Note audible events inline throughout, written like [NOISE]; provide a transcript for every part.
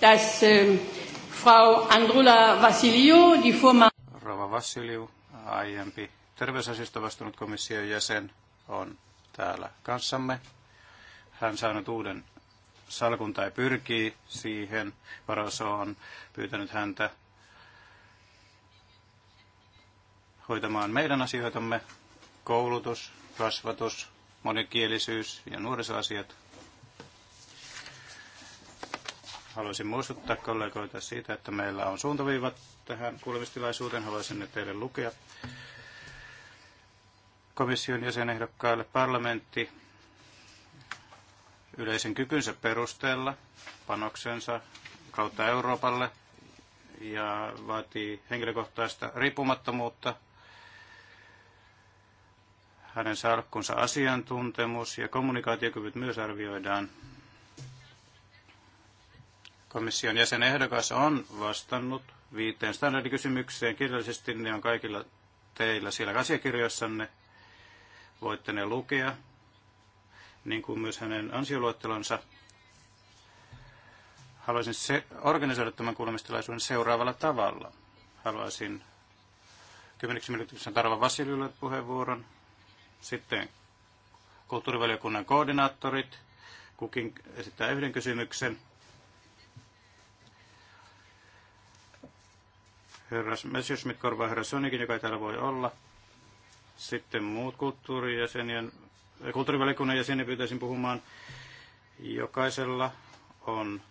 dass äh, Frau Andrula Vassiliou, die Firma... Rova Vassiliou, aiempi terveysasista vastunut komission jäsen, on täällä kanssamme. Hän saanut uuden salkun tai pyrkii siihen. Varoso on pyytänyt häntä hoitamaan meidän asioitamme, koulutus, kasvatus, monikielisyys ja nuorisoasiat Haluaisin muistuttaa kollegoita siitä, että meillä on suuntaviivat tähän kuulemistilaisuuteen. Haluaisin ne teille lukea. Komission jäsenehdokkaille parlamentti yleisen kykynsä perusteella panoksensa kautta Euroopalle ja vaatii henkilökohtaista riippumattomuutta, hänen salkkunsa asiantuntemus ja kommunikaatiokyvyt myös arvioidaan komission jäsenehdokas on vastannut viiteen standardikysymykseen kirjallisesti. Ne on kaikilla teillä siellä asiakirjoissanne. Voitte ne lukea, niin kuin myös hänen ansioluettelonsa. Haluaisin se, organisoida tämän kuulemistilaisuuden seuraavalla tavalla. Haluaisin 10 minuutissa Tarva Vasilylle puheenvuoron. Sitten kulttuurivaliokunnan koordinaattorit. Kukin esittää yhden kysymyksen Herra Messerschmitt korvaa herra Sonikin, joka ei täällä voi olla. Sitten muut kulttuurijäsenien, äh, kulttuurivaliokunnan jäseniä pyytäisin puhumaan. Jokaisella on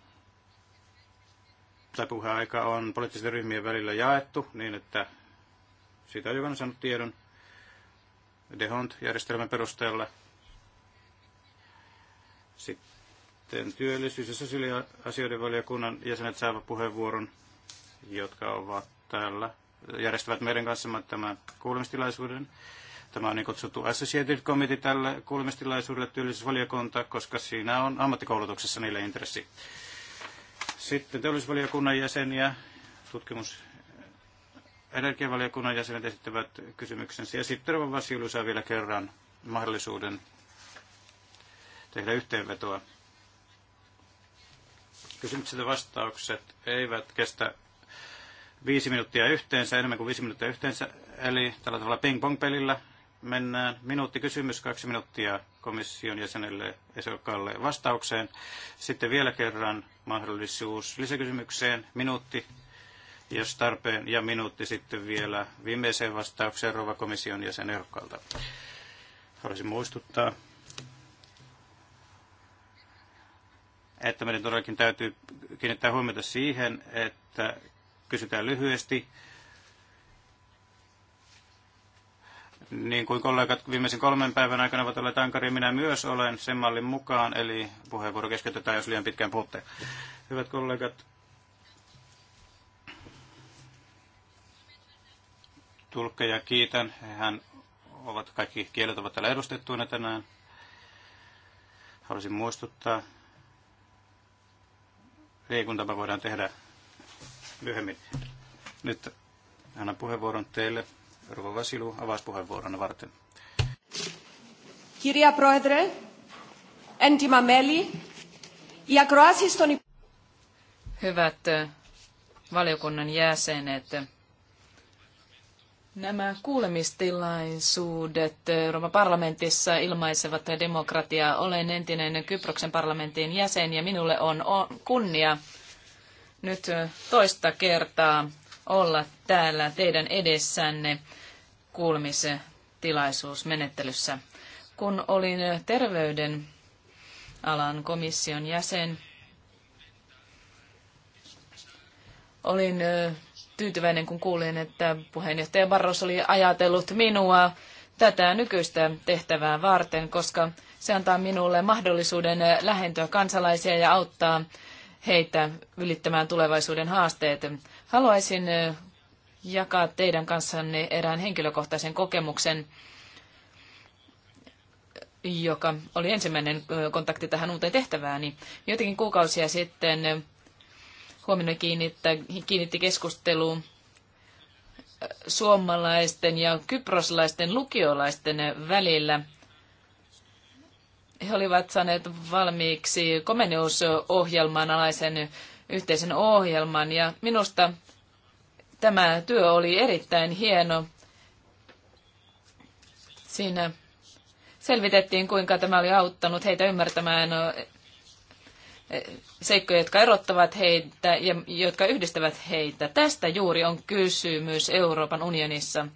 tai puheaika on poliittisten ryhmien välillä jaettu niin, että siitä on jokainen saanut tiedon Dehont-järjestelmän perusteella. Sitten työllisyys- ja sosiaaliasioiden valiokunnan jäsenet saavat puheenvuoron, jotka ovat täällä järjestävät meidän kanssamme tämän kuulemistilaisuuden. Tämä on niin kutsuttu Associated Committee tälle kuulemistilaisuudelle työllisyysvaliokunta, koska siinä on ammattikoulutuksessa niille intressi. Sitten teollisuusvaliokunnan jäseniä, tutkimus- energiavaliokunnan jäsenet esittävät kysymyksensä. Ja sitten Rova Vasilu saa vielä kerran mahdollisuuden tehdä yhteenvetoa. Kysymykset ja vastaukset eivät kestä viisi minuuttia yhteensä, enemmän kuin viisi minuuttia yhteensä. Eli tällä tavalla ping-pong-pelillä mennään. Minuutti kysymys, kaksi minuuttia komission jäsenelle esokkaalle vastaukseen. Sitten vielä kerran mahdollisuus lisäkysymykseen, minuutti, jos tarpeen, ja minuutti sitten vielä viimeiseen vastaukseen Rova komission jäsen ehdokkaalta. Haluaisin muistuttaa, että meidän todellakin täytyy kiinnittää huomiota siihen, että kysytään lyhyesti. Niin kuin kollegat viimeisen kolmen päivän aikana ovat olleet ankaria, minä myös olen sen mallin mukaan, eli puheenvuoro keskeytetään, jos liian pitkään puhutte. Hyvät kollegat, tulkkeja kiitän. Hän ovat, kaikki kielet ovat täällä edustettuina tänään. Haluaisin muistuttaa, liikuntapa voidaan tehdä myöhemmin. Nyt annan puheenvuoron teille, Rova Vasilu, avauspuheenvuoron varten. Kirja Proedre, Entima Meli ja Kroasistoni. Hyvät äh, valiokunnan jäsenet, Nämä kuulemistilaisuudet äh, Euroopan parlamentissa ilmaisevat demokratiaa. Olen entinen Kyproksen parlamentin jäsen ja minulle on kunnia nyt toista kertaa olla täällä teidän edessänne kuulemistilaisuusmenettelyssä. Kun olin terveyden alan komission jäsen, olin tyytyväinen, kun kuulin, että puheenjohtaja Barros oli ajatellut minua tätä nykyistä tehtävää varten, koska se antaa minulle mahdollisuuden lähentyä kansalaisia ja auttaa heitä ylittämään tulevaisuuden haasteet. Haluaisin jakaa teidän kanssanne erään henkilökohtaisen kokemuksen, joka oli ensimmäinen kontakti tähän uuteen tehtävääni. Jotenkin kuukausia sitten huomenna kiinnitti keskustelu suomalaisten ja kyproslaisten lukiolaisten välillä – he olivat saaneet valmiiksi komeniusohjelman alaisen yhteisen ohjelman ja minusta tämä työ oli erittäin hieno. Siinä selvitettiin, kuinka tämä oli auttanut heitä ymmärtämään seikkoja, jotka erottavat heitä ja jotka yhdistävät heitä. Tästä juuri on kysymys Euroopan unionissa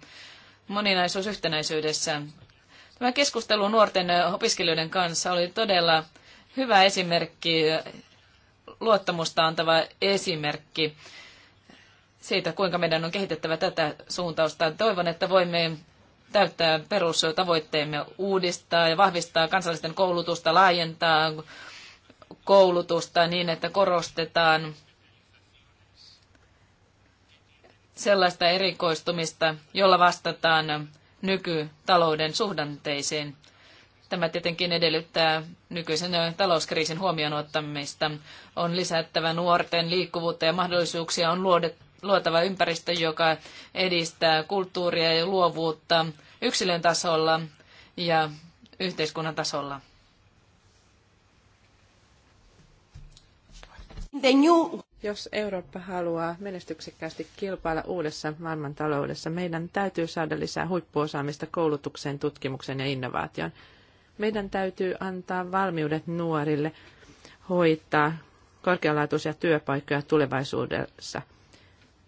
moninaisuus yhtenäisyydessä. Tämä keskustelu nuorten opiskelijoiden kanssa oli todella hyvä esimerkki, luottamusta antava esimerkki siitä, kuinka meidän on kehitettävä tätä suuntausta. Toivon, että voimme täyttää perustavoitteemme uudistaa ja vahvistaa kansallisten koulutusta, laajentaa koulutusta niin, että korostetaan sellaista erikoistumista, jolla vastataan nykytalouden suhdanteeseen. Tämä tietenkin edellyttää nykyisen talouskriisin huomioon ottamista. On lisättävä nuorten liikkuvuutta ja mahdollisuuksia on luotava ympäristö, joka edistää kulttuuria ja luovuutta yksilön tasolla ja yhteiskunnan tasolla. The new... Jos Eurooppa haluaa menestyksekkäästi kilpailla uudessa maailmantaloudessa, meidän täytyy saada lisää huippuosaamista koulutukseen, tutkimukseen ja innovaatioon. Meidän täytyy antaa valmiudet nuorille hoitaa korkealaatuisia työpaikkoja tulevaisuudessa,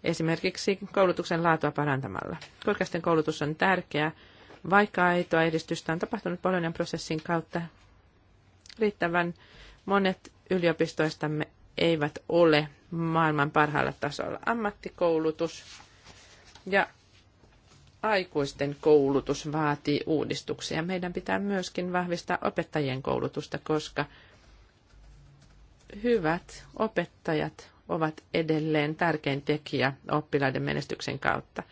esimerkiksi koulutuksen laatua parantamalla. Korkeasten koulutus on tärkeää, vaikka aitoa edistystä on tapahtunut Bolognan prosessin kautta riittävän monet yliopistoistamme eivät ole maailman parhaalla tasolla. Ammattikoulutus ja aikuisten koulutus vaatii uudistuksia. Meidän pitää myöskin vahvistaa opettajien koulutusta, koska hyvät opettajat ovat edelleen tärkein tekijä oppilaiden menestyksen kautta.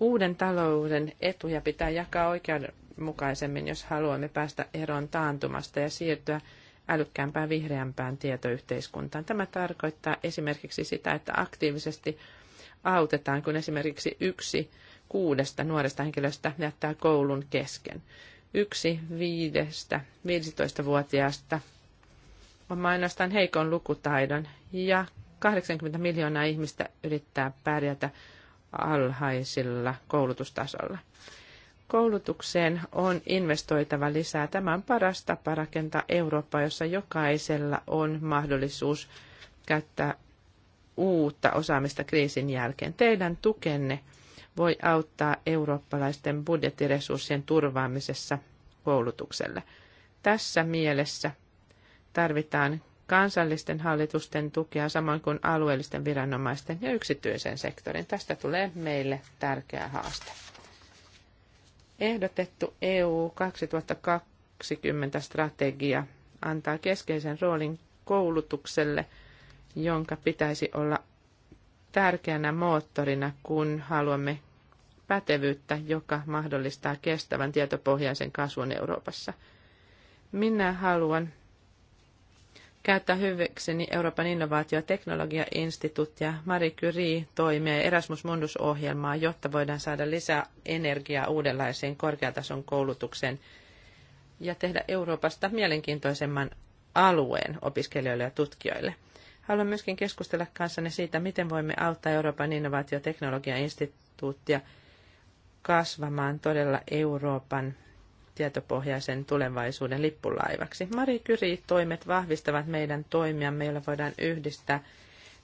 Uuden talouden etuja pitää jakaa oikeudenmukaisemmin, jos haluamme päästä eroon taantumasta ja siirtyä älykkäämpään, vihreämpään tietoyhteiskuntaan. Tämä tarkoittaa esimerkiksi sitä, että aktiivisesti autetaan, kun esimerkiksi yksi kuudesta nuoresta henkilöstä jättää koulun kesken. Yksi viidestä 15-vuotiaasta on mainostaan heikon lukutaidon ja 80 miljoonaa ihmistä yrittää pärjätä alhaisilla koulutustasolla. Koulutukseen on investoitava lisää. Tämä on paras tapa rakentaa Eurooppaa, jossa jokaisella on mahdollisuus käyttää uutta osaamista kriisin jälkeen. Teidän tukenne voi auttaa eurooppalaisten budjettiresurssien turvaamisessa koulutukselle. Tässä mielessä tarvitaan kansallisten hallitusten tukea samoin kuin alueellisten viranomaisten ja yksityisen sektorin. Tästä tulee meille tärkeä haaste. Ehdotettu EU 2020-strategia antaa keskeisen roolin koulutukselle, jonka pitäisi olla tärkeänä moottorina, kun haluamme pätevyyttä, joka mahdollistaa kestävän tietopohjaisen kasvun Euroopassa. Minä haluan käyttää hyväkseni niin Euroopan innovaatio- ja teknologiainstituuttia, Marie Curie toimia ja Erasmus Mundus-ohjelmaa, jotta voidaan saada lisää energiaa uudenlaiseen korkeatason koulutukseen ja tehdä Euroopasta mielenkiintoisemman alueen opiskelijoille ja tutkijoille. Haluan myöskin keskustella kanssanne siitä, miten voimme auttaa Euroopan teknologiainstituuttia kasvamaan todella Euroopan tietopohjaisen tulevaisuuden lippulaivaksi. Mari Kyri toimet vahvistavat meidän toimia, meillä voidaan yhdistää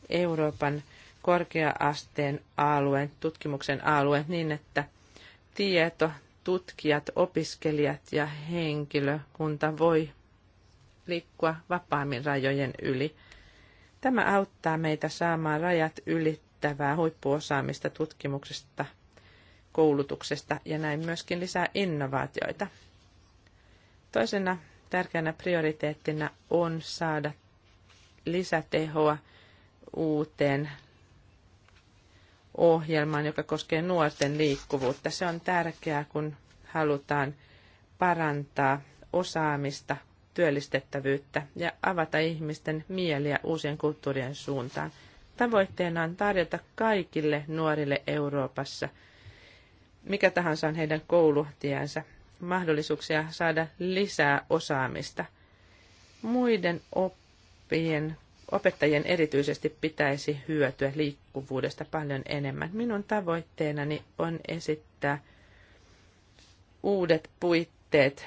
Euroopan korkea-asteen alueen, tutkimuksen alueen niin, että tieto, tutkijat, opiskelijat ja henkilökunta voi liikkua vapaammin rajojen yli. Tämä auttaa meitä saamaan rajat ylittävää huippuosaamista tutkimuksesta, koulutuksesta ja näin myöskin lisää innovaatioita. Toisena tärkeänä prioriteettina on saada lisätehoa uuteen ohjelmaan, joka koskee nuorten liikkuvuutta. Se on tärkeää, kun halutaan parantaa osaamista, työllistettävyyttä ja avata ihmisten mieliä uusien kulttuurien suuntaan. Tavoitteena on tarjota kaikille nuorille Euroopassa mikä tahansa on heidän koulutiensä mahdollisuuksia saada lisää osaamista. Muiden oppien, opettajien erityisesti pitäisi hyötyä liikkuvuudesta paljon enemmän. Minun tavoitteenani on esittää uudet puitteet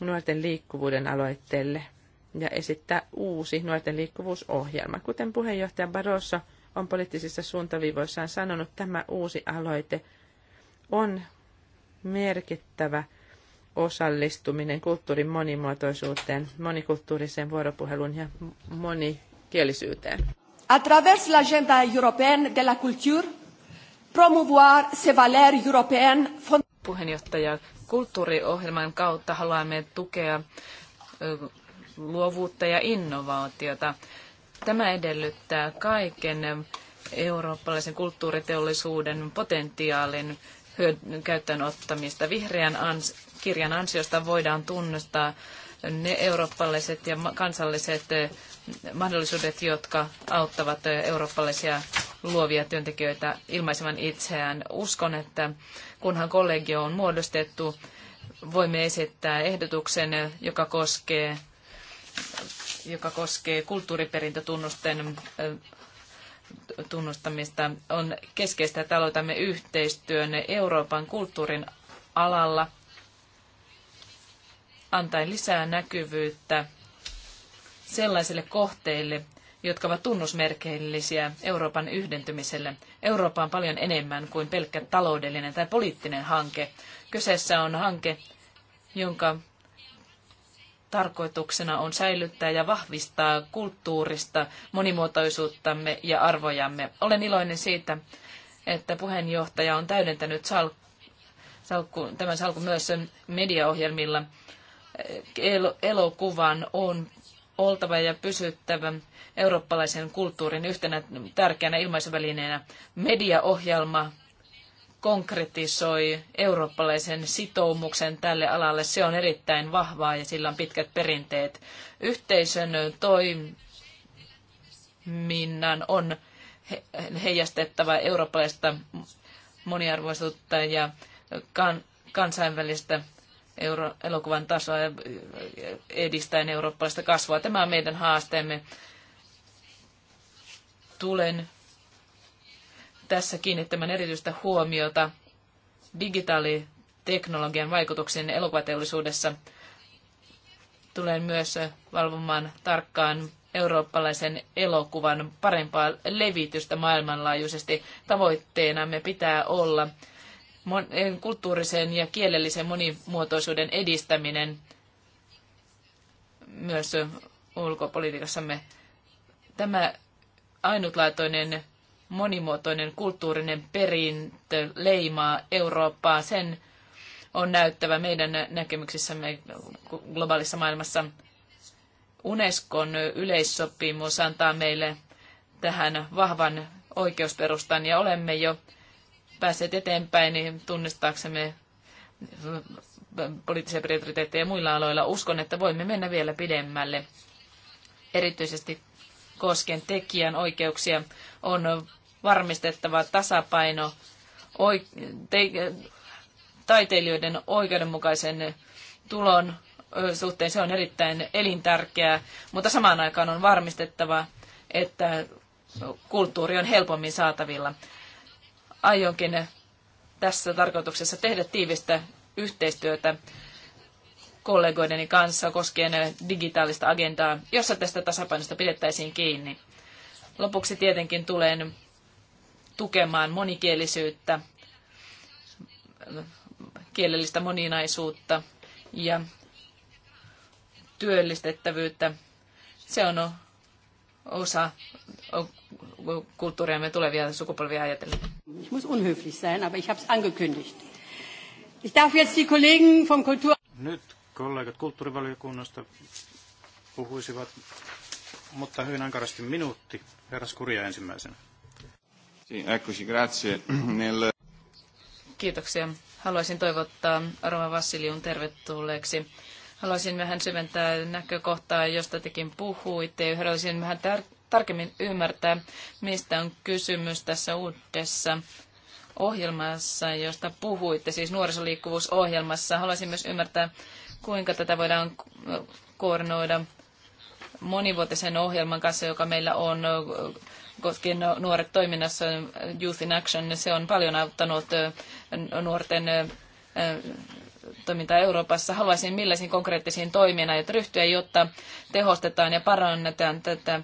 nuorten liikkuvuuden aloitteelle ja esittää uusi nuorten liikkuvuusohjelma. Kuten puheenjohtaja Barroso on poliittisissa suuntaviivoissaan sanonut, tämä uusi aloite on merkittävä osallistuminen kulttuurin monimuotoisuuteen, monikulttuuriseen vuoropuheluun ja monikielisyyteen. À travers l'agenda européenne de la culture, promouvoir ces valeurs européennes puheenjohtaja. Kulttuuriohjelman kautta haluamme tukea luovuutta ja innovaatiota. Tämä edellyttää kaiken eurooppalaisen kulttuuriteollisuuden potentiaalin käyttöön ottamista. Vihreän kirjan ansiosta voidaan tunnustaa ne eurooppalaiset ja kansalliset mahdollisuudet, jotka auttavat eurooppalaisia luovia työntekijöitä ilmaisemaan itseään. Uskon, että kunhan kollegio on muodostettu, voimme esittää ehdotuksen, joka koskee, joka koskee kulttuuriperintötunnusten tunnustamista. On keskeistä, että aloitamme yhteistyön Euroopan kulttuurin alalla – antaen lisää näkyvyyttä sellaisille kohteille, jotka ovat tunnusmerkillisiä Euroopan yhdentymiselle. Eurooppa on paljon enemmän kuin pelkkä taloudellinen tai poliittinen hanke. Kyseessä on hanke, jonka tarkoituksena on säilyttää ja vahvistaa kulttuurista monimuotoisuuttamme ja arvojamme. Olen iloinen siitä, että puheenjohtaja on täydentänyt salkku, tämän salkun myös mediaohjelmilla, elokuvan on oltava ja pysyttävä eurooppalaisen kulttuurin yhtenä tärkeänä ilmaisuvälineenä. Mediaohjelma konkretisoi eurooppalaisen sitoumuksen tälle alalle. Se on erittäin vahvaa ja sillä on pitkät perinteet. Yhteisön toiminnan on heijastettava eurooppalaista moniarvoisuutta ja kansainvälistä euro, elokuvan tasoa ja edistäen eurooppalaista kasvua. Tämä on meidän haasteemme. Tulen tässä kiinnittämään erityistä huomiota digitaaliteknologian vaikutuksiin elokuvateollisuudessa. Tulen myös valvomaan tarkkaan eurooppalaisen elokuvan parempaa levitystä maailmanlaajuisesti. Tavoitteenamme pitää olla Eh, kulttuurisen ja kielellisen monimuotoisuuden edistäminen myös ulkopolitiikassamme. Tämä ainutlaatuinen monimuotoinen kulttuurinen perintö leimaa Eurooppaa. Sen on näyttävä meidän näkemyksissämme globaalissa maailmassa. Unescon yleissopimus antaa meille tähän vahvan oikeusperustan ja olemme jo päässeet eteenpäin, niin tunnistaaksemme poliittisia prioriteetteja muilla aloilla. Uskon, että voimme mennä vielä pidemmälle. Erityisesti koskien tekijän oikeuksia on varmistettava tasapaino taiteilijoiden oikeudenmukaisen tulon suhteen. Se on erittäin elintärkeää, mutta samaan aikaan on varmistettava, että kulttuuri on helpommin saatavilla aionkin tässä tarkoituksessa tehdä tiivistä yhteistyötä kollegoideni kanssa koskien digitaalista agendaa, jossa tästä tasapainosta pidettäisiin kiinni. Lopuksi tietenkin tulen tukemaan monikielisyyttä, kielellistä moninaisuutta ja työllistettävyyttä. Se on osa kulttuuriamme tulevia sukupolvia ajatellen. Ich muss unhöflich sein, aber ich habe es angekündigt. Ich darf jetzt die Kollegen vom Kultur... Nyt kollegat kulttuurivaliokunnasta puhuisivat, mutta hyvin ankarasti minuutti. Herra Skuria ensimmäisenä. Eccoci, grazie. [CLEARS THROAT] Nel... Kiitoksia. Haluaisin toivottaa Roma Vassiliun tervetulleeksi. Haluaisin vähän syventää näkökohtaa, josta tekin puhuitte. Haluaisin vähän tär- tarkemmin ymmärtää, mistä on kysymys tässä uudessa ohjelmassa, josta puhuitte, siis nuorisoliikkuvuusohjelmassa. Haluaisin myös ymmärtää, kuinka tätä voidaan koordinoida monivuotisen ohjelman kanssa, joka meillä on koskien nuoret toiminnassa, Youth in Action. Se on paljon auttanut nuorten toimintaa Euroopassa. Haluaisin millaisiin konkreettisiin toimiin ja ryhtyä, jotta tehostetaan ja parannetaan tätä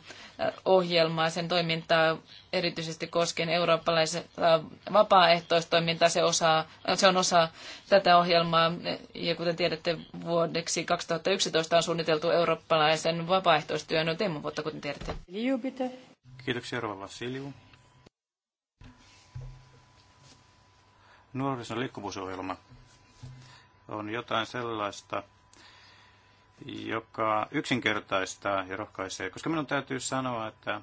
ohjelmaa, sen toimintaa erityisesti koskien eurooppalaista äh, vapaaehtoistoimintaa. Se, osaa, äh, se on osa tätä ohjelmaa ja kuten tiedätte vuodeksi 2011 on suunniteltu eurooppalaisen vapaaehtoistyön no, teeman vuotta, kuten tiedätte. Kiitoksia Rova Vassiliu. Nuorison liikkuvuusohjelma on jotain sellaista, joka yksinkertaistaa ja rohkaisee, koska minun täytyy sanoa, että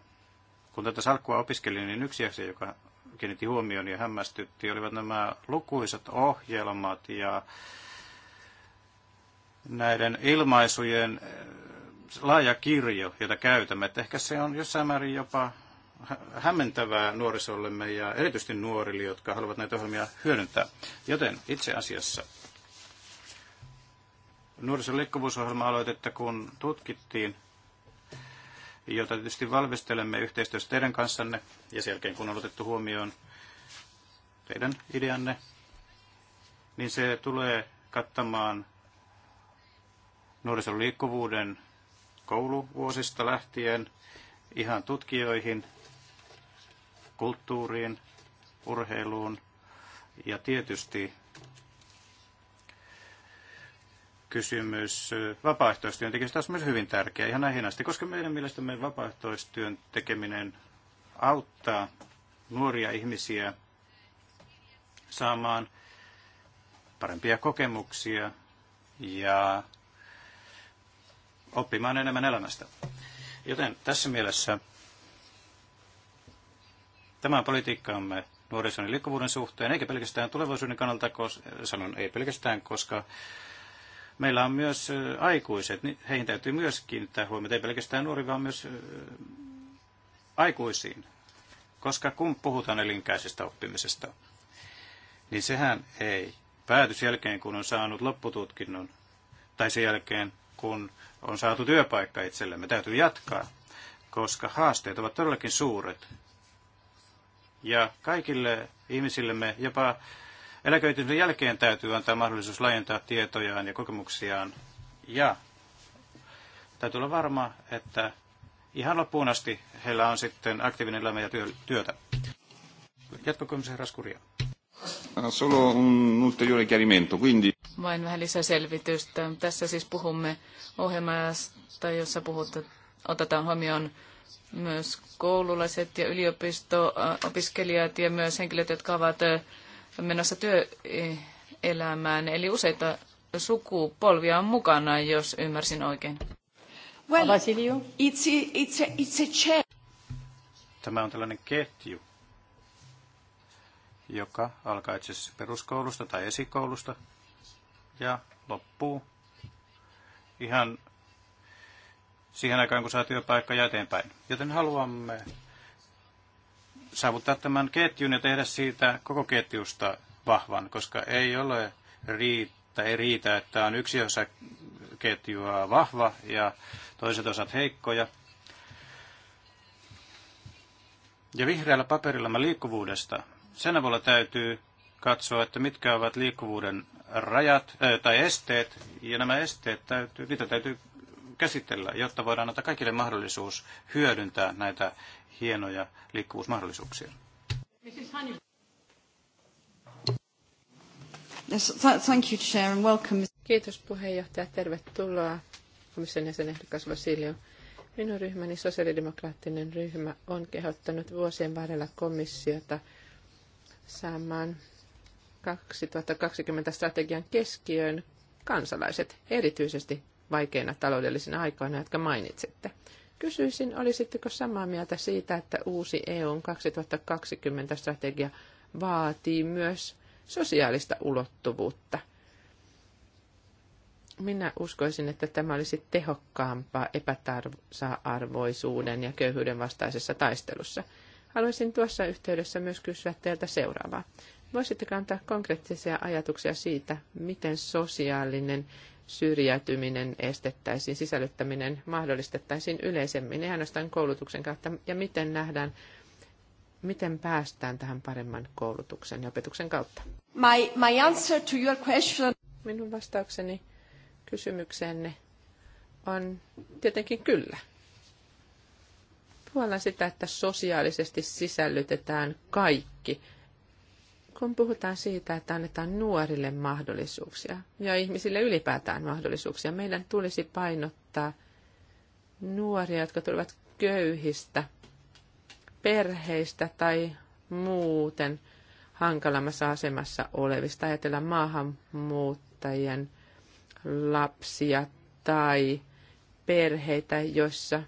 kun tätä salkkua opiskelin, niin yksi asia, joka kiinnitti huomioon ja hämmästytti, olivat nämä lukuisat ohjelmat ja näiden ilmaisujen eh, laaja kirjo, jota käytämme. Että ehkä se on jossain määrin jopa hämmentävää nuorisollemme ja erityisesti nuorille, jotka haluavat näitä ohjelmia hyödyntää. Joten itse asiassa nuorison liikkuvuusohjelma-aloitetta kun tutkittiin, jota tietysti valmistelemme yhteistyössä teidän kanssanne ja sen jälkeen kun on otettu huomioon teidän ideanne, niin se tulee kattamaan nuorison liikkuvuuden kouluvuosista lähtien ihan tutkijoihin, kulttuuriin, urheiluun ja tietysti kysymys vapaaehtoistyön tekemistä on myös hyvin tärkeä ihan näihin asti, koska meidän mielestämme vapaaehtoistyön tekeminen auttaa nuoria ihmisiä saamaan parempia kokemuksia ja oppimaan enemmän elämästä. Joten tässä mielessä tämä politiikkaamme nuorison ja liikkuvuuden suhteen, eikä pelkästään tulevaisuuden kannalta, sanon ei pelkästään, koska Meillä on myös aikuiset, niin heihin täytyy myös kiinnittää huomiota, ei pelkästään nuori, vaan myös aikuisiin. Koska kun puhutaan elinkäisestä oppimisesta, niin sehän ei päätys jälkeen, kun on saanut loppututkinnon, tai sen jälkeen, kun on saatu työpaikka itsellemme, täytyy jatkaa, koska haasteet ovat todellakin suuret. Ja kaikille ihmisillemme, jopa Eläköitymisen jälkeen täytyy antaa mahdollisuus laajentaa tietojaan ja kokemuksiaan. Ja täytyy olla varma, että ihan loppuun asti heillä on sitten aktiivinen elämä ja työtä. Jatkokomissaari Raskuria. Ah, solo un ulteriore chiarimento, quindi... Vain vähän lisäselvitystä. Tässä siis puhumme ohjelmasta, jossa puhutte, otetaan huomioon myös koululaiset ja yliopisto-opiskelijat ja myös henkilöt, jotka ovat menossa työelämään, eli useita sukupolvia on mukana, jos ymmärsin oikein. Well, It's a, it's a, it's a chair. Tämä on tällainen ketju, joka alkaa itse asiassa peruskoulusta tai esikoulusta ja loppuu ihan siihen aikaan, kun saa työpaikka ja eteenpäin. Joten haluamme saavuttaa tämän ketjun ja tehdä siitä koko ketjusta vahvan, koska ei ole riitä, ei riitä että on yksi osa ketjua vahva ja toiset osat heikkoja. Ja vihreällä paperilla mä liikkuvuudesta. Sen avulla täytyy katsoa, että mitkä ovat liikkuvuuden rajat äh, tai esteet, ja nämä esteet täytyy, niitä täytyy käsitellä, jotta voidaan antaa kaikille mahdollisuus hyödyntää näitä hienoja liikkuvuusmahdollisuuksia. Kiitos puheenjohtaja. Tervetuloa komission jäsenehdokas Vasilio. Minun ryhmäni, sosiaalidemokraattinen ryhmä, on kehottanut vuosien varrella komissiota saamaan 2020 strategian keskiöön kansalaiset, erityisesti vaikeina taloudellisina aikoina, jotka mainitsitte. Kysyisin, olisitteko samaa mieltä siitä, että uusi EUn 2020-strategia vaatii myös sosiaalista ulottuvuutta? Minä uskoisin, että tämä olisi tehokkaampaa epätasa-arvoisuuden ja köyhyyden vastaisessa taistelussa. Haluaisin tuossa yhteydessä myös kysyä teiltä seuraavaa. Voisitteko antaa konkreettisia ajatuksia siitä, miten sosiaalinen syrjäytyminen estettäisiin, sisällyttäminen mahdollistettaisiin yleisemmin, ei ainoastaan koulutuksen kautta, ja miten nähdään, miten päästään tähän paremman koulutuksen ja opetuksen kautta. My, my answer to your question. Minun vastaukseni kysymykseenne on tietenkin kyllä. Puolan sitä, että sosiaalisesti sisällytetään kaikki – kun puhutaan siitä, että annetaan nuorille mahdollisuuksia ja ihmisille ylipäätään mahdollisuuksia, meidän tulisi painottaa nuoria, jotka tulevat köyhistä perheistä tai muuten hankalammassa asemassa olevista. Ajatellaan maahanmuuttajien lapsia tai perheitä, joissa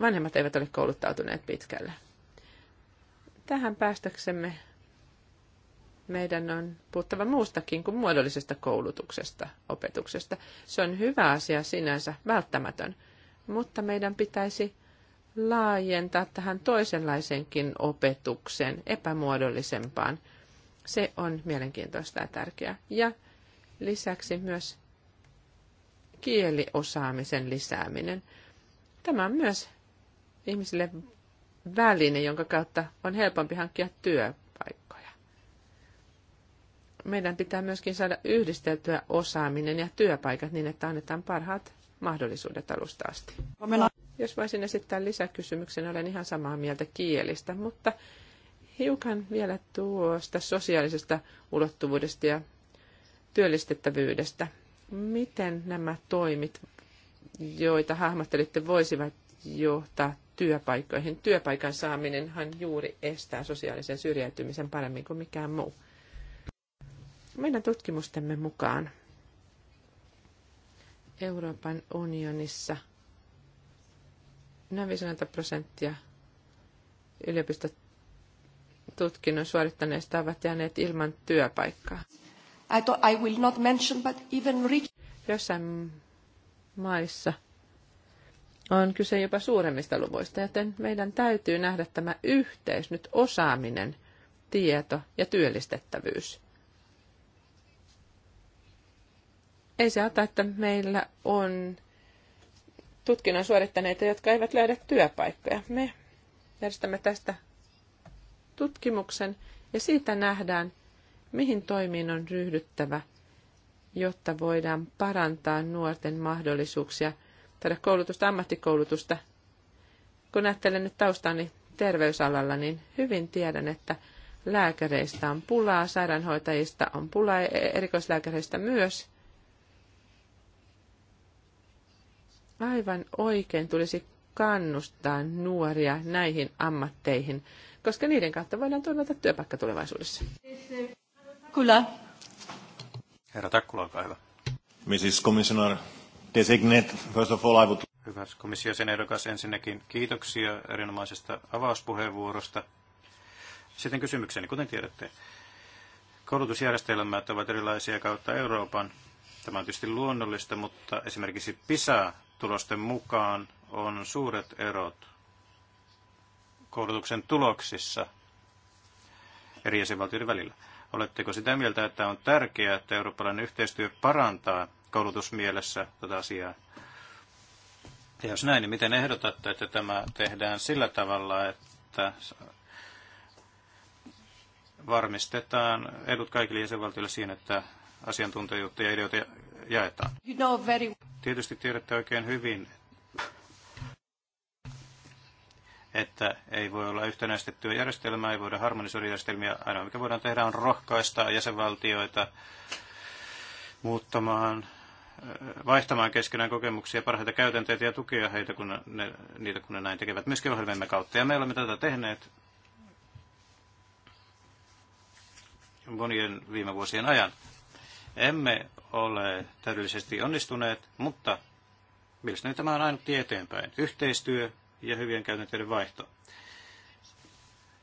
vanhemmat eivät ole kouluttautuneet pitkälle. Tähän päästäksemme meidän on puhuttava muustakin kuin muodollisesta koulutuksesta, opetuksesta. Se on hyvä asia sinänsä, välttämätön, mutta meidän pitäisi laajentaa tähän toisenlaisenkin opetukseen, epämuodollisempaan. Se on mielenkiintoista ja tärkeää. Ja lisäksi myös kieliosaamisen lisääminen. Tämä on myös ihmisille väline, jonka kautta on helpompi hankkia työpaikkoja. Meidän pitää myöskin saada yhdisteltyä osaaminen ja työpaikat niin, että annetaan parhaat mahdollisuudet alusta asti. Jos voisin esittää lisäkysymyksen, olen ihan samaa mieltä kielistä, mutta hiukan vielä tuosta sosiaalisesta ulottuvuudesta ja työllistettävyydestä. Miten nämä toimit, joita hahmottelitte, voisivat johtaa työpaikkoihin. Työpaikan saaminenhan juuri estää sosiaalisen syrjäytymisen paremmin kuin mikään muu. Meidän tutkimustemme mukaan Euroopan unionissa noin 50 prosenttia yliopistotutkinnon suorittaneista ovat jääneet ilman työpaikkaa. I, I will not mention, but even rich... Jossain maissa – on kyse jopa suuremmista luvuista, joten meidän täytyy nähdä tämä yhteys, nyt osaaminen, tieto ja työllistettävyys. Ei se auta, että meillä on tutkinnon suorittaneita, jotka eivät löydä työpaikkoja. Me järjestämme tästä tutkimuksen ja siitä nähdään, mihin toimiin on ryhdyttävä, jotta voidaan parantaa nuorten mahdollisuuksia – saada koulutusta, ammattikoulutusta. Kun ajattelen nyt taustani niin terveysalalla, niin hyvin tiedän, että lääkäreistä on pulaa, sairaanhoitajista on pulaa, e- e- erikoislääkäreistä myös. Aivan oikein tulisi kannustaa nuoria näihin ammatteihin, koska niiden kautta voidaan turvata työpaikka tulevaisuudessa. Kyllä. Herra Takkula, olkaa hyvä. Mrs. Commissioner, designate, first of all, I would... Hyvä komission sen ehdokas, ensinnäkin kiitoksia erinomaisesta avauspuheenvuorosta. Sitten kysymykseni, kuten tiedätte, koulutusjärjestelmät ovat erilaisia kautta Euroopan. Tämä on tietysti luonnollista, mutta esimerkiksi PISA-tulosten mukaan on suuret erot koulutuksen tuloksissa eri jäsenvaltioiden välillä. Oletteko sitä mieltä, että on tärkeää, että eurooppalainen yhteistyö parantaa koulutusmielessä tätä asiaa. Ja jos näin, niin miten ehdotatte, että tämä tehdään sillä tavalla, että varmistetaan edut kaikille jäsenvaltioille siinä, että asiantuntijuutta ja ideoita jaetaan? You know very... Tietysti tiedätte oikein hyvin, että ei voi olla yhtenäistettyä järjestelmää, ei voida harmonisoida järjestelmiä. Ainoa mikä voidaan tehdä on rohkaista jäsenvaltioita muuttamaan vaihtamaan keskenään kokemuksia, parhaita käytänteitä ja tukea heitä, kun ne, niitä kun ne näin tekevät, myöskin ohjelmiemme kautta. Ja me olemme tätä tehneet monien viime vuosien ajan. Emme ole täydellisesti onnistuneet, mutta mielestäni tämä on ainut tie eteenpäin. Yhteistyö ja hyvien käytänteiden vaihto.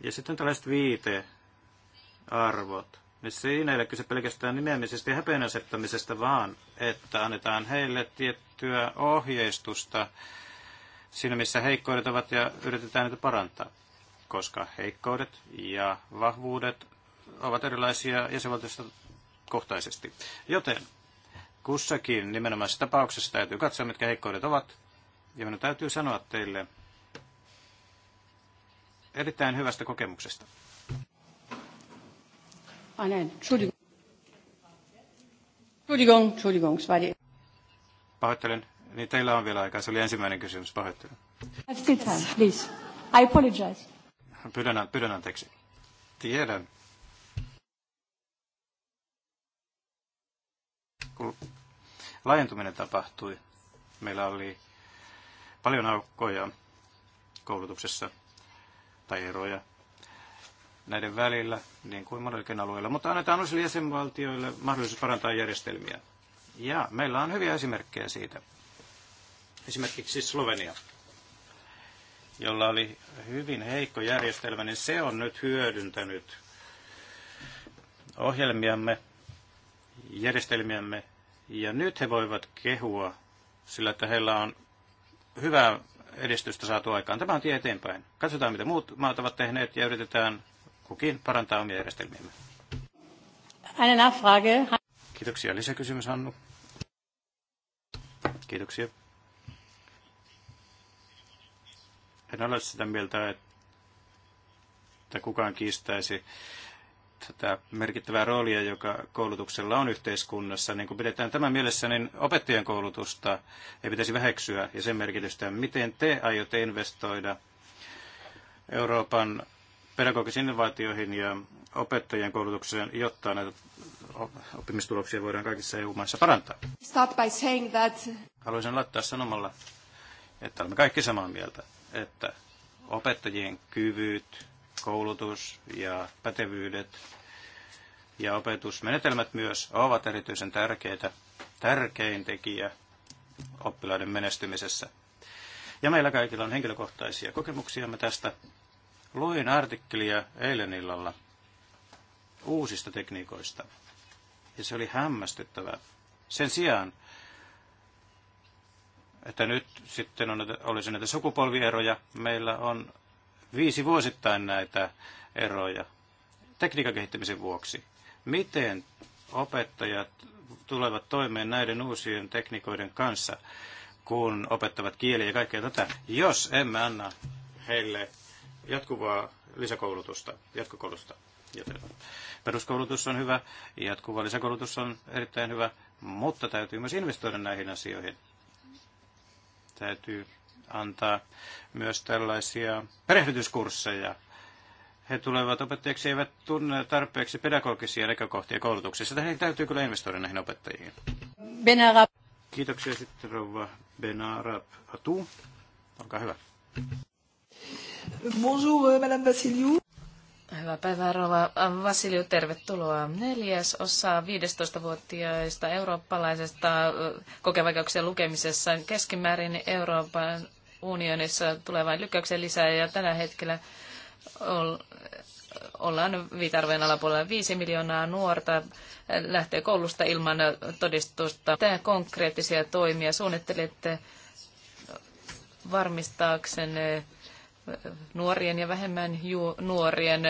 Ja sitten tällaiset viitearvot Siinä ei ole kyse pelkästään nimeämisestä ja häpeän asettamisesta, vaan että annetaan heille tiettyä ohjeistusta siinä, missä heikkoudet ovat ja yritetään niitä parantaa, koska heikkoudet ja vahvuudet ovat erilaisia jäsenvaltiosta kohtaisesti. Joten kussakin nimenomaisessa tapauksessa täytyy katsoa, mitkä heikkoudet ovat. Ja minun täytyy sanoa teille erittäin hyvästä kokemuksesta. Ah nein, Entschuldigung. Entschuldigung, Entschuldigung, es war die... Pahoittelen. Niin teillä on vielä aikaa. Se oli ensimmäinen kysymys. Pahoittelen. Still time, please. I apologize. Pyydän, pyydän anteeksi. Tiedän. Kun laajentuminen tapahtui, meillä oli paljon aukkoja koulutuksessa tai eroja näiden välillä, niin kuin monellakin alueella. Mutta annetaan uusille jäsenvaltioille mahdollisuus parantaa järjestelmiä. Ja meillä on hyviä esimerkkejä siitä. Esimerkiksi Slovenia, jolla oli hyvin heikko järjestelmä, niin se on nyt hyödyntänyt ohjelmiamme, järjestelmiämme, ja nyt he voivat kehua sillä, että heillä on hyvää edistystä saatu aikaan. Tämä on tie eteenpäin. Katsotaan, mitä muut maat ovat tehneet ja yritetään kukin parantaa omia järjestelmiämme. Kiitoksia. Lisäkysymys, Hannu. Kiitoksia. En ole sitä mieltä, että kukaan kiistäisi tätä merkittävää roolia, joka koulutuksella on yhteiskunnassa. Niin kun pidetään tämä mielessä, niin opettajien koulutusta ei pitäisi väheksyä ja sen merkitystä, miten te aiotte investoida Euroopan pedagogisiin innovaatioihin ja opettajien koulutukseen, jotta näitä oppimistuloksia voidaan kaikissa EU-maissa parantaa. Start by saying that... Haluaisin laittaa sanomalla, että olemme kaikki samaa mieltä, että opettajien kyvyt, koulutus ja pätevyydet ja opetusmenetelmät myös ovat erityisen tärkeitä, tärkein tekijä oppilaiden menestymisessä. Ja meillä kaikilla on henkilökohtaisia kokemuksiamme tästä. Luin artikkelia eilen illalla uusista tekniikoista, ja se oli hämmästyttävä. Sen sijaan, että nyt sitten on, olisi näitä sukupolvieroja, meillä on viisi vuosittain näitä eroja tekniikan kehittämisen vuoksi. Miten opettajat tulevat toimeen näiden uusien tekniikoiden kanssa, kun opettavat kieliä ja kaikkea tätä, jos emme anna heille jatkuvaa lisäkoulutusta, jatkokoulutusta. Joten peruskoulutus on hyvä, jatkuva lisäkoulutus on erittäin hyvä, mutta täytyy myös investoida näihin asioihin. Täytyy antaa myös tällaisia perehdytyskursseja. He tulevat opettajiksi, eivät tunne tarpeeksi pedagogisia näkökohtia koulutuksessa. Tähän täytyy kyllä investoida näihin opettajiin. Benarab. Kiitoksia sitten rouva Benarab Atu. Olkaa hyvä. Bonjour, euh, Madame Vassiliou. Hyvää päivää, Rova Vasilju. Tervetuloa. Neljäs osa 15-vuotiaista eurooppalaisesta kokevaikeuksien lukemisessa keskimäärin Euroopan unionissa tulee vain lykkäyksen lisää ja tällä hetkellä ollaan viitarveen alapuolella. Viisi miljoonaa nuorta lähtee koulusta ilman todistusta. Tämä konkreettisia toimia suunnittelette varmistaaksenne nuorien ja vähemmän nuorien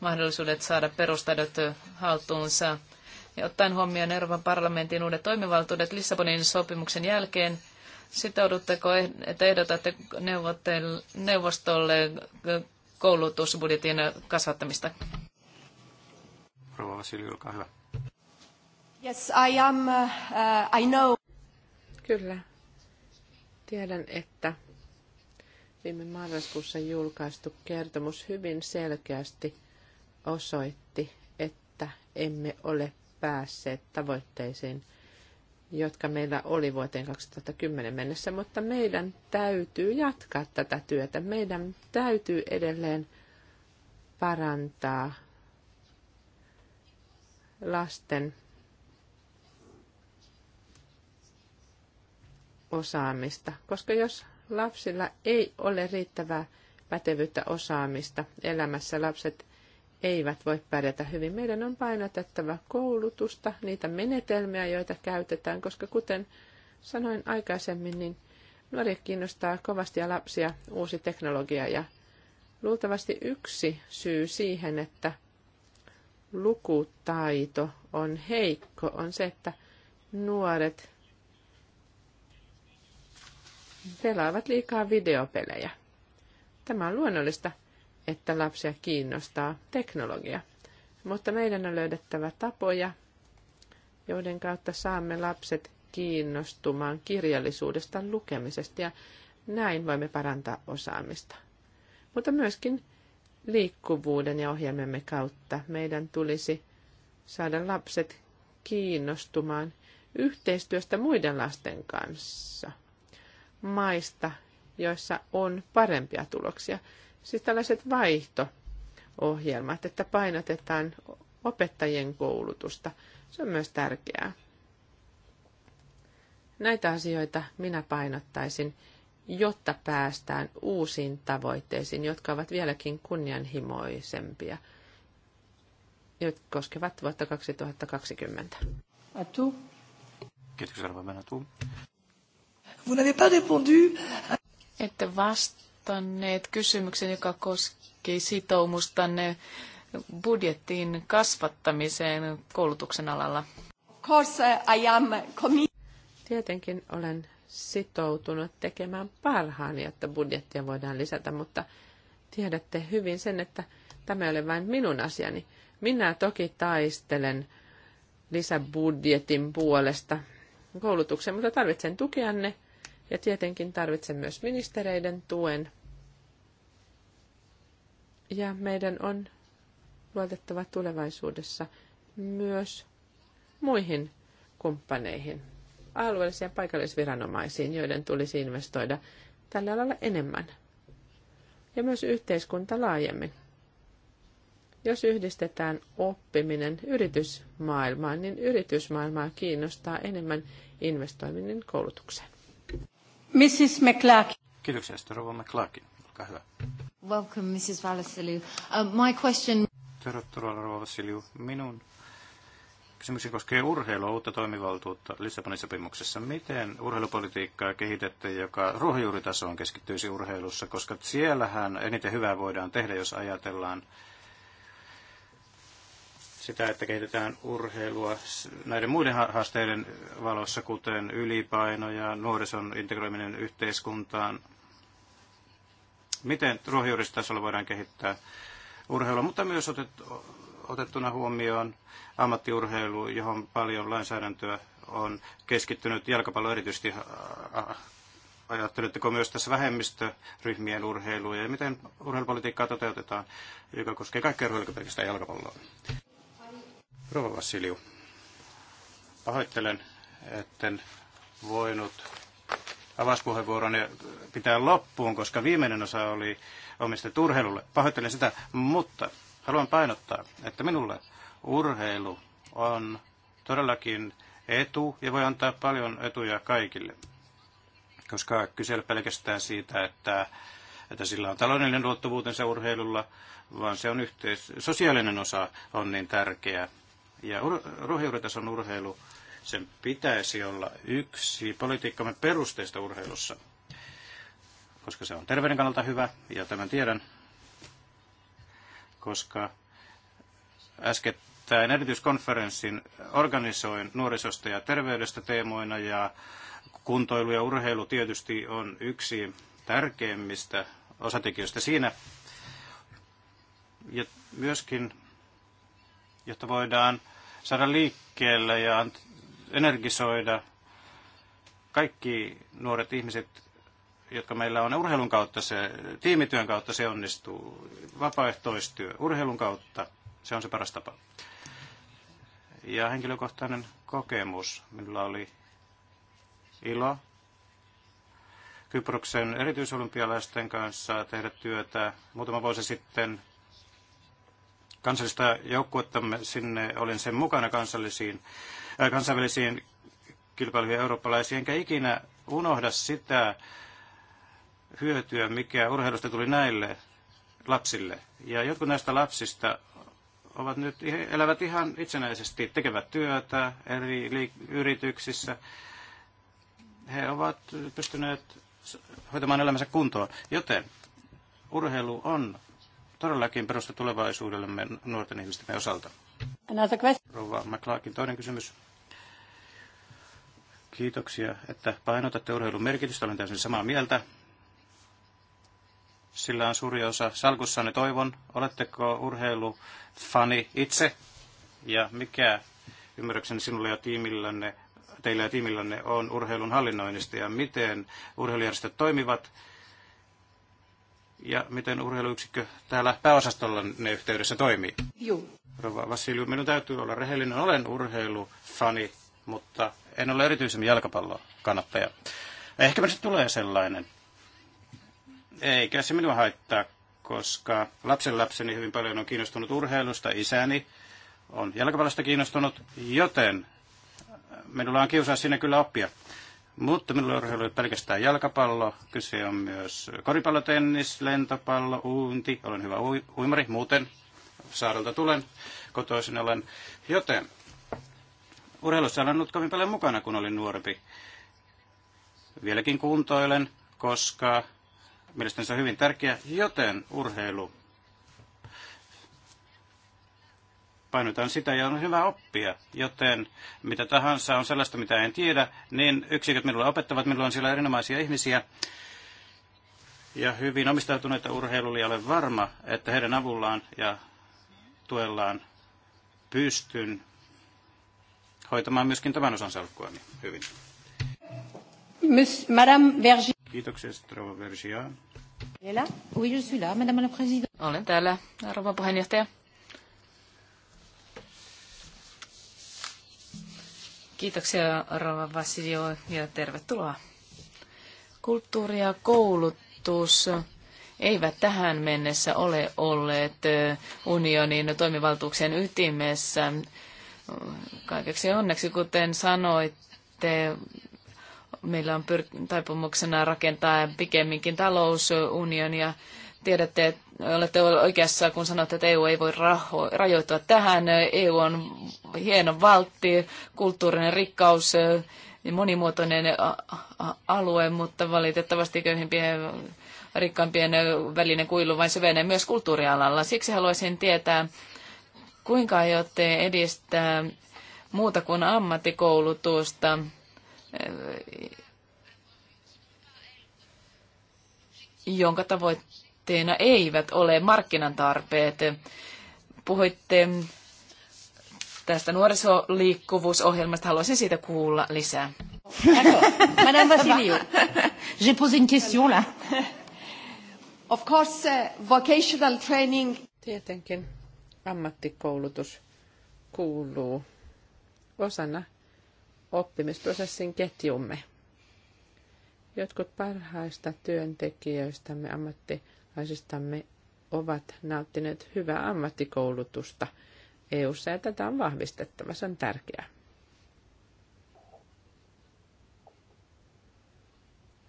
mahdollisuudet saada perustaidot haltuunsa. Ja ottaen huomioon Euroopan parlamentin uudet toimivaltuudet Lissabonin sopimuksen jälkeen, sitoudutteko, eh, että ehdotatte neuvostolle koulutusbudjetin kasvattamista? Rouva Vasili, olkaa hyvä. Yes, I am, uh, I know. Kyllä. Tiedän, että viime marraskuussa julkaistu kertomus hyvin selkeästi osoitti, että emme ole päässeet tavoitteisiin, jotka meillä oli vuoteen 2010 mennessä, mutta meidän täytyy jatkaa tätä työtä. Meidän täytyy edelleen parantaa lasten osaamista, koska jos lapsilla ei ole riittävää pätevyyttä osaamista elämässä, lapset eivät voi pärjätä hyvin. Meidän on painotettava koulutusta, niitä menetelmiä, joita käytetään, koska kuten sanoin aikaisemmin, niin nuoria kiinnostaa kovasti ja lapsia uusi teknologia ja luultavasti yksi syy siihen, että lukutaito on heikko, on se, että nuoret pelaavat liikaa videopelejä. Tämä on luonnollista, että lapsia kiinnostaa teknologia, mutta meidän on löydettävä tapoja, joiden kautta saamme lapset kiinnostumaan kirjallisuudesta lukemisesta ja näin voimme parantaa osaamista. Mutta myöskin liikkuvuuden ja ohjelmemme kautta meidän tulisi saada lapset kiinnostumaan yhteistyöstä muiden lasten kanssa – maista, joissa on parempia tuloksia. Siis tällaiset vaihto-ohjelmat, että painotetaan opettajien koulutusta. Se on myös tärkeää. Näitä asioita minä painottaisin, jotta päästään uusiin tavoitteisiin, jotka ovat vieläkin kunnianhimoisempia, jotka koskevat vuotta 2020. Atu. Kiitos, arvoa Vous n'avez pas répondu. Ette vastanneet kysymyksen, joka koski sitoumustanne budjettiin kasvattamiseen koulutuksen alalla. course, uh, I am Tietenkin olen sitoutunut tekemään parhaani, jotta budjettia voidaan lisätä, mutta tiedätte hyvin sen, että tämä ei ole vain minun asiani. Minä toki taistelen lisäbudjetin puolesta koulutukseen, mutta tarvitsen tukeanne ja tietenkin tarvitsen myös ministereiden tuen. Ja meidän on luotettava tulevaisuudessa myös muihin kumppaneihin, alueellisiin ja paikallisviranomaisiin, joiden tulisi investoida tällä alalla enemmän. Ja myös yhteiskunta laajemmin. Jos yhdistetään oppiminen yritysmaailmaan, niin yritysmaailmaa kiinnostaa enemmän investoiminen koulutukseen. Mrs. McClarkin. Kiitoksia, rouva McClarkin. Olkaa hyvä. Welcome, Mrs. Vallasiliu. Uh, um, my question... Tervetuloa, rouva Vallasiliu. Minun kysymykseni koskee urheilua, uutta toimivaltuutta Lissabonin sopimuksessa. Miten urheilupolitiikkaa kehitetty, joka ruohonjuuritasoon keskittyisi urheilussa, koska siellähän eniten hyvää voidaan tehdä, jos ajatellaan sitä, että kehitetään urheilua näiden muiden haasteiden valossa, kuten ylipaino ja nuorison integroiminen yhteiskuntaan. Miten ruohonjuuristasolla voidaan kehittää urheilua, mutta myös otettuna huomioon ammattiurheilu, johon paljon lainsäädäntöä on keskittynyt jalkapallo erityisesti ajatteletteko myös tässä vähemmistöryhmien urheiluja ja miten urheilupolitiikkaa toteutetaan, joka koskee kaikkea urheilua pelkästään jalkapalloa? Rova Vassiliu, pahoittelen, etten voinut avauspuheenvuoroni pitää loppuun, koska viimeinen osa oli omistettu urheilulle. Pahoittelen sitä, mutta haluan painottaa, että minulle urheilu on todellakin etu ja voi antaa paljon etuja kaikille, koska kyse ei pelkästään siitä, että, että sillä on taloudellinen luottavuutensa urheilulla, vaan se on yhteis- sosiaalinen osa on niin tärkeä ja ruohonjuuritason urheilu, sen pitäisi olla yksi politiikkamme perusteista urheilussa, koska se on terveyden kannalta hyvä, ja tämän tiedän, koska äskettäin erityiskonferenssin organisoin nuorisosta ja terveydestä teemoina, ja kuntoilu ja urheilu tietysti on yksi tärkeimmistä osatekijöistä siinä. Ja myöskin, jotta voidaan saada liikkeelle ja energisoida kaikki nuoret ihmiset, jotka meillä on urheilun kautta, se, tiimityön kautta se onnistuu, vapaaehtoistyö, urheilun kautta, se on se paras tapa. Ja henkilökohtainen kokemus, minulla oli ilo Kyproksen erityisolympialaisten kanssa tehdä työtä muutama vuosi sitten kansallista joukkuettamme sinne, olin sen mukana kansallisiin, äh, kansainvälisiin kilpailuihin eurooppalaisiin, enkä ikinä unohda sitä hyötyä, mikä urheilusta tuli näille lapsille. Ja jotkut näistä lapsista ovat nyt, elävät ihan itsenäisesti, tekevät työtä eri yrityksissä. He ovat pystyneet hoitamaan elämänsä kuntoon. Joten urheilu on todellakin perusta tulevaisuudellemme nuorten ihmisten osalta. Rouva McLaakin toinen kysymys. Kiitoksia, että painotatte urheilun merkitystä. Olen täysin samaa mieltä. Sillä on suuri osa salkussanne toivon. Oletteko urheilufani itse? Ja mikä ymmärrykseni sinulle ja tiimillänne, teillä ja tiimillänne on urheilun hallinnoinnista ja miten urheilujärjestöt toimivat? ja miten urheiluyksikkö täällä pääosastolla ne yhteydessä toimii? Joo. Rova Vassilju, minun täytyy olla rehellinen. Olen urheilufani, mutta en ole erityisemmin jalkapallon kannattaja. Ehkä minusta tulee sellainen. Eikä se minua haittaa, koska lapseni hyvin paljon on kiinnostunut urheilusta. Isäni on jalkapallosta kiinnostunut, joten minulla on kiusaa sinne kyllä oppia. Mutta minulla urheilu ei pelkästään jalkapallo, kyse on myös koripallotennis, lentopallo, uunti, olen hyvä uimari, muuten saarelta tulen, kotoisin olen. Joten urheilussa olen ollut kovin paljon mukana, kun olin nuorempi. Vieläkin kuntoilen, koska mielestäni se on hyvin tärkeä, joten urheilu painotan sitä ja on hyvä oppia, joten mitä tahansa on sellaista, mitä en tiedä, niin yksiköt minulle opettavat, minulla on siellä erinomaisia ihmisiä ja hyvin omistautuneita ja olen varma, että heidän avullaan ja tuellaan pystyn hoitamaan myöskin tämän osan salkkuani hyvin. Madame Kiitoksia, Rova Vergia. Olen täällä, arvon puheenjohtaja. Kiitoksia Rova Vasilio ja tervetuloa. Kulttuuri ja koulutus eivät tähän mennessä ole olleet unionin toimivaltuuksien ytimessä. Kaikeksi onneksi, kuten sanoitte, meillä on pyr- taipumuksena rakentaa pikemminkin talousunionia Tiedätte, että olette oikeassa, kun sanotte, että EU ei voi raho- rajoittua tähän. EU on hieno valtti, kulttuurinen rikkaus, monimuotoinen alue, mutta valitettavasti köyhimpien rikkaampien välinen kuilu vain syvenee myös kulttuurialalla. Siksi haluaisin tietää, kuinka aiotte edistää muuta kuin ammattikoulutusta jonka tavoitteena tavoitteena eivät ole markkinan tarpeet. Puhuitte tästä nuorisoliikkuvuusohjelmasta. Haluaisin siitä kuulla lisää. [LAUGHS] Madame Vassiliou, j'ai posé une question là. Of course, uh, vocational training. Tietenkin ammattikoulutus kuuluu osana oppimisprosessin ketjumme. Jotkut parhaista työntekijöistämme ammatti kansalaisistamme ovat nauttineet hyvää ammattikoulutusta EU-ssa ja tätä on vahvistettava. Se on tärkeää.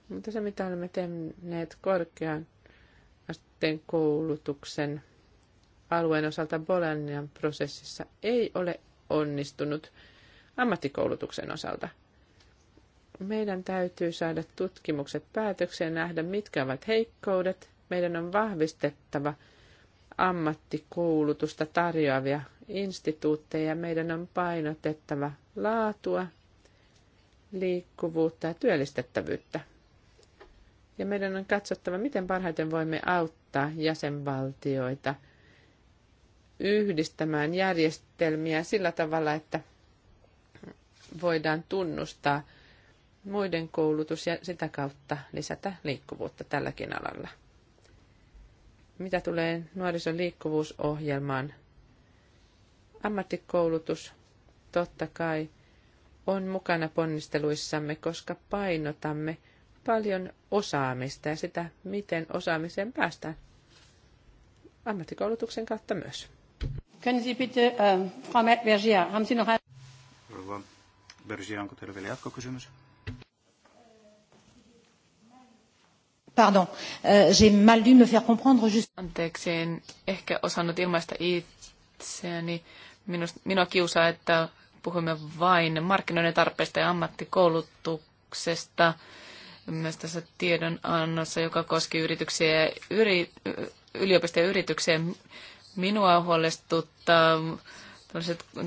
Mutta se, mitä olemme tehneet korkean asteen koulutuksen alueen osalta Bolanian prosessissa, ei ole onnistunut ammattikoulutuksen osalta. Meidän täytyy saada tutkimukset päätökseen, nähdä mitkä ovat heikkoudet meidän on vahvistettava ammattikoulutusta tarjoavia instituutteja. Meidän on painotettava laatua, liikkuvuutta ja työllistettävyyttä. Ja meidän on katsottava, miten parhaiten voimme auttaa jäsenvaltioita yhdistämään järjestelmiä sillä tavalla, että voidaan tunnustaa muiden koulutus ja sitä kautta lisätä liikkuvuutta tälläkin alalla. Mitä tulee nuorison liikkuvuusohjelmaan? Ammattikoulutus totta kai on mukana ponnisteluissamme, koska painotamme paljon osaamista ja sitä, miten osaamiseen päästään. Ammattikoulutuksen kautta myös. Bergia, äh, onko teillä vielä jatkokysymys? Pardon, euh, j'ai mal dû me faire comprendre juste. Anteeksi, en ehkä osannut ilmaista itseäni. minua kiusaa, että puhumme vain markkinoiden tarpeista ja ammattikoulutuksesta myös tässä tiedonannossa, joka koski yrityksiä ja yri, yliopistoja ja yrityksiä. Minua huolestuttaa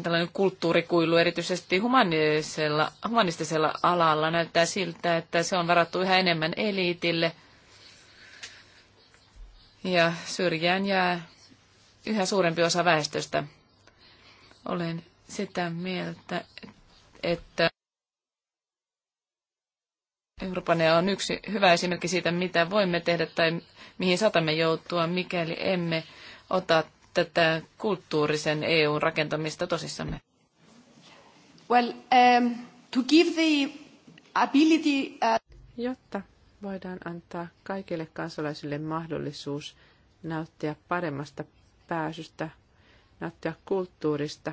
tällainen kulttuurikuilu erityisesti humanistisella, humanistisella alalla. Näyttää siltä, että se on varattu yhä enemmän eliitille – ja syrjään jää yhä suurempi osa väestöstä. Olen sitä mieltä, että Euroopan on yksi hyvä esimerkki siitä, mitä voimme tehdä tai mihin saatamme joutua, mikäli emme ota tätä kulttuurisen EUn rakentamista tosissamme. Well, um, to give the ability, uh... Jotta voidaan antaa kaikille kansalaisille mahdollisuus nauttia paremmasta pääsystä, nauttia kulttuurista.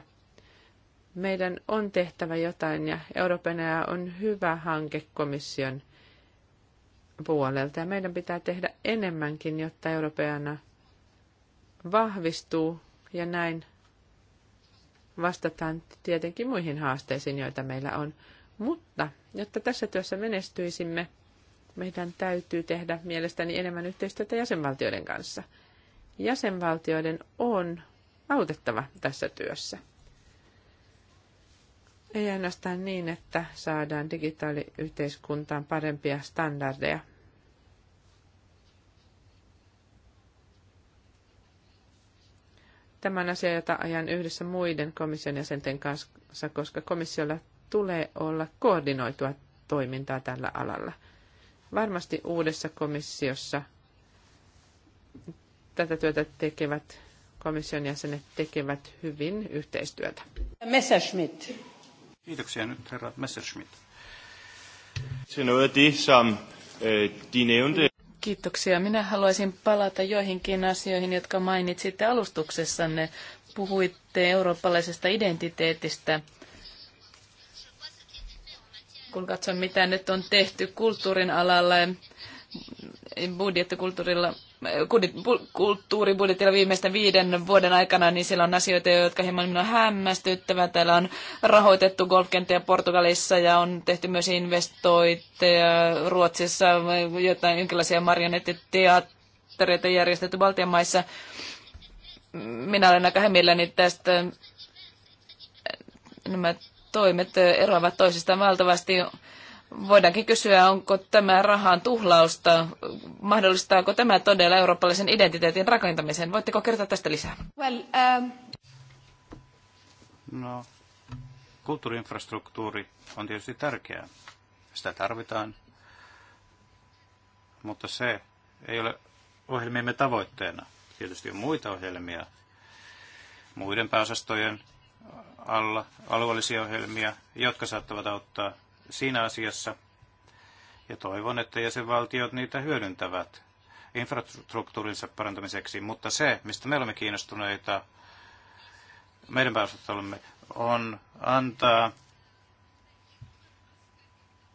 Meidän on tehtävä jotain ja Euroopan on hyvä hanke komission puolelta ja meidän pitää tehdä enemmänkin, jotta Euroopan vahvistuu ja näin vastataan tietenkin muihin haasteisiin, joita meillä on. Mutta jotta tässä työssä menestyisimme, meidän täytyy tehdä mielestäni enemmän yhteistyötä jäsenvaltioiden kanssa. Jäsenvaltioiden on autettava tässä työssä. Ei ainoastaan niin, että saadaan digitaaliyhteiskuntaan parempia standardeja. Tämä on asia, jota ajan yhdessä muiden komission jäsenten kanssa, koska komissiolla tulee olla koordinoitua toimintaa tällä alalla – Varmasti uudessa komissiossa tätä työtä tekevät komission jäsenet tekevät hyvin yhteistyötä. Messerschmidt. Kiitoksia nyt herra Messerschmidt. Eh, Kiitoksia. Minä haluaisin palata joihinkin asioihin, jotka mainitsitte alustuksessanne. Puhuitte eurooppalaisesta identiteetistä kun katson mitä nyt on tehty kulttuurin alalla ja budjettikulttuurilla kulttuuribudjetilla viimeisten viiden vuoden aikana, niin siellä on asioita, jotka hieman minua hämmästyttävät. Täällä on rahoitettu golfkenttiä Portugalissa ja on tehty myös investointeja Ruotsissa, jotain jonkinlaisia marionettiteattereita järjestetty Baltian maissa. Minä olen aika hämilläni tästä nämä toimet eroavat toisistaan valtavasti. Voidaankin kysyä, onko tämä rahan tuhlausta, mahdollistaako tämä todella eurooppalaisen identiteetin rakentamisen? Voitteko kertoa tästä lisää? Well, um... No, kulttuuriinfrastruktuuri on tietysti tärkeää. Sitä tarvitaan, mutta se ei ole ohjelmiemme tavoitteena. Tietysti on muita ohjelmia muiden pääosastojen alla alueellisia ohjelmia, jotka saattavat auttaa siinä asiassa. Ja toivon, että jäsenvaltiot niitä hyödyntävät infrastruktuurinsa parantamiseksi. Mutta se, mistä me olemme kiinnostuneita, meidän päästötalomme, on antaa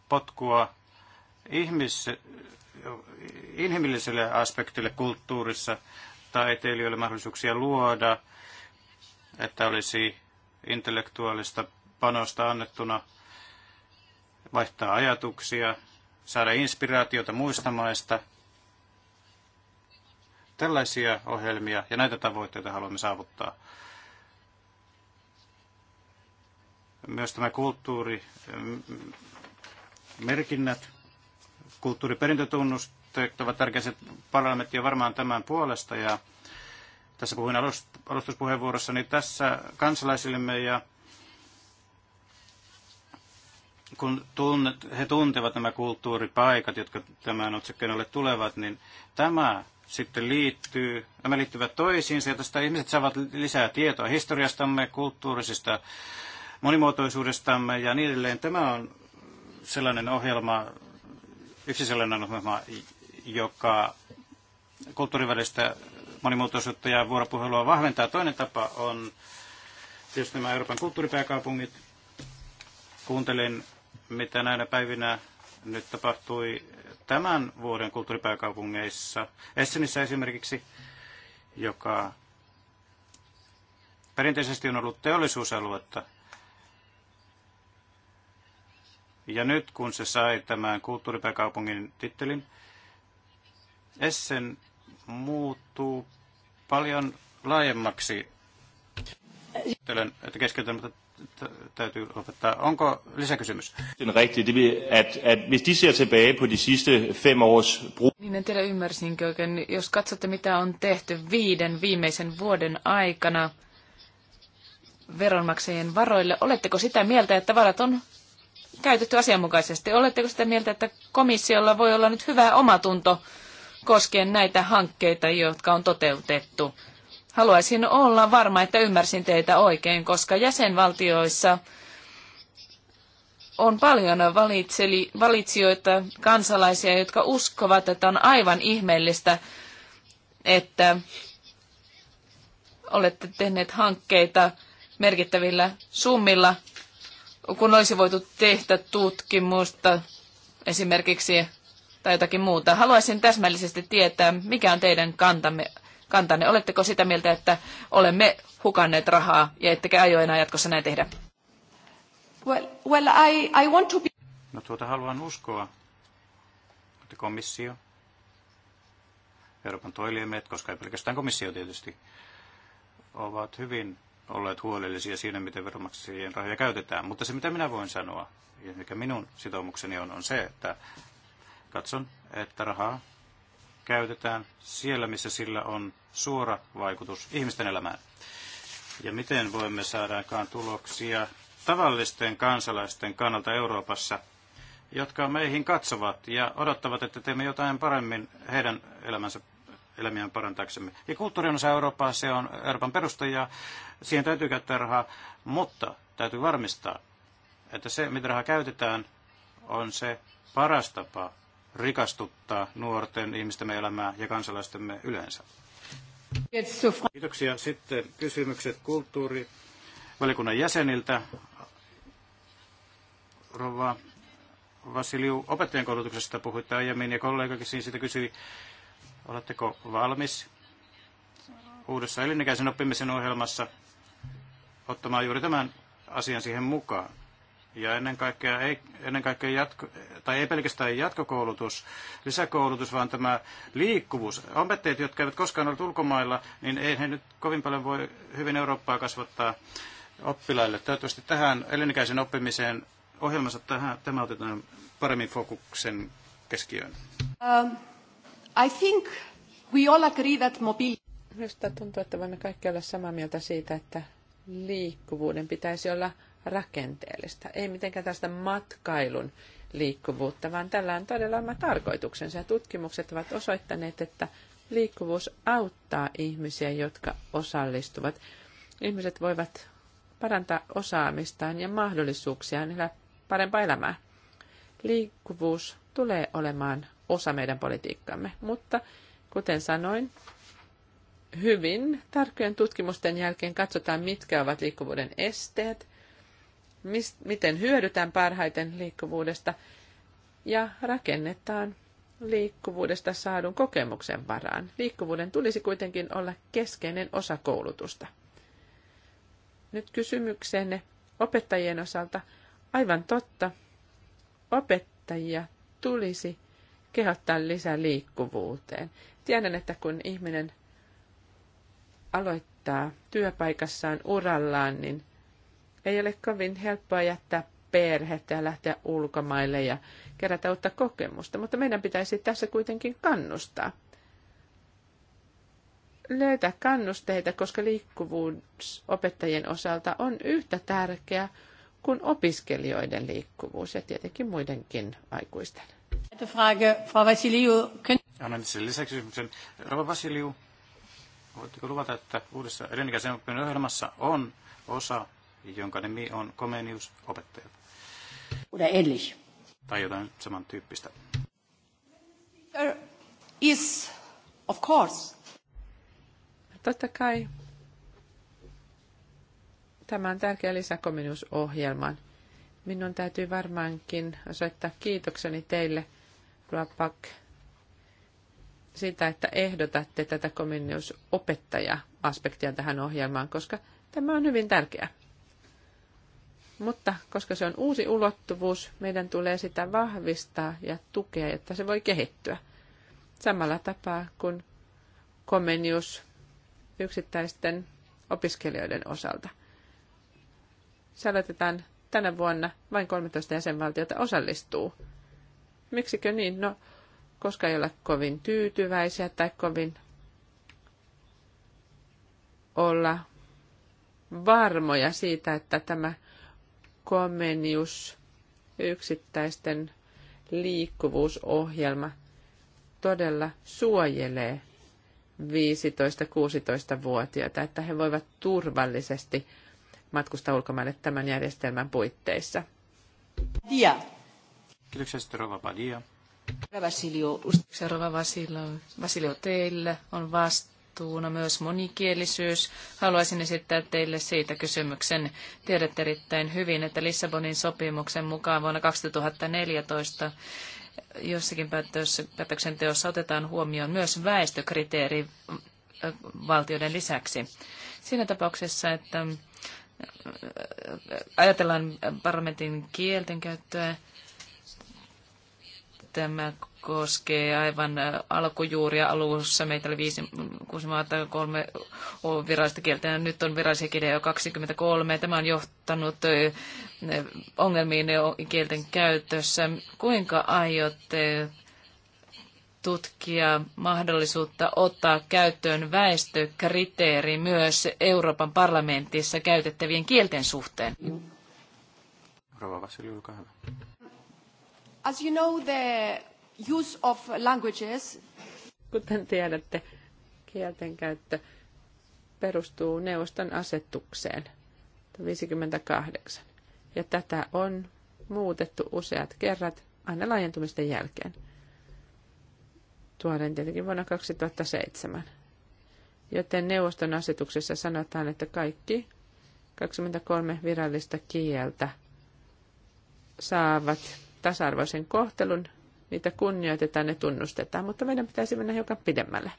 potkua ihmis, inhimilliselle aspektille kulttuurissa, taiteilijoille mahdollisuuksia luoda, että olisi intellektuaalista panosta annettuna, vaihtaa ajatuksia, saada inspiraatiota muista maista. Tällaisia ohjelmia ja näitä tavoitteita haluamme saavuttaa. Myös tämä mm, merkinnät, kulttuuriperintötunnus ovat tärkeät. Parlamentti on varmaan tämän puolesta ja tässä puhuin alustuspuheenvuorossa, niin tässä kansalaisillemme ja kun tunnet, he tuntevat nämä kulttuuripaikat, jotka tämän otsikkeen alle tulevat, niin tämä sitten liittyy, nämä liittyvät toisiinsa ja tästä ihmiset saavat lisää tietoa historiastamme, kulttuurisista monimuotoisuudestamme ja niin edelleen. Tämä on sellainen ohjelma, yksi sellainen ohjelma, joka kulttuurivälistä monimuotoisuutta ja vuoropuhelua vahventaa. Toinen tapa on tietysti nämä Euroopan kulttuuripääkaupungit. Kuuntelin, mitä näinä päivinä nyt tapahtui tämän vuoden kulttuuripääkaupungeissa. Essenissä esimerkiksi, joka perinteisesti on ollut teollisuusaluetta. Ja nyt kun se sai tämän kulttuuripääkaupungin tittelin, Essen muuttuu paljon laajemmaksi. että keskeytän, mutta täytyy lopettaa. Onko lisäkysymys? Niin en tiedä ymmärsinkö oikein. Jos katsotte, mitä on tehty viiden viimeisen vuoden aikana veronmaksajien varoille, oletteko sitä mieltä, että varat on käytetty asianmukaisesti? Oletteko sitä mieltä, että komissiolla voi olla nyt hyvä omatunto? koskien näitä hankkeita, jotka on toteutettu. Haluaisin olla varma, että ymmärsin teitä oikein, koska jäsenvaltioissa on paljon valitseli, valitsijoita, kansalaisia, jotka uskovat, että on aivan ihmeellistä, että olette tehneet hankkeita merkittävillä summilla, kun olisi voitu tehdä tutkimusta esimerkiksi tai jotakin muuta. Haluaisin täsmällisesti tietää, mikä on teidän kantamme, kantanne. Oletteko sitä mieltä, että olemme hukanneet rahaa ja ettekä aio enää jatkossa näin tehdä? Well, well, I, I want to be... No tuota haluan uskoa, että komissio, Euroopan toilimet, koska ei pelkästään komissio tietysti, ovat hyvin olleet huolellisia siinä, miten veronmaksajien rahoja käytetään. Mutta se, mitä minä voin sanoa, ja mikä minun sitoumukseni on, on se, että Katson, että rahaa käytetään siellä, missä sillä on suora vaikutus ihmisten elämään. Ja miten voimme saadaankaan tuloksia tavallisten kansalaisten kannalta Euroopassa, jotka meihin katsovat ja odottavat, että teemme jotain paremmin heidän elämänsä elämien parantaaksemme. Ja kulttuurin osa Eurooppaa, se on Euroopan perusta ja siihen täytyy käyttää rahaa, mutta täytyy varmistaa, että se, mitä rahaa käytetään, on se paras tapa rikastuttaa nuorten ihmisten elämää ja kansalaistemme yleensä. Kiitoksia. Sitten kysymykset kulttuurivalikunnan jäseniltä. Rova Vasiliu, opettajan koulutuksesta puhuitte aiemmin ja kollegakin siitä kysyi, oletteko valmis uudessa elinikäisen oppimisen ohjelmassa ottamaan juuri tämän asian siihen mukaan. Ja ennen kaikkea, ei, ennen kaikkea jatko, tai ei pelkästään jatkokoulutus, lisäkoulutus, vaan tämä liikkuvuus. Opettajat, jotka eivät koskaan ole ulkomailla, niin ei he nyt kovin paljon voi hyvin Eurooppaa kasvattaa oppilaille. Toivottavasti tähän elinikäisen oppimiseen ohjelmassa tähän, tämä otetaan paremmin fokuksen keskiöön. Um, I think we all agree that mobility... Minusta tuntuu, että voimme kaikki olla samaa mieltä siitä, että liikkuvuuden pitäisi olla – rakenteellista. Ei mitenkään tästä matkailun liikkuvuutta, vaan tällä on todella oma tarkoituksensa. Ja tutkimukset ovat osoittaneet, että liikkuvuus auttaa ihmisiä, jotka osallistuvat. Ihmiset voivat parantaa osaamistaan ja mahdollisuuksiaan elää parempaa elämää. Liikkuvuus tulee olemaan osa meidän politiikkamme, mutta kuten sanoin, hyvin tarkkojen tutkimusten jälkeen katsotaan, mitkä ovat liikkuvuuden esteet miten hyödytään parhaiten liikkuvuudesta ja rakennetaan liikkuvuudesta saadun kokemuksen varaan. Liikkuvuuden tulisi kuitenkin olla keskeinen osa koulutusta. Nyt kysymyksenne opettajien osalta. Aivan totta, opettajia tulisi kehottaa lisää liikkuvuuteen. Tiedän, että kun ihminen aloittaa työpaikassaan urallaan, niin ei ole kovin helppoa jättää perhettä ja lähteä ulkomaille ja kerätä uutta kokemusta, mutta meidän pitäisi tässä kuitenkin kannustaa. Löytää kannusteita, koska liikkuvuus opettajien osalta on yhtä tärkeä kuin opiskelijoiden liikkuvuus ja tietenkin muidenkin aikuisten. Annan sen lisäksi kysymyksen. Rova Vasiliu, voitteko luvata, että uudessa elinikäisen oppimisen ohjelmassa on osa jonka nimi on Comenius opettaja. Oder ähnlich. Tai jotain samantyyppistä. Er is, of course. Totta kai. Tämä on tärkeä lisä Comenius-ohjelman. Minun täytyy varmaankin osoittaa kiitokseni teille, Ruapak, siitä, että ehdotatte tätä komennusopettaja aspektia tähän ohjelmaan, koska tämä on hyvin tärkeää. Mutta koska se on uusi ulottuvuus, meidän tulee sitä vahvistaa ja tukea, jotta se voi kehittyä. Samalla tapaa kuin komenius yksittäisten opiskelijoiden osalta. Salotetaan tänä vuonna vain 13 jäsenvaltiota osallistuu. Miksikö niin? No, koska ei olla kovin tyytyväisiä tai kovin olla varmoja siitä, että tämä Komenius, yksittäisten liikkuvuusohjelma, todella suojelee 15-16-vuotiaita, että he voivat turvallisesti matkustaa ulkomaille tämän järjestelmän puitteissa. Dia. Kiitoksia Rova Padia. Vasilio, Vasilio, Vasilio, teillä on vasta vastuuna myös monikielisyys. Haluaisin esittää teille siitä kysymyksen. Tiedätte erittäin hyvin, että Lissabonin sopimuksen mukaan vuonna 2014 jossakin päätöksenteossa otetaan huomioon myös väestökriteeri valtioiden lisäksi. Siinä tapauksessa, että ajatellaan parlamentin kielten käyttöä, Tämä koskee aivan äh, alkujuuria alussa. Meitä oli viisi, kuusi maata, kolme virallista kieltä ja nyt on virallisia kieliä jo 23. Tämä on johtanut äh, ongelmiin kielten käytössä. Kuinka aiotte tutkia mahdollisuutta ottaa käyttöön väestökriteeri myös Euroopan parlamentissa käytettävien kielten suhteen? Rova Vasili, olkaa hyvä. As you know, the use of languages... Kuten tiedätte, kielten käyttö perustuu neuvoston asetukseen 58. Ja tätä on muutettu useat kerrat aina laajentumisten jälkeen. Tuoden tietenkin vuonna 2007. Joten neuvoston asetuksessa sanotaan, että kaikki 23 virallista kieltä saavat tasa-arvoisen kohtelun, niitä kunnioitetaan ja tunnustetaan, mutta meidän pitäisi mennä hiukan pidemmälle.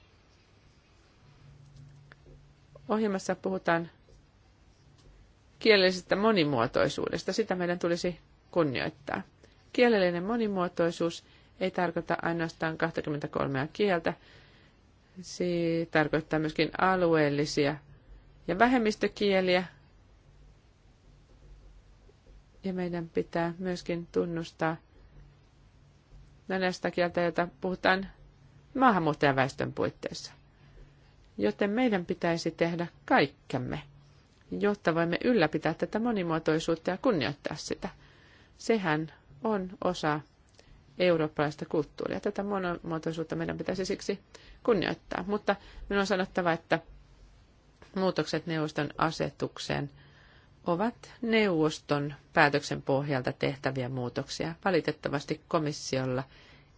Ohjelmassa puhutaan kielellisestä monimuotoisuudesta, sitä meidän tulisi kunnioittaa. Kielellinen monimuotoisuus ei tarkoita ainoastaan 23 kieltä, se tarkoittaa myöskin alueellisia ja vähemmistökieliä, ja meidän pitää myöskin tunnustaa näistä kieltä, joita puhutaan maahanmuuttajaväestön puitteissa. Joten meidän pitäisi tehdä kaikkemme, jotta voimme ylläpitää tätä monimuotoisuutta ja kunnioittaa sitä. Sehän on osa eurooppalaista kulttuuria. Tätä monimuotoisuutta meidän pitäisi siksi kunnioittaa. Mutta minun on sanottava, että muutokset neuvoston asetukseen – ovat neuvoston päätöksen pohjalta tehtäviä muutoksia. Valitettavasti komissiolla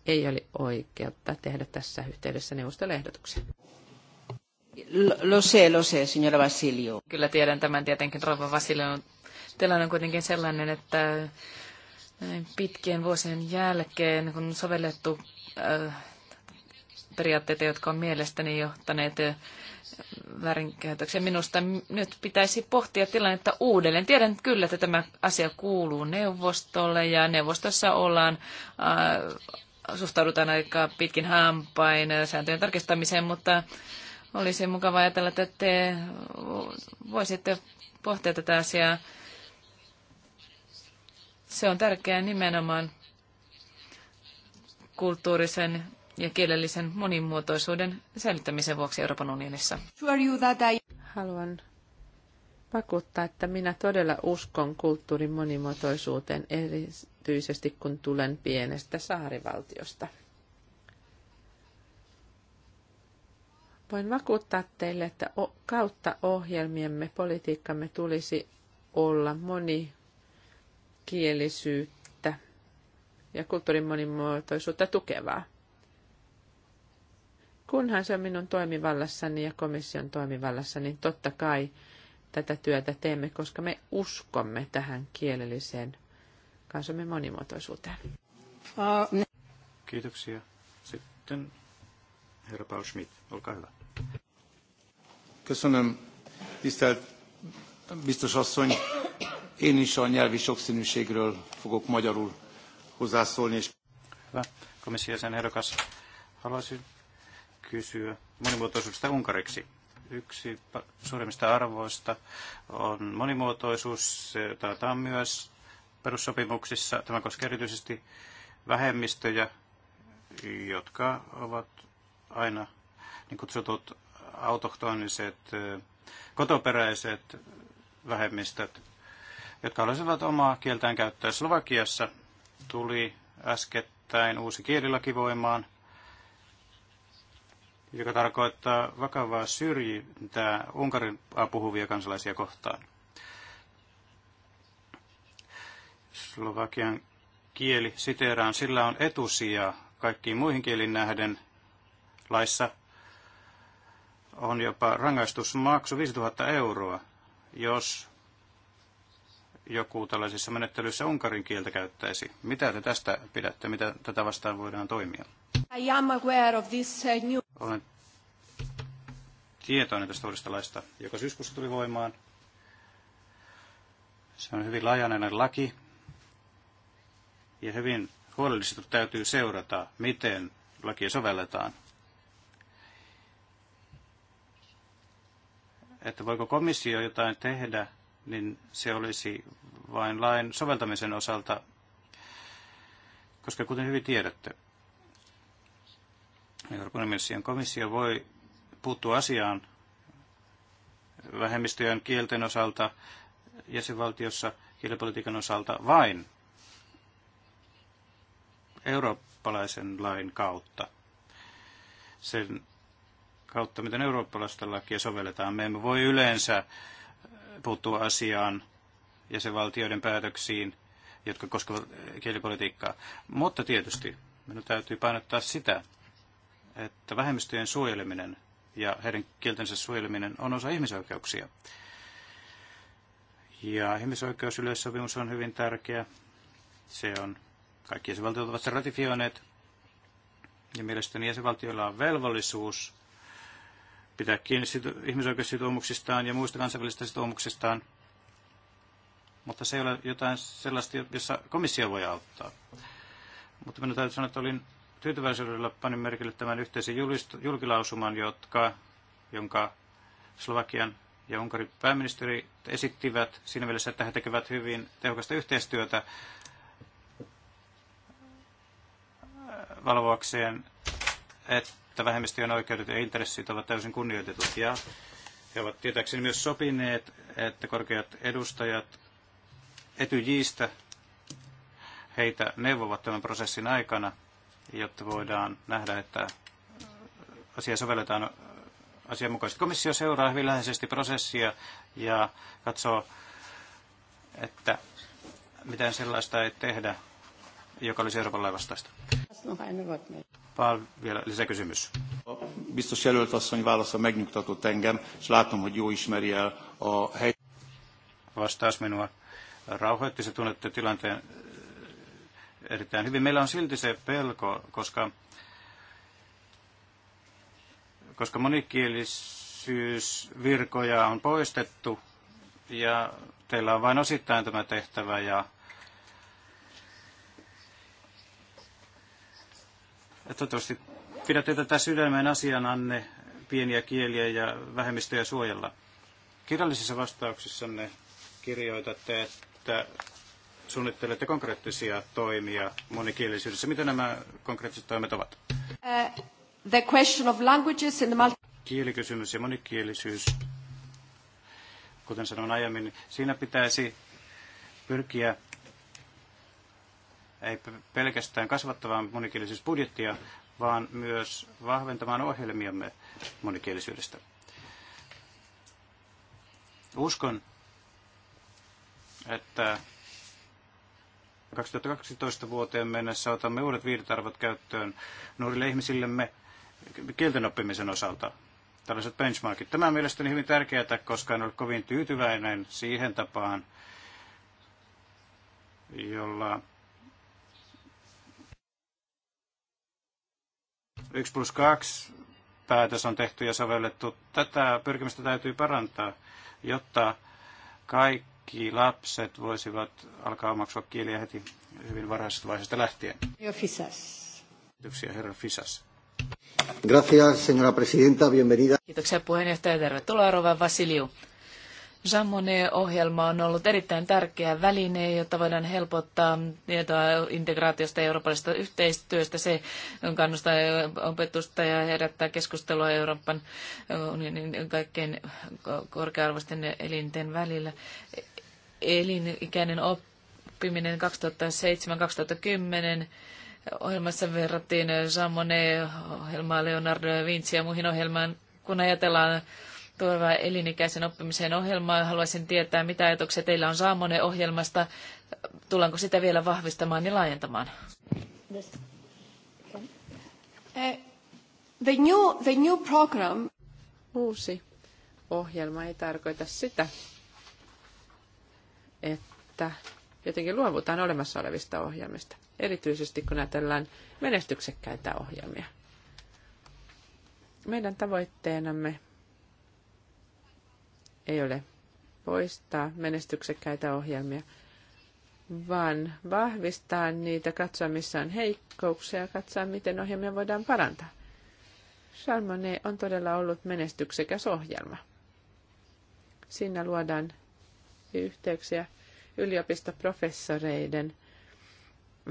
ei ole oikeutta tehdä tässä yhteydessä neuvostolle ehdotuksia. Lo sé, lo sé, signora Basilio. Kyllä tiedän tämän tietenkin, rouva Vasilio. Tilanne on kuitenkin sellainen, että äh, pitkien vuosien jälkeen, kun sovellettu äh, periaatteita, jotka on mielestäni johtaneet äh, väärinkäytöksiä. Minusta nyt pitäisi pohtia tilannetta uudelleen. Tiedän kyllä, että tämä asia kuuluu neuvostolle ja neuvostossa ollaan äh, suhtaudutaan aika pitkin hampain sääntöjen tarkistamiseen, mutta olisi mukava ajatella, että te voisitte pohtia tätä asiaa. Se on tärkeää nimenomaan kulttuurisen ja kielellisen monimuotoisuuden säilyttämisen vuoksi Euroopan unionissa. Haluan vakuuttaa, että minä todella uskon kulttuurin monimuotoisuuteen, erityisesti kun tulen pienestä saarivaltiosta. Voin vakuuttaa teille, että kautta ohjelmiemme politiikkamme tulisi olla monikielisyyttä ja kulttuurin monimuotoisuutta tukevaa. Kunhan se on minun toimivallassani ja komission toimivallassa, niin totta kai tätä työtä teemme, koska me uskomme tähän kielelliseen kansamme monimuotoisuuteen. Kiitoksia. Sitten herra Paul Schmidt, olkaa hyvä. Köszönöm, tisztelt biztos asszony. Én is a nyelvi sokszínűségről fogok magyarul hozzászólni. És... Hyvä. Komission ehdokas, haluaisin kysyä monimuotoisuudesta Unkariksi. Yksi suurimmista arvoista on monimuotoisuus. Se taataan myös perussopimuksissa. Tämä koskee erityisesti vähemmistöjä, jotka ovat aina niin kutsutut autohtoniset, kotoperäiset vähemmistöt, jotka haluaisivat omaa kieltään käyttää. Slovakiassa tuli äskettäin uusi kielilaki voimaan – joka tarkoittaa vakavaa syrjintää Unkarin puhuvia kansalaisia kohtaan. Slovakian kieli siteeraan, sillä on etusija kaikkiin muihin kielin nähden laissa on jopa rangaistusmaksu 5000 euroa, jos joku tällaisissa menettelyissä unkarin kieltä käyttäisi. Mitä te tästä pidätte? Mitä tätä vastaan voidaan toimia? I am aware of this uh, new... Olen tietoinen tästä uudesta laista, joka syyskuussa tuli voimaan. Se on hyvin laajainen laki ja hyvin huolellisesti täytyy seurata, miten lakia sovelletaan. Että voiko komissio jotain tehdä niin se olisi vain lain soveltamisen osalta, koska kuten hyvin tiedätte, Euroopan komission komissio voi puuttua asiaan vähemmistöjen kielten osalta jäsenvaltiossa kielipolitiikan osalta vain eurooppalaisen lain kautta. Sen kautta, miten eurooppalaista lakia sovelletaan. Me emme voi yleensä puuttua asiaan ja sen valtioiden päätöksiin, jotka koskevat kielipolitiikkaa. Mutta tietysti minun täytyy painottaa sitä, että vähemmistöjen suojeleminen ja heidän kieltensä suojeleminen on osa ihmisoikeuksia. Ja ihmisoikeusyleissopimus on hyvin tärkeä. Se on, kaikki jäsenvaltiot ovat sen ratifioineet. Ja mielestäni jäsenvaltioilla on velvollisuus pitää kiinni ihmisoikeussitoumuksistaan ja muista kansainvälisistä sitoumuksistaan, mutta se ei ole jotain sellaista, jossa komissio voi auttaa. Mutta minun täytyy sanoa, että olin tyytyväisyydellä panin merkille tämän yhteisen julkilausuman, jotka, jonka Slovakian ja Unkarin pääministeri esittivät siinä mielessä, että he tekevät hyvin tehokasta yhteistyötä äh, valvoakseen että vähemmistöjen oikeudet ja intressit ovat täysin kunnioitetut. Ja he ovat tietääkseni myös sopineet, että korkeat edustajat etyjistä heitä neuvovat tämän prosessin aikana, jotta voidaan nähdä, että asia sovelletaan asianmukaisesti. Komissio seuraa hyvin läheisesti prosessia ja katsoo, että mitään sellaista ei tehdä, joka olisi Euroopan laivastaista. Paul, vielä lisäkysymys. Biztos jelölt asszony válasza megnyugtatott engem, és látom, hogy jó ismeri el a hely. Vastaus minua rauhoitti, se tunnette tilanteen erittäin hyvin. Meillä on silti se pelko, koska, koska monikielisyysvirkoja on poistettu ja teillä on vain osittain tämä tehtävä ja toivottavasti pidätte tätä sydämen asiananne pieniä kieliä ja vähemmistöjä suojella. Kirjallisissa vastauksissanne kirjoitatte, että suunnittelette konkreettisia toimia monikielisyydessä. Mitä nämä konkreettiset toimet ovat? Uh, the question of languages in the multi- Kielikysymys ja monikielisyys, kuten sanoin aiemmin, siinä pitäisi pyrkiä ei pelkästään kasvattamaan monikielisyysbudjettia, vaan myös vahventamaan ohjelmiamme monikielisyydestä. Uskon, että 2012 vuoteen mennessä otamme uudet viidetarvot käyttöön nuorille ihmisillemme kielten oppimisen osalta. Tällaiset benchmarkit. Tämä on mielestäni hyvin tärkeää, koska en ole kovin tyytyväinen siihen tapaan, jolla 1 plus 2 päätös on tehty ja sovellettu. Tätä pyrkimystä täytyy parantaa, jotta kaikki lapset voisivat alkaa omaksua kieliä heti hyvin varhaisesta vaiheesta lähtien. Fisas. Kiitoksia, herra Fisas. Gracias, señora presidenta. Bienvenida. Kiitoksia puheenjohtaja. Tervetuloa, Rova Vasiliu. Jean Monnet-ohjelma on ollut erittäin tärkeä väline, jotta voidaan helpottaa tietoa integraatiosta ja eurooppalaisesta yhteistyöstä. Se on kannustaa opetusta ja herättää keskustelua Euroopan unionin kaikkein korkearvoisten elinten välillä. Elinikäinen oppiminen 2007-2010 ohjelmassa verrattiin Jean Monnet-ohjelmaa Leonardo da Vinci ja muihin ohjelmaan, kun ajatellaan turvaa elinikäisen oppimisen ohjelmaa. Haluaisin tietää, mitä ajatuksia teillä on Saamone ohjelmasta. Tullaanko sitä vielä vahvistamaan ja laajentamaan? Uh, the new, the new program. Uusi ohjelma ei tarkoita sitä, että jotenkin luovutaan olemassa olevista ohjelmista, erityisesti kun ajatellaan menestyksekkäitä ohjelmia. Meidän tavoitteenamme ei ole poistaa menestyksekkäitä ohjelmia, vaan vahvistaa niitä, katsoa missä on heikkouksia ja katsoa miten ohjelmia voidaan parantaa. Charmone on todella ollut menestyksekäs ohjelma. Siinä luodaan yhteyksiä yliopistoprofessoreiden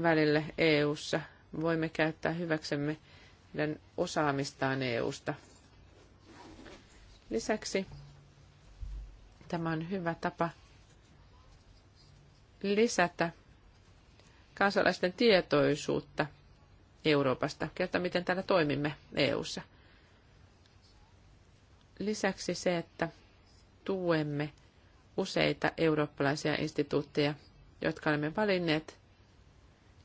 välille EU-ssa. Voimme käyttää hyväksemme heidän osaamistaan EU-sta. Lisäksi tämä on hyvä tapa lisätä kansalaisten tietoisuutta Euroopasta, kerta miten täällä toimimme EU:ssa. Lisäksi se, että tuemme useita eurooppalaisia instituutteja, jotka olemme valinneet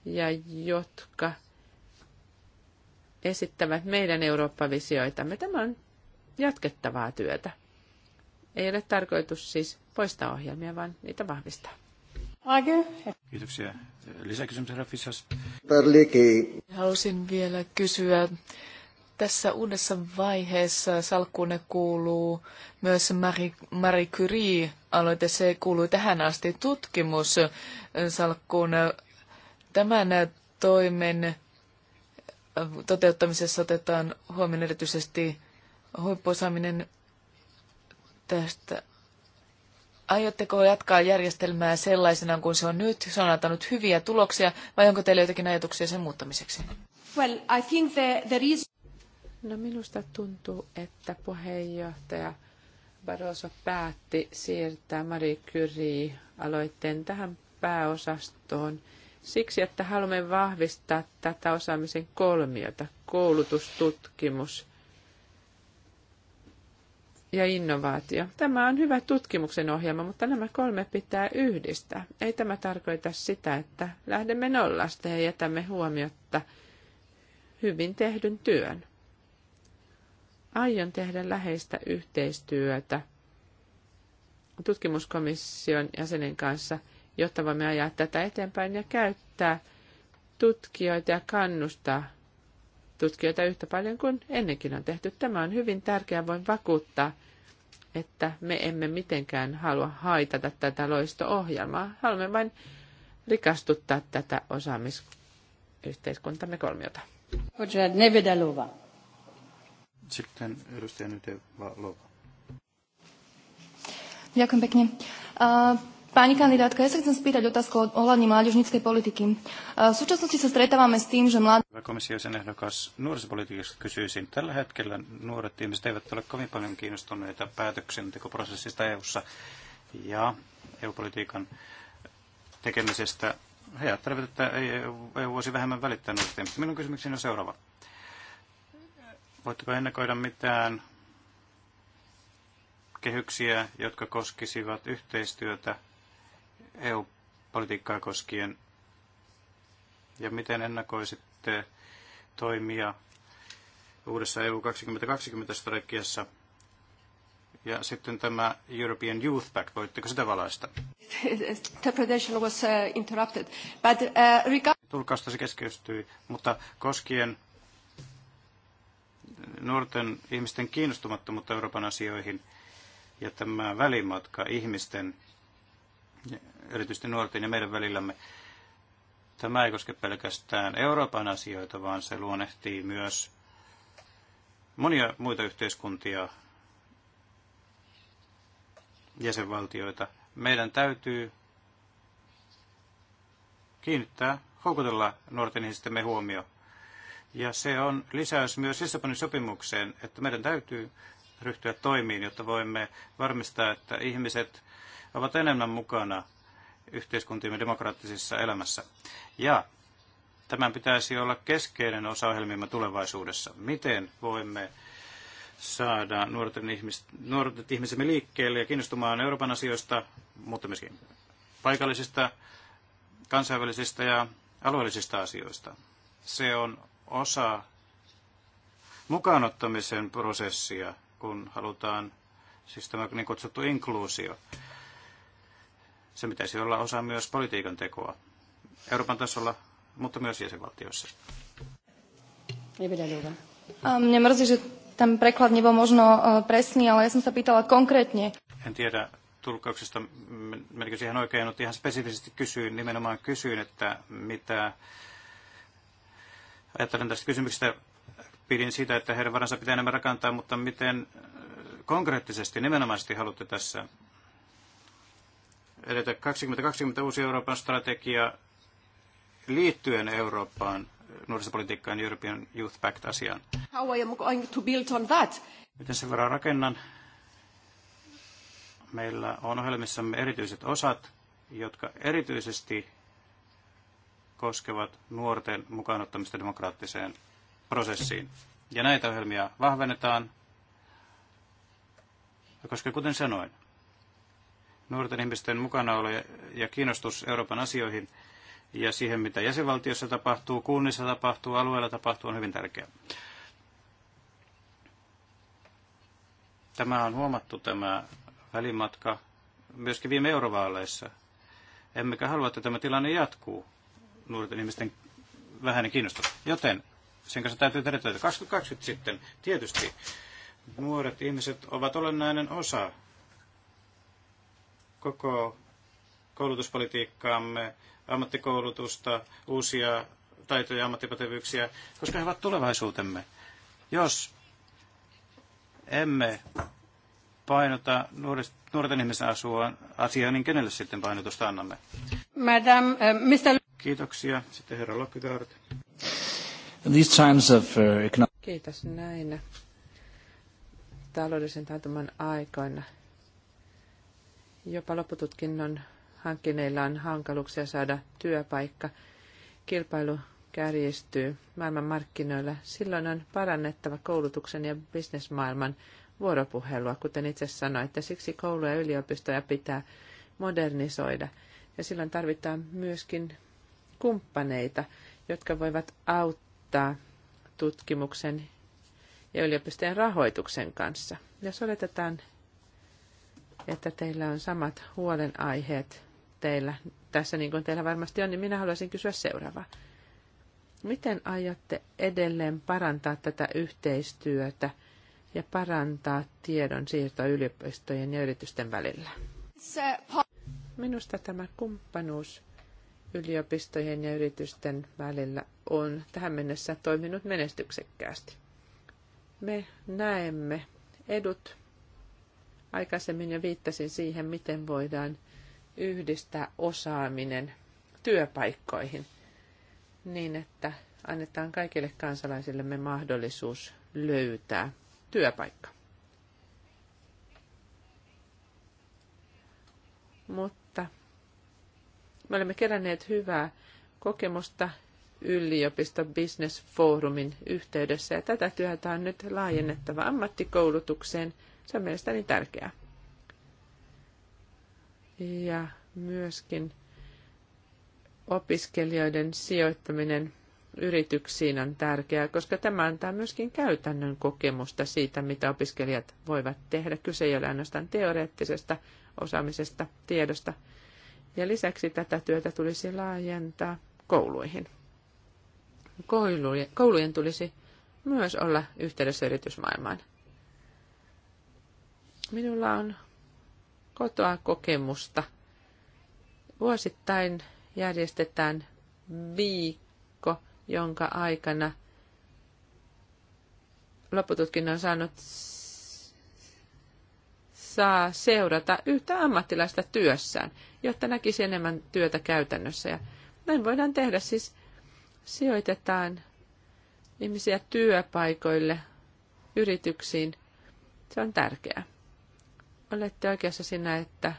ja jotka esittävät meidän Eurooppa-visioitamme. Tämä on jatkettavaa työtä. Ei ole tarkoitus siis poistaa ohjelmia, vaan niitä vahvistaa. Kiitoksia. Lisäkysymys, herra Fissas. Halusin vielä kysyä. Tässä uudessa vaiheessa salkkuunne kuuluu myös Marie, Marie Curie-aloite. Se kuuluu tähän asti tutkimussalkkuun. Tämän toimen toteuttamisessa otetaan huomioon erityisesti huippuosaaminen tästä. Aiotteko jatkaa järjestelmää sellaisena kuin se on nyt? Se on antanut hyviä tuloksia, vai onko teillä jotakin ajatuksia sen muuttamiseksi? Well, I think the, the reason... No minusta tuntuu, että puheenjohtaja Barroso päätti siirtää Marie Curie-aloitteen tähän pääosastoon siksi, että haluamme vahvistaa tätä osaamisen kolmiota, koulutus, tutkimus ja innovaatio. Tämä on hyvä tutkimuksen ohjelma, mutta nämä kolme pitää yhdistää. Ei tämä tarkoita sitä, että lähdemme nollasta ja jätämme huomiotta hyvin tehdyn työn. Aion tehdä läheistä yhteistyötä tutkimuskomission jäsenen kanssa, jotta voimme ajaa tätä eteenpäin ja käyttää tutkijoita ja kannustaa tutkijoita yhtä paljon kuin ennenkin on tehty. Tämä on hyvin tärkeää, voin vakuuttaa että me emme mitenkään halua haitata tätä loisto-ohjelmaa. Haluamme vain rikastuttaa tätä osaamisyhteiskuntamme kolmiota. Nevedalova. Sitten edustaja Nyteva Lova. Uh... Pani kandidátka, ja sa chcem spýtať otázku ohľadne mládežníckej politiky. V súčasnosti sa stretávame s tým, že mladí... sen ehdokas nuorisopolitiikasta kysyisin. Tällä hetkellä nuoret ihmiset eivät ole kovin paljon kiinnostuneita päätöksentekoprosessista EU-ssa ja EU-politiikan tekemisestä. He ajattelevat, että EU voisi vähemmän välittää nuorista ihmistä. Minun kysymykseni on seuraava. Voitteko ennakoida mitään kehyksiä, jotka koskisivat yhteistyötä EU-politiikkaa koskien ja miten ennakoisitte toimia uudessa EU 2020-strategiassa? Ja sitten tämä European Youth Pact, voitteko sitä valaista? [LAUGHS] was uh, interrupted, but uh, regard... Tulkausta se keskeytyi, mutta koskien nuorten ihmisten kiinnostumattomuutta Euroopan asioihin ja tämä välimatka ihmisten erityisesti nuorten ja meidän välillämme. Tämä ei koske pelkästään Euroopan asioita, vaan se luonnehtii myös monia muita yhteiskuntia, jäsenvaltioita. Meidän täytyy kiinnittää, houkutella nuorten ihmistemme huomio. Ja se on lisäys myös Lissabonin sopimukseen, että meidän täytyy ryhtyä toimiin, jotta voimme varmistaa, että ihmiset ovat enemmän mukana yhteiskuntiemme demokraattisessa elämässä. Ja tämän pitäisi olla keskeinen osa ohjelmiimme tulevaisuudessa. Miten voimme saada nuorten ihmis, nuoret ihmisemme liikkeelle ja kiinnostumaan Euroopan asioista, mutta myöskin paikallisista, kansainvälisistä ja alueellisista asioista. Se on osa mukaanottamisen prosessia, kun halutaan, siis tämä niin kutsuttu inkluusio, sen pitäisi olla osa myös politiikan tekoa Euroopan tasolla, mutta myös jäsenvaltioissa. Ähm, äh, en tiedä tulkauksesta, menikö siihen oikein, mutta ihan spesifisesti kysyin, nimenomaan kysyin, että mitä ajattelen tästä kysymyksestä, pidin sitä, että heidän varansa pitää enemmän rakentaa, mutta miten äh, konkreettisesti, nimenomaisesti haluatte tässä edetä 2020 uusi Euroopan strategia liittyen Eurooppaan nuorisopolitiikkaan European Youth Pact-asiaan. How I going to build on that? Miten sen verran rakennan? Meillä on ohjelmissamme erityiset osat, jotka erityisesti koskevat nuorten mukaanottamista demokraattiseen prosessiin. Ja näitä ohjelmia vahvennetaan, koska kuten sanoin, nuorten ihmisten mukanaolo ja kiinnostus Euroopan asioihin ja siihen, mitä jäsenvaltiossa tapahtuu, kunnissa tapahtuu, alueella tapahtuu, on hyvin tärkeää. Tämä on huomattu tämä välimatka myöskin viime eurovaaleissa. Emmekä halua, että tämä tilanne jatkuu nuorten ihmisten vähäinen kiinnostus. Joten sen kanssa täytyy tehdä töitä. 2020 sitten tietysti nuoret ihmiset ovat olennainen osa koko koulutuspolitiikkaamme, ammattikoulutusta, uusia taitoja ja ammattipätevyyksiä, koska he ovat tulevaisuutemme. Jos emme painota nuorten ihmisten asua, asiaa, niin kenelle sitten painotusta annamme? Madam, uh, eh, Mr. Kiitoksia. Sitten herra Lockhart. These times of, uh, Kiitos näinä taloudellisen taitoman aikoina jopa loppututkinnon hankkineilla on hankaluuksia saada työpaikka. Kilpailu kärjistyy markkinoilla. Silloin on parannettava koulutuksen ja bisnesmaailman vuoropuhelua, kuten itse että Siksi kouluja ja yliopistoja pitää modernisoida. Ja silloin tarvitaan myöskin kumppaneita, jotka voivat auttaa tutkimuksen ja yliopistojen rahoituksen kanssa. Jos oletetaan, että teillä on samat huolenaiheet teillä tässä, niin kuin teillä varmasti on, niin minä haluaisin kysyä seuraavaa. Miten aiotte edelleen parantaa tätä yhteistyötä ja parantaa tiedon siirtoa yliopistojen ja yritysten välillä? Minusta tämä kumppanuus yliopistojen ja yritysten välillä on tähän mennessä toiminut menestyksekkäästi. Me näemme edut Aikaisemmin jo viittasin siihen, miten voidaan yhdistää osaaminen työpaikkoihin niin, että annetaan kaikille kansalaisillemme mahdollisuus löytää työpaikka. Mutta me olemme keränneet hyvää kokemusta yliopisto Business Forumin yhteydessä ja tätä työtä on nyt laajennettava ammattikoulutukseen – se on mielestäni tärkeää. Ja myöskin opiskelijoiden sijoittaminen yrityksiin on tärkeää, koska tämä antaa myöskin käytännön kokemusta siitä, mitä opiskelijat voivat tehdä. Kyse ei ole ainoastaan teoreettisesta osaamisesta, tiedosta. Ja lisäksi tätä työtä tulisi laajentaa kouluihin. Koulujen tulisi myös olla yhteydessä yritysmaailmaan. Minulla on kotoa kokemusta. Vuosittain järjestetään viikko, jonka aikana loppututkinnon saanut saa seurata yhtä ammattilaista työssään, jotta näkisi enemmän työtä käytännössä. Ja näin voidaan tehdä, siis sijoitetaan ihmisiä työpaikoille, yrityksiin. Se on tärkeää olette oikeassa siinä, että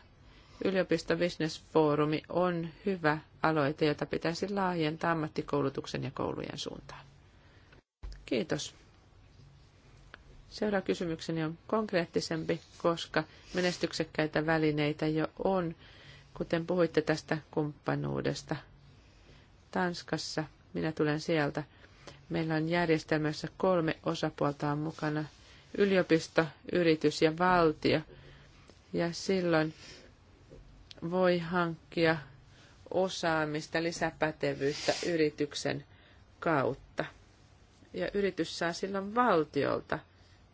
forumi on hyvä aloite, jota pitäisi laajentaa ammattikoulutuksen ja koulujen suuntaan. Kiitos. Seuraava kysymykseni on konkreettisempi, koska menestyksekkäitä välineitä jo on, kuten puhuitte tästä kumppanuudesta. Tanskassa, minä tulen sieltä, meillä on järjestelmässä kolme osapuolta on mukana, yliopisto, yritys ja valtio – ja silloin voi hankkia osaamista, lisäpätevyyttä yrityksen kautta. Ja yritys saa silloin valtiolta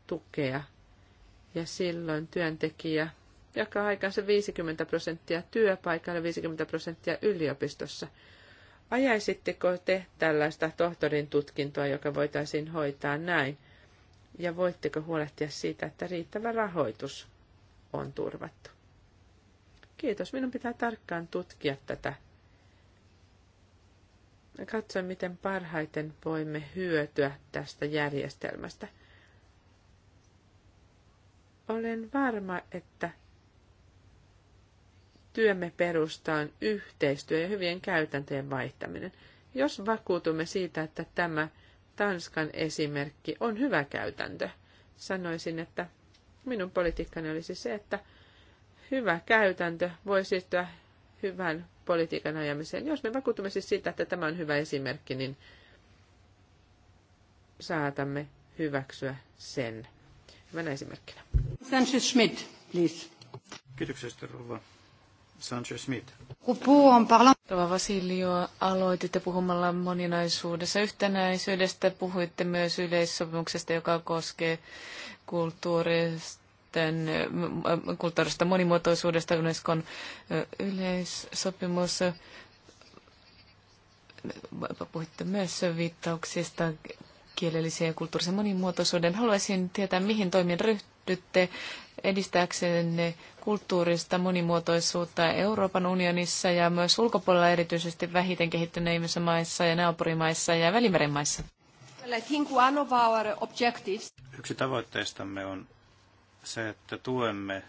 tukea ja silloin työntekijä jakaa aikansa 50 prosenttia työpaikalla, 50 prosenttia yliopistossa. Ajaisitteko te tällaista tohtorin tutkintoa, joka voitaisiin hoitaa näin? Ja voitteko huolehtia siitä, että riittävä rahoitus on turvattu. Kiitos, minun pitää tarkkaan tutkia tätä. Katsoin, miten parhaiten voimme hyötyä tästä järjestelmästä. Olen varma, että työmme perustaa on yhteistyö ja hyvien käytäntöjen vaihtaminen. Jos vakuutumme siitä, että tämä Tanskan esimerkki on hyvä käytäntö, sanoisin, että Minun politiikkani olisi se, että hyvä käytäntö voi siirtyä hyvän politiikan ajamiseen. Jos me vakuutumme siis siitä, että tämä on hyvä esimerkki, niin saatamme hyväksyä sen. Hyvänä esimerkkinä. Schmidt, please. Kiitoksia, Rouva Sanchez-Smith. Rova Vasilio, aloititte puhumalla moninaisuudessa yhtenäisyydestä. Puhuitte myös yleissopimuksesta, joka koskee kulttuuristen, äh, kulttuurista monimuotoisuudesta Unescon äh, yleissopimus. Puhuitte myös viittauksista kielellisen ja kulttuurisen monimuotoisuuden. Haluaisin tietää, mihin toimiin ryhtyy lähdytte edistääksenne kulttuurista monimuotoisuutta Euroopan unionissa ja myös ulkopuolella erityisesti vähiten kehittyneimmissä maissa ja naapurimaissa ja välimeren maissa? Yksi tavoitteistamme on se, että tuemme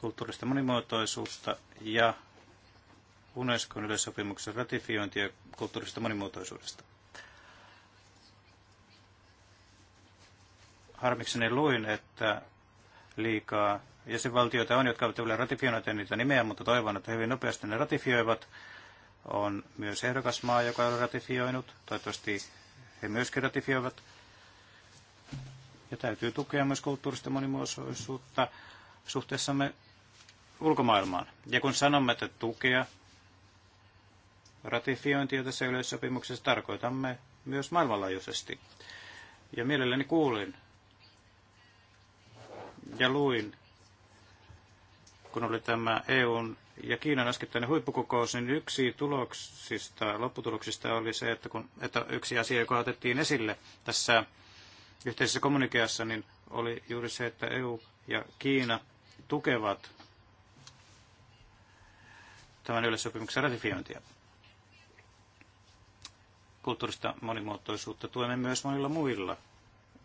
kulttuurista monimuotoisuutta ja Unescon yleissopimuksen ratifiointia kulttuurista monimuotoisuudesta. harmikseni luin, että liikaa jäsenvaltioita on, jotka ovat vielä ratifioineet niitä nimeä, mutta toivon, että hyvin nopeasti ne ratifioivat. On myös ehdokasmaa, joka on ratifioinut. Toivottavasti he myöskin ratifioivat. Ja täytyy tukea myös kulttuurista monimuotoisuutta suhteessamme ulkomaailmaan. Ja kun sanomme, että tukea ratifiointia tässä yleissopimuksessa tarkoitamme myös maailmanlaajuisesti. Ja mielelläni kuulin ja luin, kun oli tämä EUn ja Kiinan äskettäinen huippukokous, niin yksi tuloksista, lopputuloksista oli se, että, kun, että yksi asia, joka otettiin esille tässä yhteisessä kommunikeassa, niin oli juuri se, että EU ja Kiina tukevat tämän yleissopimuksen ratifiointia. Kulttuurista monimuotoisuutta tuemme myös monilla muilla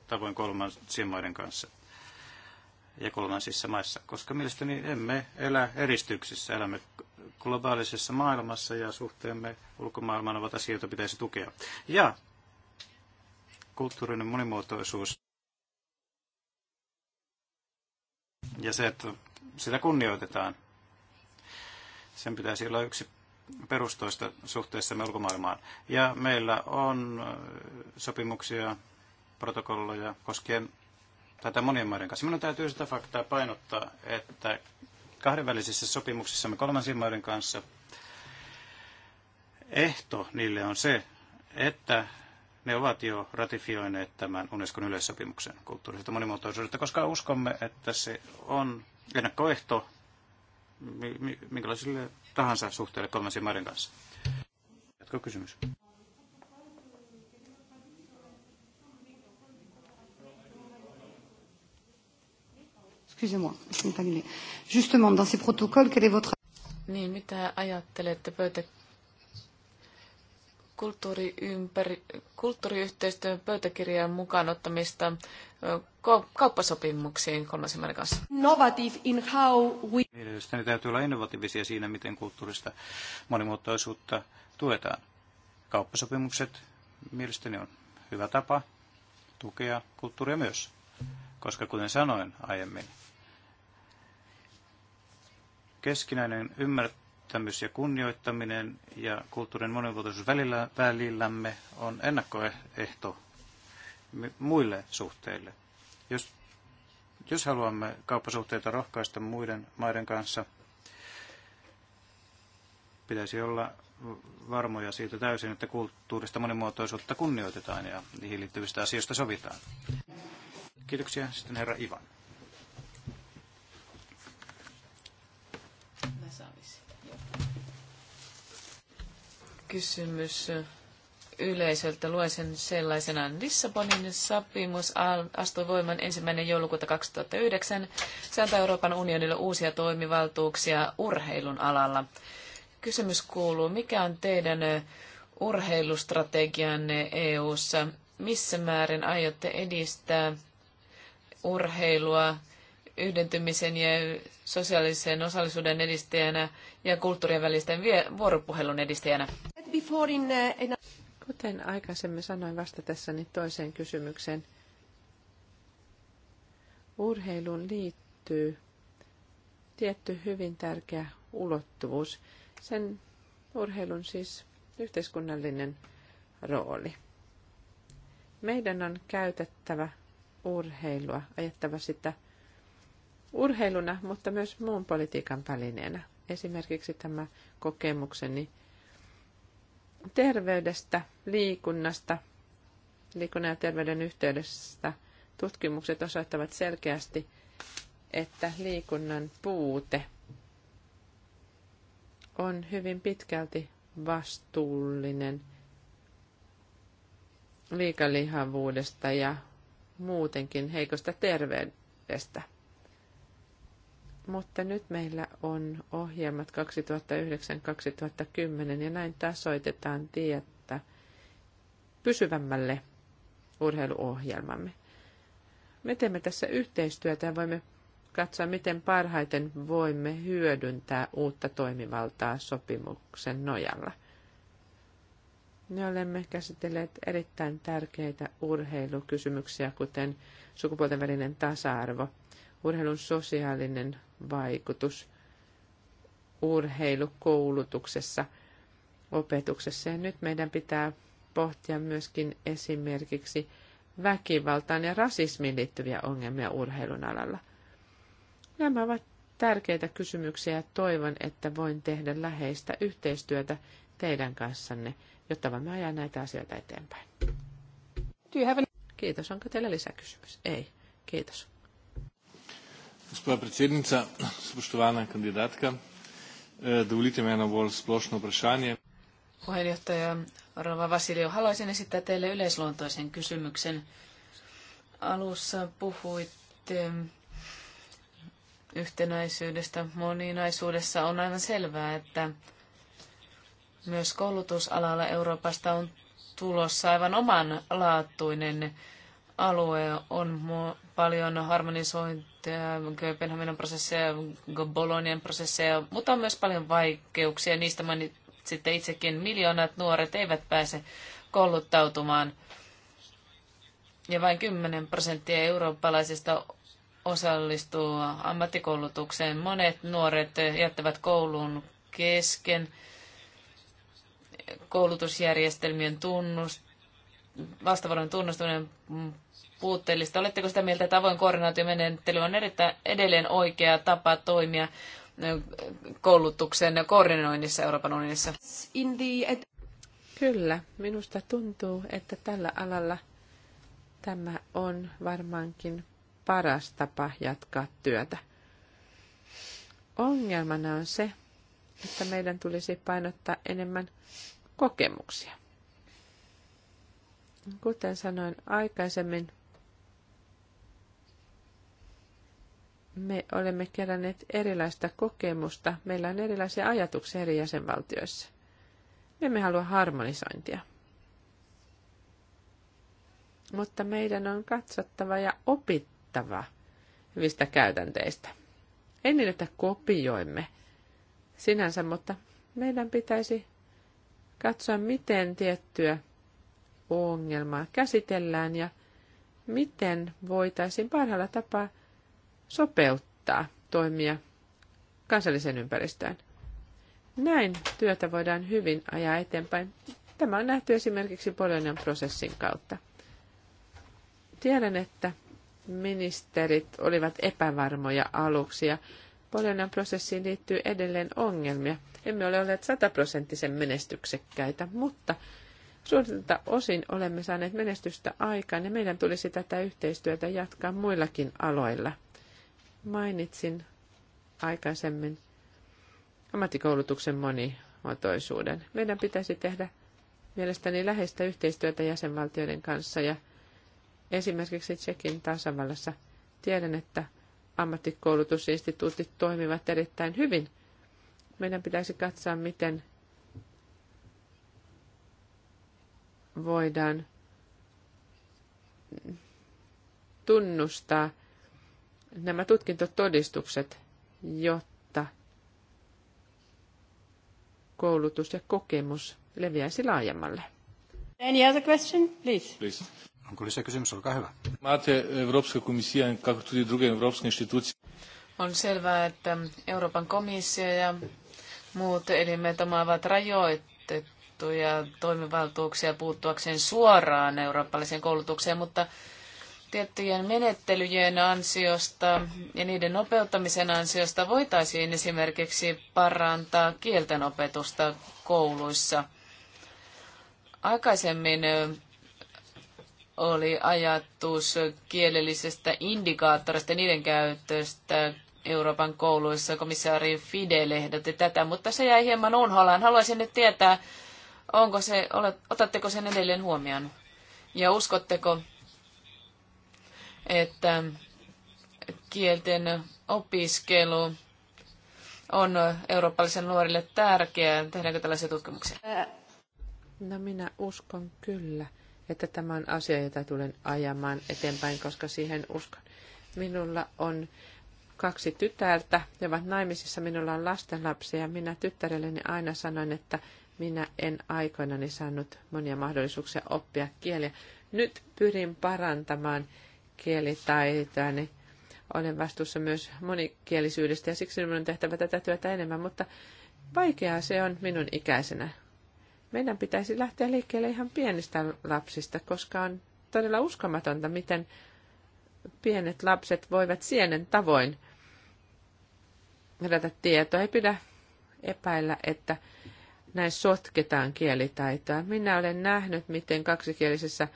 tavoin kolmansien maiden kanssa ja kolmansissa maissa, koska mielestäni emme elä eristyksissä, elämme globaalisessa maailmassa ja suhteemme ulkomaailmaan ovat asioita, pitäisi tukea. Ja kulttuurinen monimuotoisuus ja se, että sitä kunnioitetaan, sen pitäisi olla yksi perustoista suhteessa me ulkomaailmaan. Ja meillä on sopimuksia, protokolloja koskien tätä monien maiden kanssa. Minun täytyy sitä faktaa painottaa, että kahdenvälisissä me kolmansien maiden kanssa ehto niille on se, että ne ovat jo ratifioineet tämän Unescon yleissopimuksen kulttuurista monimuotoisuudesta, koska uskomme, että se on ennakkoehto minkälaisille tahansa suhteelle kolmansien maiden kanssa. Jatko kysymys. Excusez-moi, c'est terminé. Justement, dans ces protocoles, quel est votre... Niin, mitä ajattelette pöytä kulttuuriympär... kulttuuriyhteistyön pöytäkirjan mukaan ottamista kauppasopimuksiin maiden kanssa? Innovative in how we... Mielestäni täytyy olla innovatiivisia siinä, miten kulttuurista monimuotoisuutta tuetaan. Kauppasopimukset mielestäni on hyvä tapa tukea kulttuuria myös, koska kuten sanoin aiemmin, keskinäinen ymmärtämys ja kunnioittaminen ja kulttuurin monimuotoisuus välillä, välillämme on ennakkoehto muille suhteille. Jos, jos haluamme kauppasuhteita rohkaista muiden maiden kanssa, pitäisi olla varmoja siitä täysin, että kulttuurista monimuotoisuutta kunnioitetaan ja niihin liittyvistä asioista sovitaan. Kiitoksia. Sitten herra Ivan. kysymys yleisöltä. Luen sen sellaisenaan. Lissabonin sopimus astui voimaan ensimmäinen joulukuuta 2009. Se antaa Euroopan unionille uusia toimivaltuuksia urheilun alalla. Kysymys kuuluu, mikä on teidän urheilustrategianne EU:ssa? Missä määrin aiotte edistää urheilua yhdentymisen ja sosiaalisen osallisuuden edistäjänä ja kulttuurien välisten vuoropuhelun edistäjänä? Uh, Kuten aikaisemmin sanoin vastatessani toiseen kysymykseen, urheiluun liittyy tietty hyvin tärkeä ulottuvuus. Sen urheilun siis yhteiskunnallinen rooli. Meidän on käytettävä urheilua, ajettava sitä urheiluna, mutta myös muun politiikan välineenä. Esimerkiksi tämä kokemukseni terveydestä, liikunnasta, liikunnan ja terveyden yhteydestä tutkimukset osoittavat selkeästi, että liikunnan puute on hyvin pitkälti vastuullinen liikalihavuudesta ja muutenkin heikosta terveydestä. Mutta nyt meillä on ohjelmat 2009-2010 ja näin tasoitetaan tietä pysyvämmälle urheiluohjelmamme. Me teemme tässä yhteistyötä ja voimme katsoa, miten parhaiten voimme hyödyntää uutta toimivaltaa sopimuksen nojalla. Me olemme käsitelleet erittäin tärkeitä urheilukysymyksiä, kuten sukupuolten välinen tasa-arvo, urheilun sosiaalinen vaikutus urheilukoulutuksessa, opetuksessa. Ja nyt meidän pitää pohtia myöskin esimerkiksi väkivaltaan ja rasismiin liittyviä ongelmia urheilun alalla. Nämä ovat tärkeitä kysymyksiä ja toivon, että voin tehdä läheistä yhteistyötä teidän kanssanne, jotta voimme ajaa näitä asioita eteenpäin. Kiitos. Onko teillä lisäkysymys? Ei. Kiitos. Gospa predsednica, spoštovana kandidatka, eh, dovolite mi eno bolj splošno vprašanje. Puheenjohtaja Rova Vasilio, haluaisin esittää teille yleisluontoisen kysymyksen. Alussa puhuitte yhtenäisyydestä moninaisuudessa. On aivan selvää, että myös koulutusalalla Euroopasta on tulossa aivan omanlaatuinen alue on paljon harmonisointia, Kööpenhaminan prosesseja, Bolonian prosesseja, mutta on myös paljon vaikeuksia. Niistä mainitsitte itsekin. Miljoonat nuoret eivät pääse kouluttautumaan ja vain 10 prosenttia eurooppalaisista osallistuu ammattikoulutukseen. Monet nuoret jättävät koulun kesken koulutusjärjestelmien tunnust, vastavuoron tunnustaminen puutteellista. Oletteko sitä mieltä, että avoin koordinaatiomenettely on erittäin, edelleen oikea tapa toimia koulutuksen koordinoinnissa Euroopan unionissa? Kyllä, minusta tuntuu, että tällä alalla tämä on varmaankin paras tapa jatkaa työtä. Ongelmana on se, että meidän tulisi painottaa enemmän kokemuksia. Kuten sanoin aikaisemmin, me olemme keränneet erilaista kokemusta. Meillä on erilaisia ajatuksia eri jäsenvaltioissa. Me emme halua harmonisointia. Mutta meidän on katsottava ja opittava hyvistä käytänteistä. En niin, että kopioimme sinänsä, mutta meidän pitäisi katsoa, miten tiettyä ongelmaa käsitellään ja miten voitaisiin parhaalla tapaa sopeuttaa toimia kansallisen ympäristöön. Näin työtä voidaan hyvin ajaa eteenpäin. Tämä on nähty esimerkiksi Polonian prosessin kautta. Tiedän, että ministerit olivat epävarmoja aluksi ja Polonian prosessiin liittyy edelleen ongelmia. Emme ole olleet sataprosenttisen menestyksekkäitä, mutta suurinta osin olemme saaneet menestystä aikaan ja meidän tulisi tätä yhteistyötä jatkaa muillakin aloilla – mainitsin aikaisemmin ammattikoulutuksen monimuotoisuuden. Meidän pitäisi tehdä mielestäni läheistä yhteistyötä jäsenvaltioiden kanssa ja esimerkiksi Tsekin tasavallassa tiedän, että ammattikoulutusinstituutit toimivat erittäin hyvin. Meidän pitäisi katsoa, miten voidaan tunnustaa nämä tutkintotodistukset, jotta koulutus ja kokemus leviäisi laajemmalle. Any other question? Please. Please. Onko lisäkysymys? Olkaa hyvä. Mate, Euroopan komissio, kako tudi druge Euroopan instituutio. On selvää, että Euroopan komissio ja muut elimet omaavat rajoitettuja toimivaltuuksia puuttuakseen suoraan eurooppalaiseen koulutukseen, mutta tiettyjen menettelyjen ansiosta ja niiden nopeuttamisen ansiosta voitaisiin esimerkiksi parantaa opetusta kouluissa. Aikaisemmin oli ajatus kielellisestä indikaattorista, niiden käytöstä Euroopan kouluissa. Komissaari Fidel ehdotti tätä, mutta se jäi hieman unholaan. Haluaisin nyt tietää, onko se, otatteko sen edelleen huomioon? Ja uskotteko, että kielten opiskelu on eurooppalaisille nuorille tärkeää. Tehdäänkö tällaisia tutkimuksia? No minä uskon kyllä, että tämä on asia, jota tulen ajamaan eteenpäin, koska siihen uskon. Minulla on kaksi tytärtä, ja ovat naimisissa, minulla on lastenlapsia. Minä tyttärelleni aina sanoin, että minä en aikoinani saanut monia mahdollisuuksia oppia kieliä. Nyt pyrin parantamaan kielitaitoa, niin olen vastuussa myös monikielisyydestä ja siksi minun on tehtävä tätä työtä enemmän, mutta vaikeaa se on minun ikäisenä. Meidän pitäisi lähteä liikkeelle ihan pienistä lapsista, koska on todella uskomatonta, miten pienet lapset voivat sienen tavoin herätä tietoa. Ei pidä epäillä, että näin sotketaan kielitaitoa. Minä olen nähnyt, miten kaksikielisessä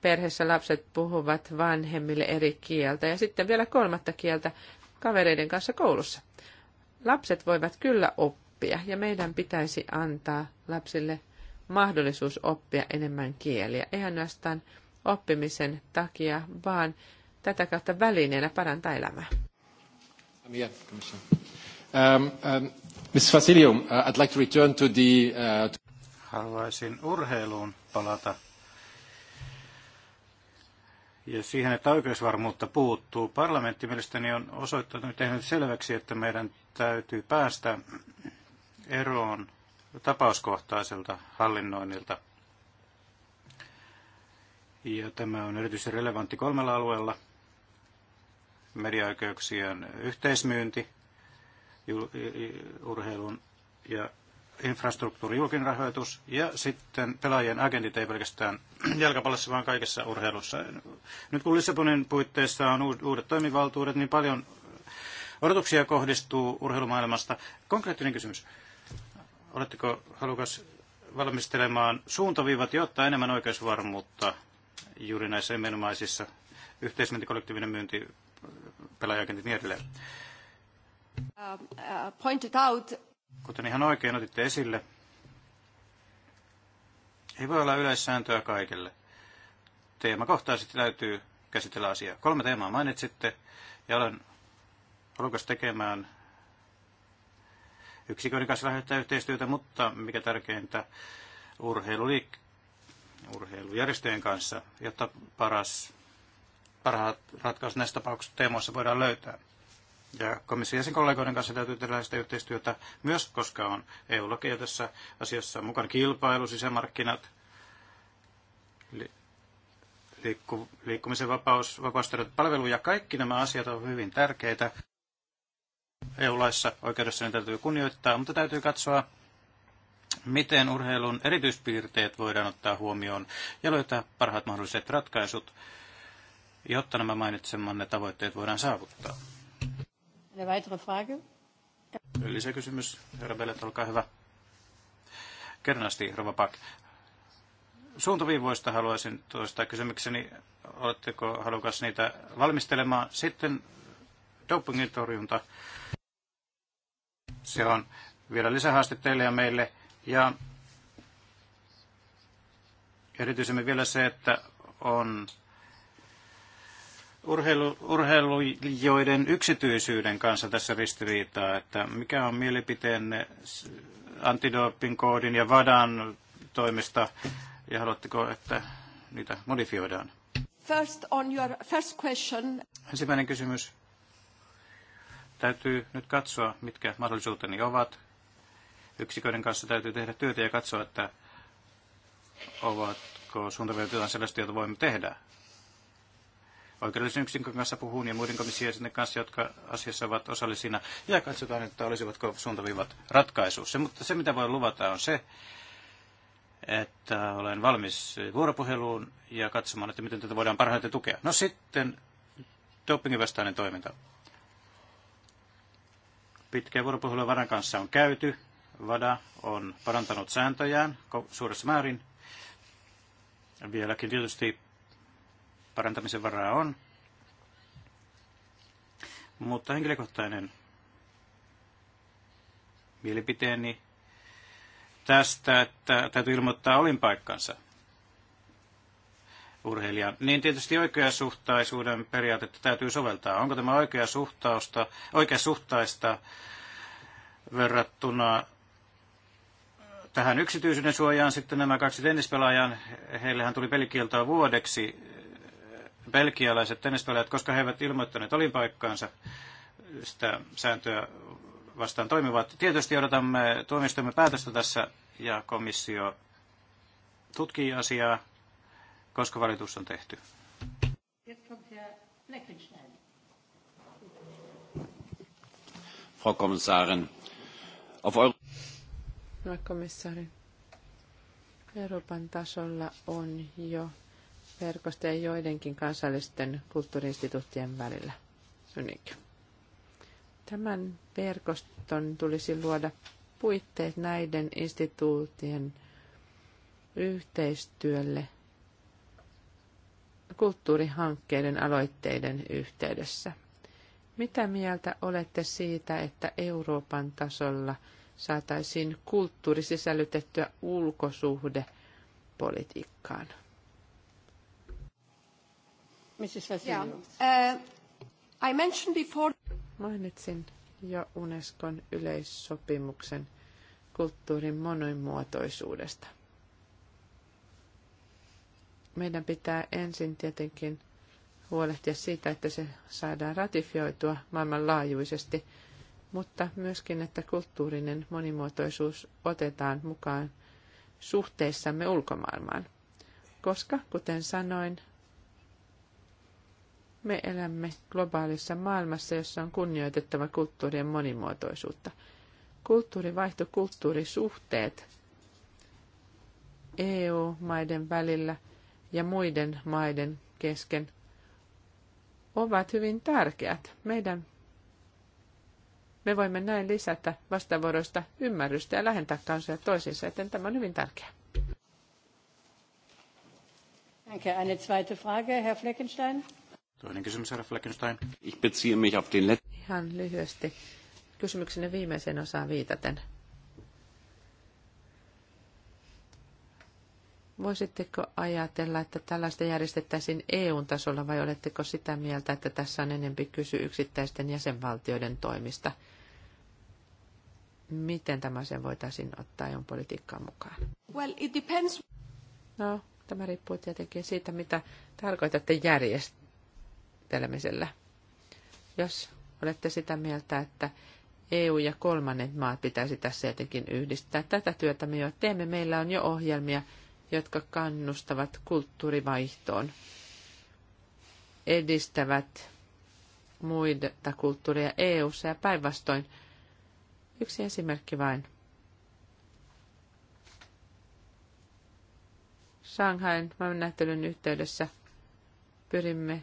perheessä lapset puhuvat vanhemmille eri kieltä ja sitten vielä kolmatta kieltä kavereiden kanssa koulussa. Lapset voivat kyllä oppia ja meidän pitäisi antaa lapsille mahdollisuus oppia enemmän kieliä. Ei ainoastaan oppimisen takia, vaan tätä kautta välineenä parantaa elämää. Um, um, Ms. uh, I'd like to return to the... Uh, Haluaisin urheiluun palata ja siihen, että oikeusvarmuutta puuttuu. Parlamentti mielestäni on osoittanut tehnyt selväksi, että meidän täytyy päästä eroon tapauskohtaiselta hallinnoinnilta. Ja tämä on erityisen relevantti kolmella alueella. Mediaoikeuksien yhteismyynti, urheilun ja infrastruktuuri, julkinen rahoitus ja sitten pelaajien agentit ei pelkästään [CLEARS THROAT] jalkapallossa, vaan kaikessa urheilussa. Nyt kun Lissabonin puitteissa on uudet toimivaltuudet, niin paljon odotuksia kohdistuu urheilumaailmasta. Konkreettinen kysymys. Oletteko halukas valmistelemaan suuntaviivat, jotta enemmän oikeusvarmuutta juuri näissä nimenomaisissa yhteismyynti, kollektiivinen myynti, pelaajakentit ja niin edelleen? Uh, uh, pointed out Kuten ihan oikein otitte esille, ei voi olla yleissääntöä kaikille. Teemakohtaisesti täytyy käsitellä asiaa. Kolme teemaa mainitsitte ja olen halukas tekemään yksiköiden kanssa lähettää yhteistyötä, mutta mikä tärkeintä, urheiluliik- urheilujärjestöjen kanssa, jotta paras, parhaat ratkaisut näissä tapauksissa teemoissa voidaan löytää. Ja komission jäsenkollegoiden kanssa täytyy tehdä sitä yhteistyötä myös, koska on EU-lakeja tässä asiassa mukana kilpailu, sisämarkkinat, li- liikku- liikkumisen vapaus, vapaus palvelu ja kaikki nämä asiat ovat hyvin tärkeitä. EU-laissa oikeudessa ne täytyy kunnioittaa, mutta täytyy katsoa, miten urheilun erityispiirteet voidaan ottaa huomioon ja löytää parhaat mahdolliset ratkaisut, jotta nämä mainitsemanne tavoitteet voidaan saavuttaa. Lisäkysymys, herra Bellet, olkaa hyvä. Kernaasti, Rova Pak. Suuntaviivoista haluaisin toistaa kysymykseni. Oletteko halukas niitä valmistelemaan? Sitten dopingin torjunta. Se on vielä lisähaaste teille ja meille. Ja erityisemmin vielä se, että on urheilu, urheilijoiden yksityisyyden kanssa tässä ristiriitaa, että mikä on mielipiteenne antidoping koodin ja VADAN toimista ja haluatteko, että niitä modifioidaan? First on your first question. Ensimmäinen kysymys. Täytyy nyt katsoa, mitkä mahdollisuuteni ovat. Yksiköiden kanssa täytyy tehdä työtä ja katsoa, että ovatko suuntaviivat jotain sellaista, jota voimme tehdä oikeudellisen yksikön kanssa puhun ja muiden komissioiden kanssa, jotka asiassa ovat osallisina, ja katsotaan, että olisivatko suuntaviivat ratkaisussa. Mutta se, mitä voi luvata, on se, että olen valmis vuoropuheluun ja katsomaan, että miten tätä voidaan parhaiten tukea. No sitten dopingin vastainen toiminta. pitkä vuoropuhelu Vadan kanssa on käyty. Vada on parantanut sääntöjään suuressa määrin. Vieläkin tietysti Parantamisen varaa on, mutta henkilökohtainen mielipiteeni tästä, että täytyy ilmoittaa olinpaikkansa urheilijan, niin tietysti oikeasuhtaisuuden periaatetta täytyy soveltaa. Onko tämä oikeasuhtausta, oikeasuhtaista verrattuna tähän yksityisyyden suojaan sitten nämä kaksi tennispelaajan, heillähän tuli pelikieltoa vuodeksi belgialaiset tennispelaajat, koska he eivät ilmoittaneet olinpaikkaansa, sitä sääntöä vastaan toimivat. Tietysti odotamme tuomioistuimen päätöstä tässä ja komissio tutkii asiaa, koska valitus on tehty. Frau Kommissarin, auf eure... Herra komissaari, Euroopan tasolla on jo ja joidenkin kansallisten kulttuuriinstituuttien välillä. Niinkö? Tämän verkoston tulisi luoda puitteet näiden instituutien yhteistyölle kulttuurihankkeiden aloitteiden yhteydessä. Mitä mieltä olette siitä, että Euroopan tasolla saataisiin kulttuuri sisällytettyä ulkosuhdepolitiikkaan? Eh, Mainitsin jo Unescon yleissopimuksen kulttuurin monimuotoisuudesta. Meidän pitää ensin tietenkin huolehtia siitä, että se saadaan ratifioitua maailmanlaajuisesti, mutta myöskin, että kulttuurinen monimuotoisuus otetaan mukaan suhteissamme ulkomaailmaan. Koska, kuten sanoin, me elämme globaalissa maailmassa, jossa on kunnioitettava kulttuurien monimuotoisuutta. Kulttuurivaihto, kulttuurisuhteet EU-maiden välillä ja muiden maiden kesken ovat hyvin tärkeät. Meidän me voimme näin lisätä vastavuoroista ymmärrystä ja lähentää kansoja toisiinsa, joten tämä on hyvin tärkeää. Danke. Eine zweite Frage, Herr Fleckenstein. Toinen kysymys, herra Fleckenstein. Ich beziehe mich auf den let- Ihan lyhyesti. Kysymyksenne viimeiseen osaan viitaten. Voisitteko ajatella, että tällaista järjestettäisiin EU-tasolla vai oletteko sitä mieltä, että tässä on enempi kysy yksittäisten jäsenvaltioiden toimista? Miten tämä sen voitaisiin ottaa EUn politiikkaan mukaan? Well, it depends. No, tämä riippuu tietenkin siitä, mitä tarkoitatte järjestää kehittelemisellä. Jos olette sitä mieltä, että EU ja kolmannet maat pitäisi tässä jotenkin yhdistää. Tätä työtä me jo teemme. Meillä on jo ohjelmia, jotka kannustavat kulttuurivaihtoon, edistävät muita kulttuureja EU-ssa ja päinvastoin. Yksi esimerkki vain. Shanghain näyttelyn yhteydessä pyrimme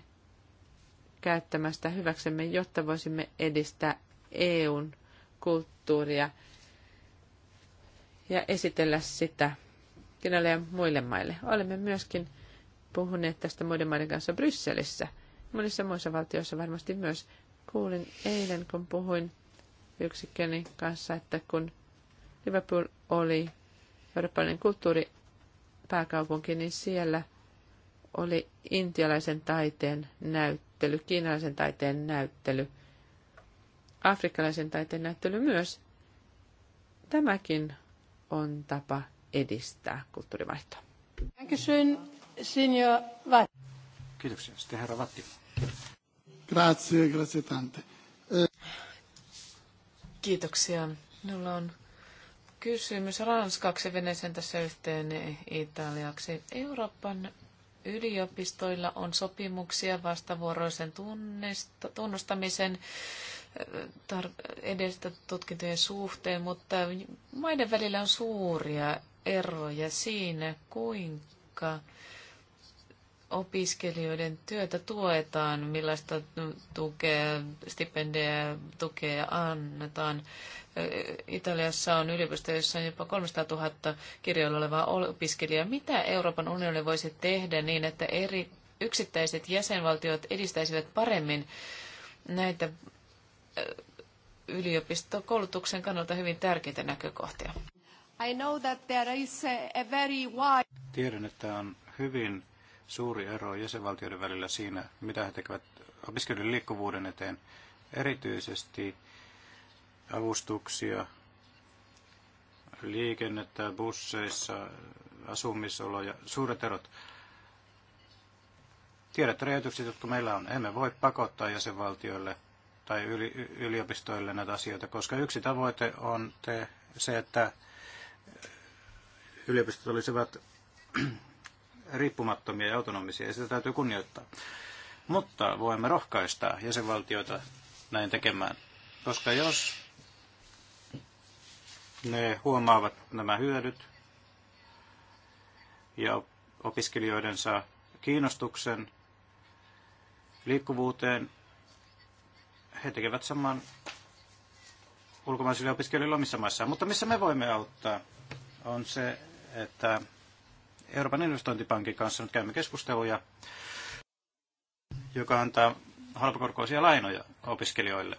käyttämästä hyväksemme, jotta voisimme edistää EUn kulttuuria ja esitellä sitä kenelle ja muille maille. Olemme myöskin puhuneet tästä muiden maiden kanssa Brysselissä. Monissa muissa valtioissa varmasti myös kuulin eilen, kun puhuin yksikköni kanssa, että kun Liverpool oli eurooppalainen kulttuuripääkaupunki, niin siellä – oli intialaisen taiteen näyttely, kiinalaisen taiteen näyttely, afrikkalaisen taiteen näyttely myös. Tämäkin on tapa edistää kulttuurivaihtoa. Kysyn senior Kiitoksia. Sitten herra Vatti. Grazie, grazie tante. Kiitoksia. Minulla on kysymys ranskaksi veneisen tässä yhteen italiaksi. Euroopan Yliopistoilla on sopimuksia vastavuoroisen tunnustamisen äh, edestä tutkintojen suhteen, mutta maiden välillä on suuria eroja siinä, kuinka opiskelijoiden työtä tuetaan, millaista tukea, stipendejä, tukea annetaan. Italiassa on yliopistoissa jopa 300 000 kirjoilla olevaa opiskelijaa. Mitä Euroopan unioni voisi tehdä niin, että eri yksittäiset jäsenvaltiot edistäisivät paremmin näitä äh, yliopistokoulutuksen kannalta hyvin tärkeitä näkökohtia? I know that there is a very wide... Tiedän, että on hyvin suuri ero jäsenvaltioiden välillä siinä, mitä he tekevät opiskelijoiden liikkuvuuden eteen. Erityisesti avustuksia, liikennettä, busseissa, asumisoloja, suuret erot. Tiedät rajoitukset, jotka meillä on. Emme voi pakottaa jäsenvaltioille tai yli, yliopistoille näitä asioita, koska yksi tavoite on te, se, että yliopistot olisivat riippumattomia ja autonomisia, ja sitä täytyy kunnioittaa. Mutta voimme rohkaista jäsenvaltioita näin tekemään, koska jos ne huomaavat nämä hyödyt ja opiskelijoidensa kiinnostuksen liikkuvuuteen, he tekevät saman ulkomaisille opiskelijoille omissa maissaan. Mutta missä me voimme auttaa, on se, että Euroopan investointipankin kanssa nyt käymme keskusteluja, joka antaa halpakorkoisia lainoja opiskelijoille.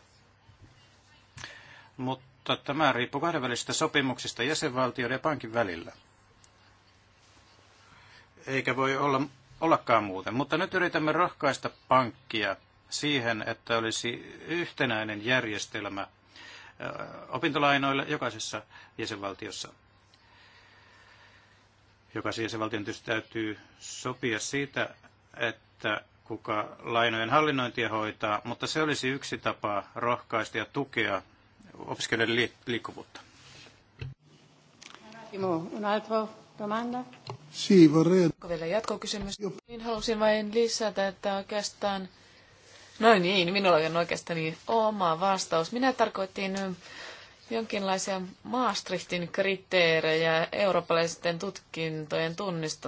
Mutta tämä riippuu kahdenvälisistä sopimuksista jäsenvaltioiden ja pankin välillä. Eikä voi olla, ollakaan muuten. Mutta nyt yritämme rohkaista pankkia siihen, että olisi yhtenäinen järjestelmä opintolainoille jokaisessa jäsenvaltiossa joka siis jäsenvaltion tietysti täytyy sopia siitä, että kuka lainojen hallinnointia hoitaa, mutta se olisi yksi tapa rohkaista ja tukea opiskelijoiden liikkuvuutta. Sì, vorrei... Onko vielä jatkokysymys? Niin halusin vain lisätä, että oikeastaan... No niin, minulla on oikeastaan niin oma vastaus. Minä tarkoitin jonkinlaisia Maastrichtin kriteerejä eurooppalaisten tutkintojen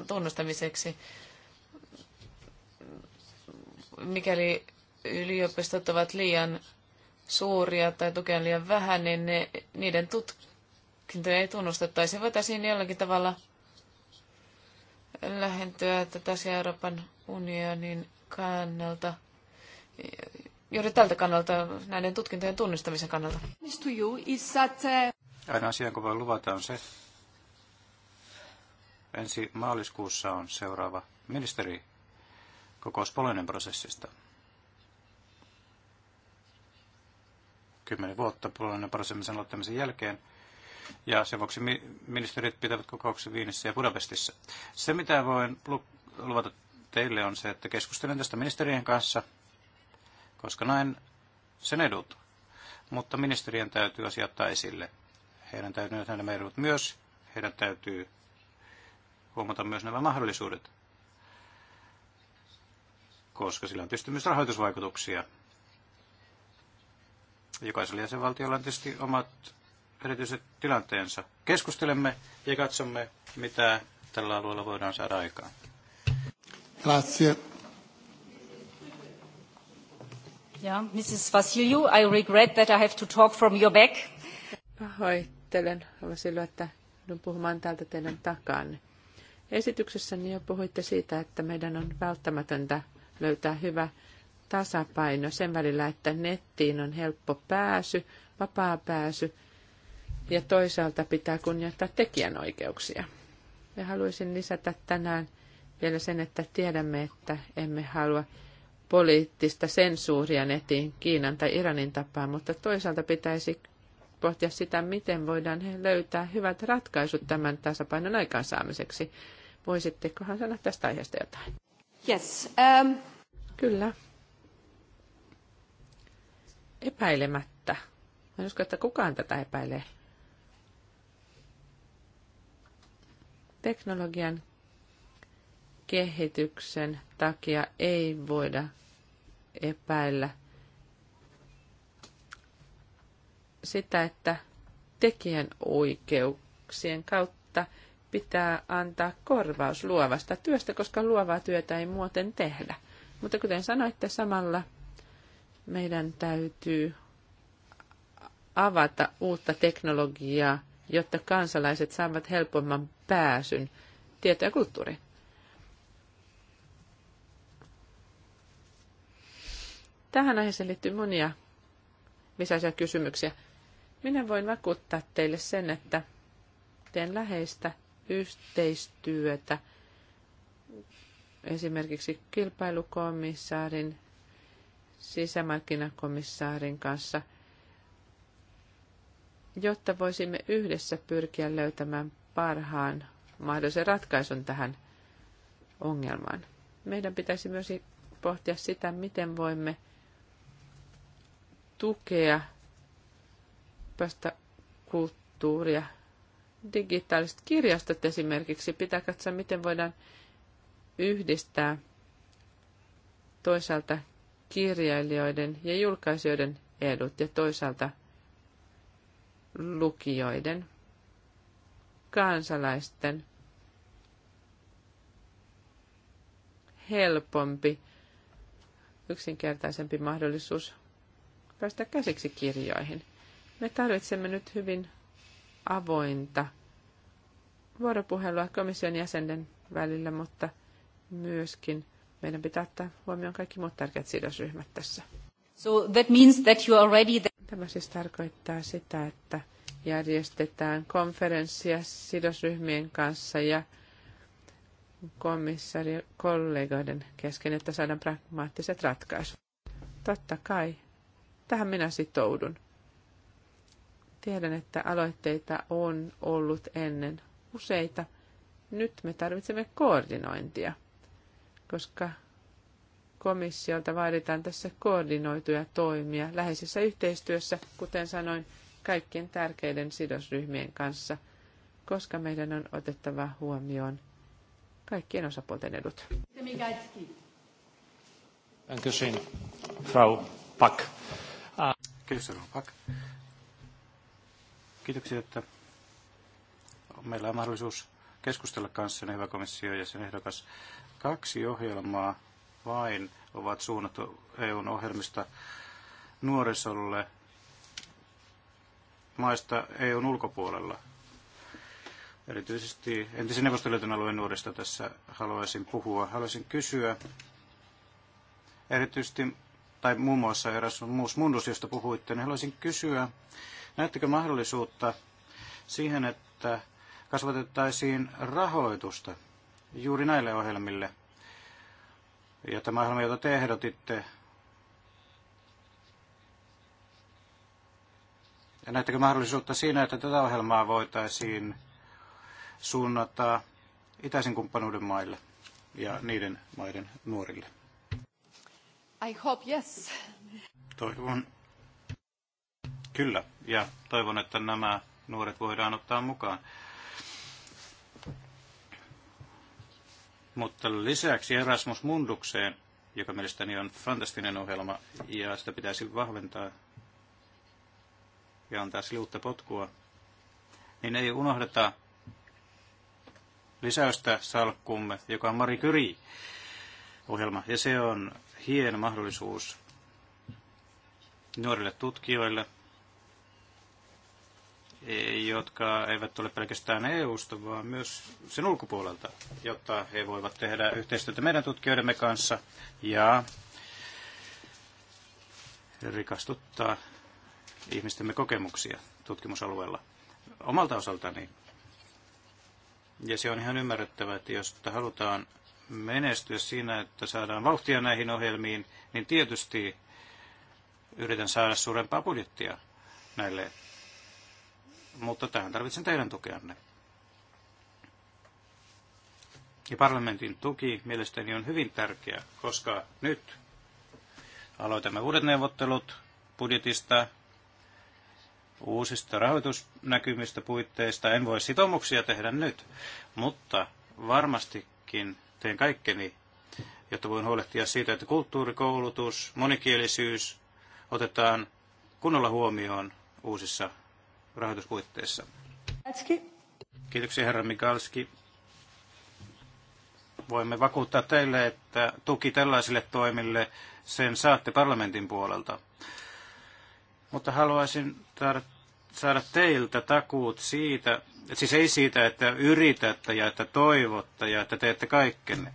tunnustamiseksi, mikäli yliopistot ovat liian suuria tai tukea liian vähän, niin ne, niiden tutkintoja ei tunnustettaisi. Voitaisiin jollakin tavalla lähentyä tätä Euroopan unionin kannalta juuri tältä kannalta, näiden tutkintojen tunnistamisen kannalta? Aina asia, kun voi luvata, on se, ensi maaliskuussa on seuraava ministeri kokous Polonen prosessista. Kymmenen vuotta Polonen prosessin aloittamisen jälkeen. Ja sen vuoksi ministerit pitävät kokouksen Viinissä ja Budapestissa. Se, mitä voin luvata teille, on se, että keskustelen tästä ministerien kanssa – koska näin sen edut. Mutta ministeriön täytyy asiattaa esille. Heidän täytyy nähdä nämä edut myös. Heidän täytyy huomata myös nämä mahdollisuudet, koska sillä on tietysti myös rahoitusvaikutuksia. Jokaisella jäsenvaltiolla on tietysti omat erityiset tilanteensa. Keskustelemme ja katsomme, mitä tällä alueella voidaan saada aikaan. Grazie. Yeah, Mrs. Vasiliu, I regret that I have to talk from your back. Pahoittelen, että joudun puhumaan täältä teidän takanne. Esityksessäni jo puhuitte siitä, että meidän on välttämätöntä löytää hyvä tasapaino sen välillä, että nettiin on helppo pääsy, vapaa pääsy ja toisaalta pitää kunnioittaa tekijänoikeuksia. Ja haluaisin lisätä tänään vielä sen, että tiedämme, että emme halua poliittista sensuuria netin Kiinan tai Iranin tapaan, mutta toisaalta pitäisi pohtia sitä, miten voidaan löytää hyvät ratkaisut tämän tasapainon aikaansaamiseksi. Voisittekohan sanoa tästä aiheesta jotain? Yes. Um... Kyllä. Epäilemättä. Mä en usko, että kukaan tätä epäilee. Teknologian kehityksen takia ei voida epäillä sitä, että tekijän oikeuksien kautta pitää antaa korvaus luovasta työstä, koska luovaa työtä ei muuten tehdä. Mutta kuten sanoitte, samalla meidän täytyy avata uutta teknologiaa, jotta kansalaiset saavat helpomman pääsyn tieto- ja kulttuuriin. Tähän aiheeseen liittyy monia lisäisiä kysymyksiä. Minä voin vakuuttaa teille sen, että teen läheistä yhteistyötä esimerkiksi kilpailukomissaarin, sisämarkkinakomissaarin kanssa, jotta voisimme yhdessä pyrkiä löytämään parhaan mahdollisen ratkaisun tähän ongelmaan. Meidän pitäisi myös pohtia sitä, miten voimme tukea päästä kulttuuria. Digitaaliset kirjastot esimerkiksi pitää katsoa, miten voidaan yhdistää toisaalta kirjailijoiden ja julkaisijoiden edut ja toisaalta lukijoiden, kansalaisten helpompi, yksinkertaisempi mahdollisuus päästä käsiksi kirjoihin. Me tarvitsemme nyt hyvin avointa vuoropuhelua komission jäsenten välillä, mutta myöskin meidän pitää ottaa huomioon kaikki muut tärkeät sidosryhmät tässä. So that means that you already... Tämä siis tarkoittaa sitä, että järjestetään konferenssia sidosryhmien kanssa ja komissaari kollegoiden kesken, että saadaan pragmaattiset ratkaisut. Totta kai Tähän minä sitoudun. Tiedän, että aloitteita on ollut ennen useita. Nyt me tarvitsemme koordinointia, koska komissiolta vaaditaan tässä koordinoituja toimia läheisessä yhteistyössä, kuten sanoin, kaikkien tärkeiden sidosryhmien kanssa, koska meidän on otettava huomioon kaikkien osapuolten edut. Dankeschön, Frau Pack. Kiitoksia, Pak. Kiitoksia, että meillä on mahdollisuus keskustella kanssanne, hyvä komissio ja sen ehdokas. Kaksi ohjelmaa vain ovat suunnattu EUn ohjelmista nuorisolle maista EUn ulkopuolella. Erityisesti entisen neuvostoliiton alueen nuorista tässä haluaisin puhua. Haluaisin kysyä erityisesti tai muun muassa muus Mundus, josta puhuitte, niin haluaisin kysyä, näettekö mahdollisuutta siihen, että kasvatettaisiin rahoitusta juuri näille ohjelmille? Ja tämä ohjelma, jota te ehdotitte, ja näettekö mahdollisuutta siinä, että tätä ohjelmaa voitaisiin suunnata itäisen kumppanuuden maille ja niiden maiden nuorille? I hope yes. Toivon. Kyllä, ja toivon, että nämä nuoret voidaan ottaa mukaan. Mutta lisäksi Erasmus Mundukseen, joka mielestäni on fantastinen ohjelma ja sitä pitäisi vahventaa ja antaa sille potkua, niin ei unohdeta lisäystä salkkumme, joka on Mari Kyri ohjelma. Ja se on hieno mahdollisuus nuorille tutkijoille, jotka eivät ole pelkästään EU-sta, vaan myös sen ulkopuolelta, jotta he voivat tehdä yhteistyötä meidän tutkijoidemme kanssa ja rikastuttaa ihmistemme kokemuksia tutkimusalueella omalta osaltani. Ja se on ihan ymmärrettävää, että jos halutaan menestyä siinä, että saadaan vauhtia näihin ohjelmiin, niin tietysti yritän saada suurempaa budjettia näille. Mutta tähän tarvitsen teidän tukeanne. Ja parlamentin tuki mielestäni on hyvin tärkeä, koska nyt aloitamme uudet neuvottelut budjetista, uusista rahoitusnäkymistä puitteista. En voi sitoumuksia tehdä nyt, mutta varmastikin teen kaikkeni, jotta voin huolehtia siitä, että kulttuurikoulutus, monikielisyys otetaan kunnolla huomioon uusissa rahoituspuitteissa. Kiitoksia herra Mikalski. Voimme vakuuttaa teille, että tuki tällaisille toimille sen saatte parlamentin puolelta. Mutta haluaisin tarttua saada teiltä takuut siitä, siis ei siitä, että yritätte ja että toivotte ja että teette kaikkenne,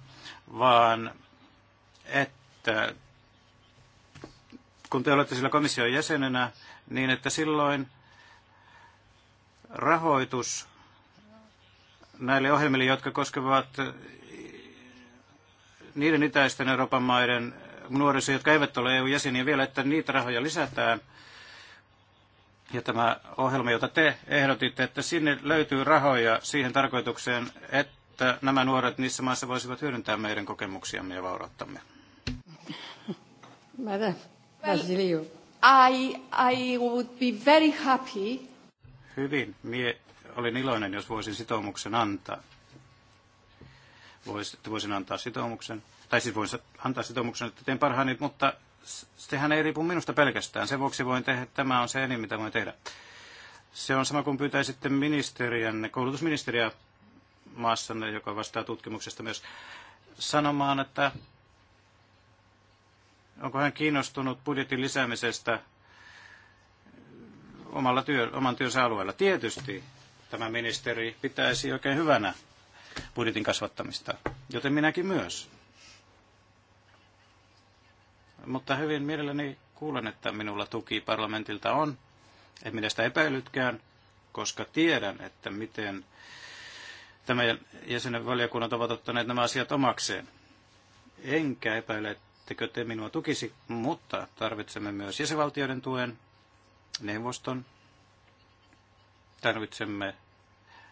vaan että kun te olette sillä komission jäsenenä, niin että silloin rahoitus näille ohjelmille, jotka koskevat niiden itäisten Euroopan maiden nuorisoja, jotka eivät ole EU-jäseniä vielä, että niitä rahoja lisätään – ja tämä ohjelma, jota te ehdotitte, että sinne löytyy rahoja siihen tarkoitukseen, että nämä nuoret niissä maissa voisivat hyödyntää meidän kokemuksiamme ja vaurauttamme. Madame Basilio. I, I would be very happy. Hyvin. Mie olin iloinen, jos voisin sitoumuksen antaa. Vois, voisin antaa sitoumuksen, tai siis voisin antaa sitoumuksen, että teen parhaani, mutta sehän ei riipu minusta pelkästään. Sen vuoksi voin tehdä, tämä on se enin, mitä voin tehdä. Se on sama kuin pyytäisitte ministeriänne, koulutusministeriä maassanne, joka vastaa tutkimuksesta myös, sanomaan, että onko hän kiinnostunut budjetin lisäämisestä omalla työ, oman työnsä alueella. Tietysti tämä ministeri pitäisi oikein hyvänä budjetin kasvattamista, joten minäkin myös. Mutta hyvin mielelläni kuulen, että minulla tuki parlamentilta on. En minä sitä epäilytkään, koska tiedän, että miten tämä jäsenen valiokunnat ovat ottaneet nämä asiat omakseen. Enkä epäile, ettekö te minua tukisi, mutta tarvitsemme myös jäsenvaltioiden tuen, neuvoston, tarvitsemme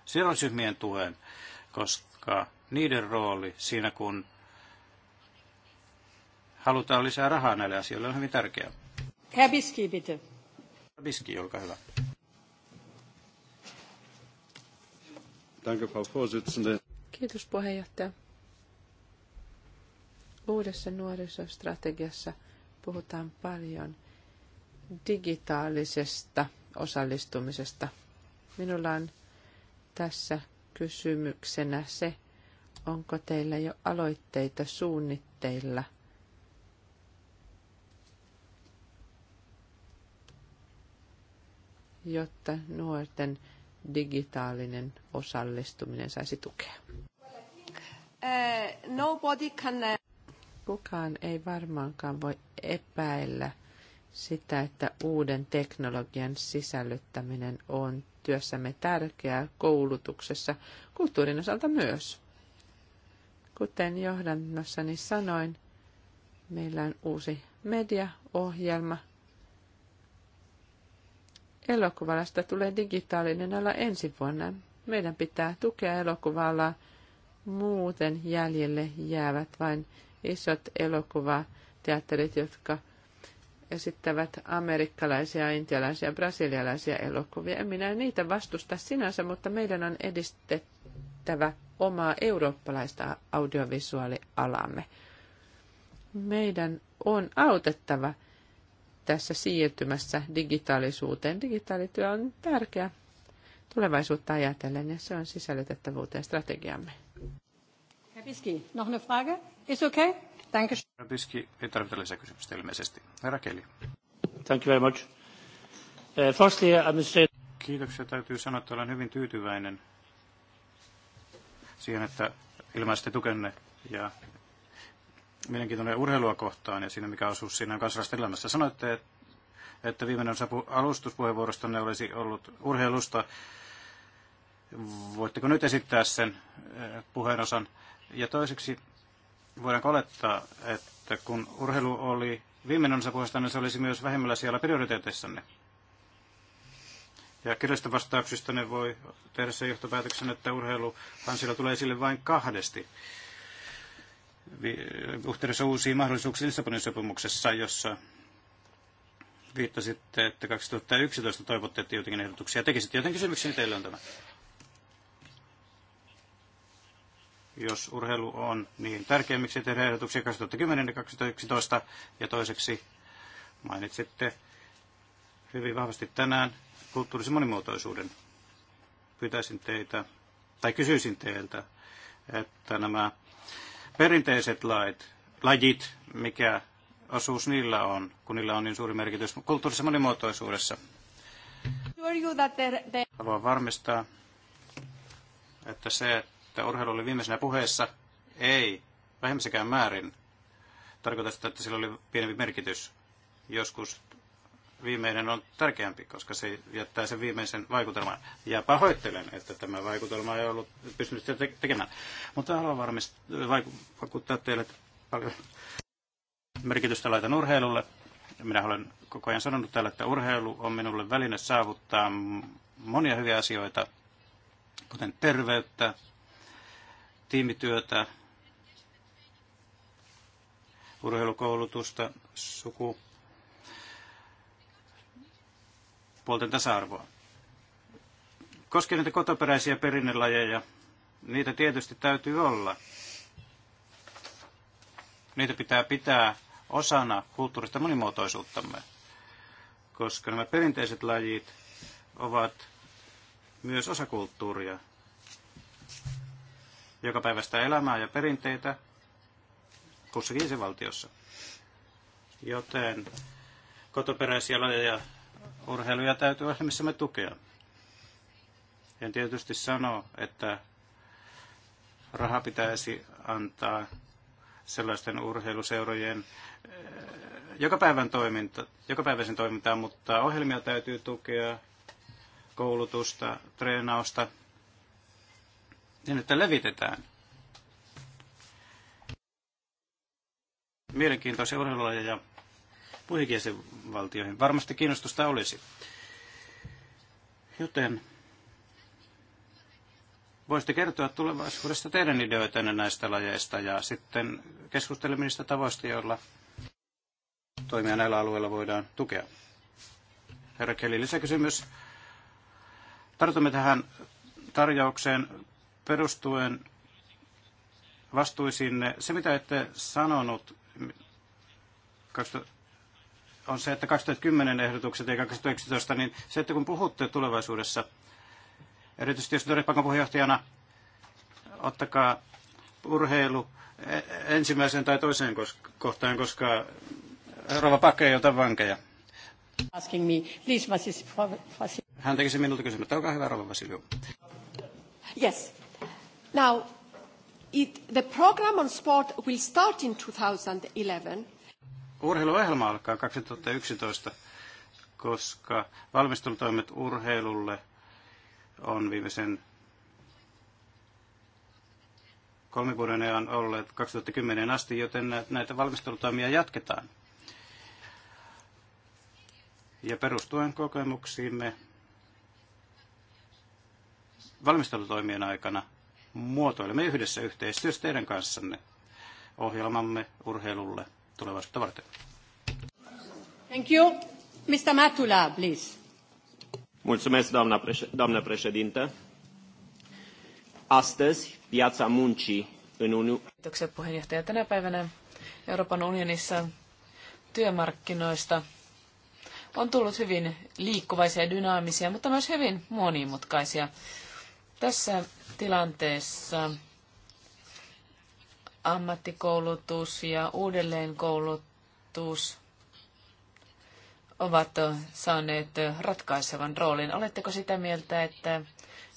sidosryhmien tuen, koska niiden rooli siinä, kun halutaan lisää rahaa näille asioille, on hyvin tärkeää. Herr Biski, bitte. Biski, olkaa hyvä. Kiitos puheenjohtaja. Uudessa nuorisostrategiassa puhutaan paljon digitaalisesta osallistumisesta. Minulla on tässä kysymyksenä se, onko teillä jo aloitteita suunnitteilla – jotta nuorten digitaalinen osallistuminen saisi tukea? Eh, nobody can... Eh, Kukaan ei varmaankaan voi epäillä sitä, että uuden teknologian sisällyttäminen on työssämme tärkeää koulutuksessa, kulttuurin osalta myös. Kuten johdannossani sanoin, meillä on uusi mediaohjelma, elokuvalasta tulee digitaalinen ala ensi vuonna. Meidän pitää tukea elokuvalla, muuten jäljelle jäävät vain isot elokuvateatterit, jotka esittävät amerikkalaisia, intialaisia, brasilialaisia elokuvia. En minä niitä vastusta sinänsä, mutta meidän on edistettävä omaa eurooppalaista audiovisuaalialamme. Meidän on autettava – tässä siirtymässä digitaalisuuteen. Digitaalityö on tärkeä tulevaisuutta ajatellen ja se on sisällytettävyyteen strategiamme. Herr Biski, noch eine Frage? Is okay? Danke. Kepiski, Biski, ei tarvita lisäkysymystä ilmeisesti. Herra Kelly. Thank you very much. Eh, firstly, I must say... Kiitoksia. Täytyy sanoa, että olen hyvin tyytyväinen siihen, että ilmaisitte tukenne ja mielenkiintoinen urheilua kohtaan ja siinä, mikä osuus siinä on kansalaisten elämässä. Sanoitte, että viimeinen osa ne olisi ollut urheilusta. Voitteko nyt esittää sen eh, puheenosan? Ja toiseksi voidaan olettaa, että kun urheilu oli viimeinen osa niin se olisi myös vähemmällä siellä prioriteeteissanne. Ja kirjallisista vastauksista ne voi tehdä sen johtopäätöksen, että urheilu sillä tulee esille vain kahdesti yhteydessä uusiin mahdollisuuksiin Lissabonin sopimuksessa, jossa viittasitte, että 2011 toivotte, että jotenkin ehdotuksia tekisitte. Joten kysymykseni teille on tämä. Jos urheilu on niin tärkeä, miksi tehdä ehdotuksia 2010 ja 2011? Ja toiseksi mainitsitte hyvin vahvasti tänään kulttuurisen monimuotoisuuden. Pyytäisin teitä, tai kysyisin teiltä, että nämä perinteiset lait, lajit, mikä osuus niillä on, kun niillä on niin suuri merkitys kulttuurissa monimuotoisuudessa. Haluan varmistaa, että se, että urheilu oli viimeisenä puheessa, ei vähemmässäkään määrin tarkoita sitä, että sillä oli pienempi merkitys. Joskus viimeinen on tärkeämpi, koska se jättää sen viimeisen vaikutelman. Ja pahoittelen, että tämä vaikutelma ei ollut pystynyt sitä tekemään. Mutta haluan varmasti vaikuttaa teille, että paljon merkitystä laitan urheilulle. Minä olen koko ajan sanonut täällä, että urheilu on minulle väline saavuttaa monia hyviä asioita, kuten terveyttä, tiimityötä, urheilukoulutusta, sukupuolta sukupuolten tasa-arvoa. Koskee niitä kotoperäisiä perinnelajeja, niitä tietysti täytyy olla. Niitä pitää pitää osana kulttuurista monimuotoisuuttamme, koska nämä perinteiset lajit ovat myös osa kulttuuria, joka päivästä elämää ja perinteitä kussakin jäsenvaltiossa. Joten kotoperäisiä lajeja urheiluja täytyy me tukea. En tietysti sano, että raha pitäisi antaa sellaisten urheiluseurojen eh, joka päivän toiminta, joka päiväisen toimintaan, mutta ohjelmia täytyy tukea, koulutusta, treenausta, niin että levitetään mielenkiintoisia urheilulajeja muihinkin jäsenvaltioihin. Varmasti kiinnostusta olisi. Joten voisitte kertoa tulevaisuudesta teidän ideoitanne näistä lajeista ja sitten keskustelemme niistä tavoista, joilla toimia näillä alueilla voidaan tukea. Herra Kelly, lisäkysymys. Tartumme tähän tarjoukseen perustuen vastuisiin. Se, mitä ette sanonut on se, että 2010 ehdotukset ja 2019, niin se, että kun puhutte tulevaisuudessa, erityisesti jos Norjapakan puheenjohtajana, ottakaa urheilu e- ensimmäiseen tai toiseen kohtaan, koska Rova Pakke ei ota vankeja. Hän tekisi minulta kysymyksen. Olkaa hyvä, Rova Vasiliu. Yes. Now, it, the program on sport will start in 2011 urheiluohjelma alkaa 2011, koska valmistelutoimet urheilulle on viimeisen kolmen vuoden ajan olleet 2010 asti, joten näitä valmistelutoimia jatketaan. Ja perustuen kokemuksiimme valmistelutoimien aikana muotoilemme yhdessä yhteistyössä teidän kanssanne ohjelmamme urheilulle – tulevaisuutta varten. Thank you. Mr. Matula, please. Mulțumesc, doamna, preș- doamnă președintă. Astăzi, piața muncii în Uniune... Kiitoksia puheenjohtaja. Tänä päivänä Euroopan unionissa työmarkkinoista on tullut hyvin liikkuvaisia ja dynaamisia, mutta myös hyvin monimutkaisia. Tässä tilanteessa ammattikoulutus ja uudelleenkoulutus ovat saaneet ratkaisevan roolin. Oletteko sitä mieltä, että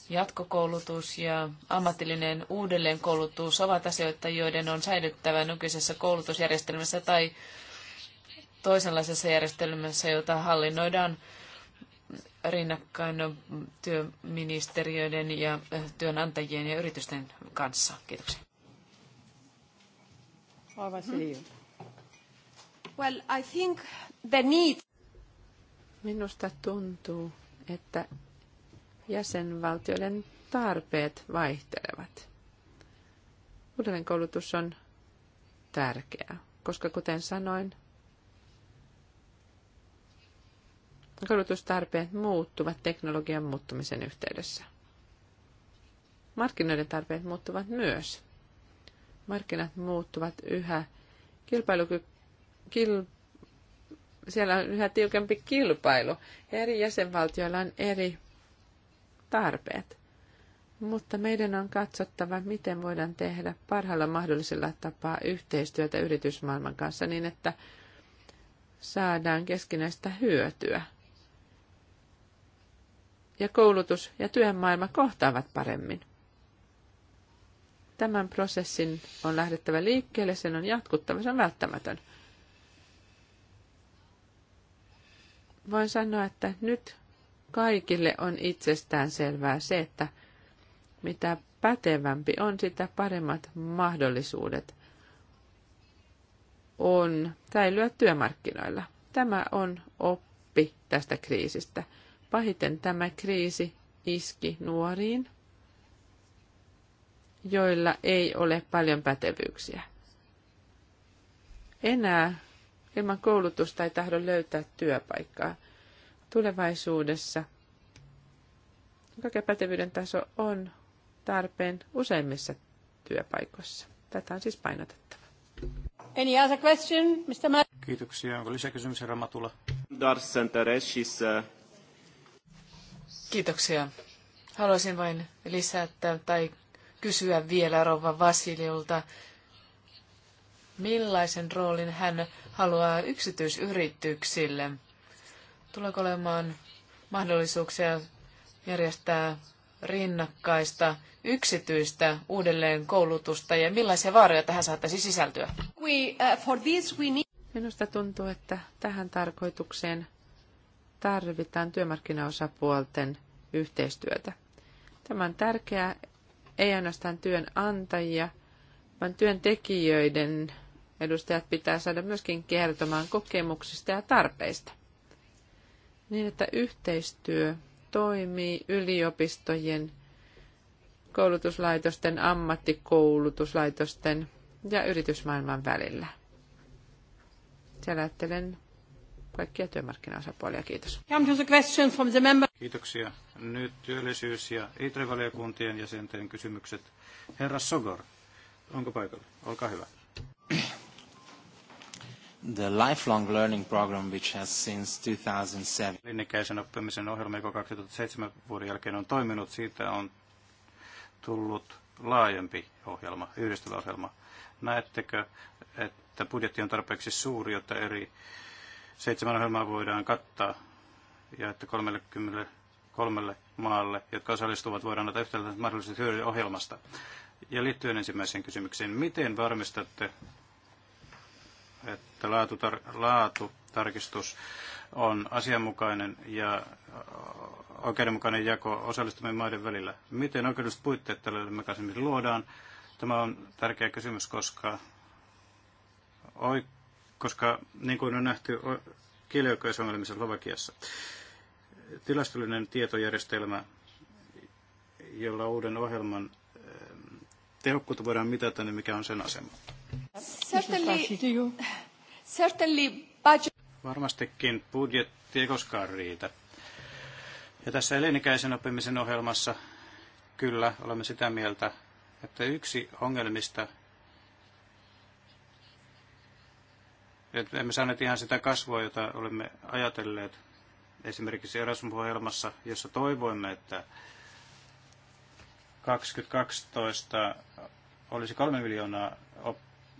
jatkokoulutus ja ammatillinen uudelleenkoulutus ovat asioita, joiden on säilyttävä nykyisessä koulutusjärjestelmässä tai toisenlaisessa järjestelmässä, jota hallinnoidaan rinnakkain työministeriöiden ja työnantajien ja yritysten kanssa. Kiitoksia. Mm. Well, I think the need... Minusta tuntuu, että jäsenvaltioiden tarpeet vaihtelevat. Uudelleenkoulutus on tärkeää, koska kuten sanoin, koulutustarpeet muuttuvat teknologian muuttumisen yhteydessä. Markkinoiden tarpeet muuttuvat myös markkinat muuttuvat yhä. Kilpailuky- kil- siellä on yhä tiukempi kilpailu. Eri jäsenvaltioilla on eri tarpeet. Mutta meidän on katsottava, miten voidaan tehdä parhaalla mahdollisella tapaa yhteistyötä yritysmaailman kanssa niin, että saadaan keskinäistä hyötyä. Ja koulutus ja työmaailma kohtaavat paremmin. Tämän prosessin on lähdettävä liikkeelle, sen on jatkuttava, se on välttämätön. Voin sanoa, että nyt kaikille on itsestään selvää se, että mitä pätevämpi on, sitä paremmat mahdollisuudet on säilyä työmarkkinoilla. Tämä on oppi tästä kriisistä. Pahiten tämä kriisi iski nuoriin, joilla ei ole paljon pätevyyksiä. Enää ilman koulutusta ei tahdo löytää työpaikkaa. Tulevaisuudessa kaiken pätevyyden taso on tarpeen useimmissa työpaikoissa. Tätä on siis painotettava. Any other question, Mr. Ma- Kiitoksia. Onko lisäkysymys, herra Matula? Uh, Kiitoksia. Haluaisin vain lisätä tai kysyä vielä Rouva Vasiljolta, millaisen roolin hän haluaa yksityisyrityksille. Tuleeko olemaan mahdollisuuksia järjestää rinnakkaista yksityistä uudelleenkoulutusta ja millaisia vaaroja tähän saattaisi sisältyä? Uh, Minusta tuntuu, että tähän tarkoitukseen tarvitaan työmarkkinaosapuolten yhteistyötä. Tämä on tärkeää ei ainoastaan työnantajia, vaan työntekijöiden edustajat pitää saada myöskin kertomaan kokemuksista ja tarpeista. Niin, että yhteistyö toimii yliopistojen, koulutuslaitosten, ammattikoulutuslaitosten ja yritysmaailman välillä. Selättelen kaikkia työmarkkinaosapuolia. Kiitos. Kiitoksia. Nyt työllisyys- ja itrevaliokuntien jäsenten kysymykset. Herra Sogor, onko paikalla? Olkaa hyvä. The lifelong learning program, which has since 2007. Linnikäisen oppimisen ohjelma, joka 2007 vuoden jälkeen on toiminut, siitä on tullut laajempi ohjelma, yhdistävä ohjelma. Näettekö, että budjetti on tarpeeksi suuri, jotta eri seitsemän ohjelmaa voidaan kattaa ja että 33 maalle, jotka osallistuvat, voidaan antaa yhtäläiset mahdollisesti hyödyä ohjelmasta. Ja liittyen ensimmäiseen kysymykseen, miten varmistatte, että laatutar- laatutarkistus on asianmukainen ja oikeudenmukainen jako osallistumien maiden välillä? Miten oikeudelliset puitteet tälle mekanismille luodaan? Tämä on tärkeä kysymys, koska, oi, koska niin kuin on nähty kielioikeusongelmissa Slovakiassa, tilastollinen tietojärjestelmä, jolla uuden ohjelman eh, tehokkuutta voidaan mitata, niin mikä on sen asema? Varmastikin budjetti ei koskaan riitä. Ja tässä elinikäisen oppimisen ohjelmassa kyllä olemme sitä mieltä, että yksi ongelmista, että emme saaneet ihan sitä kasvua, jota olemme ajatelleet, esimerkiksi Erasmus-ohjelmassa, jossa toivoimme, että 2012 olisi kolme miljoonaa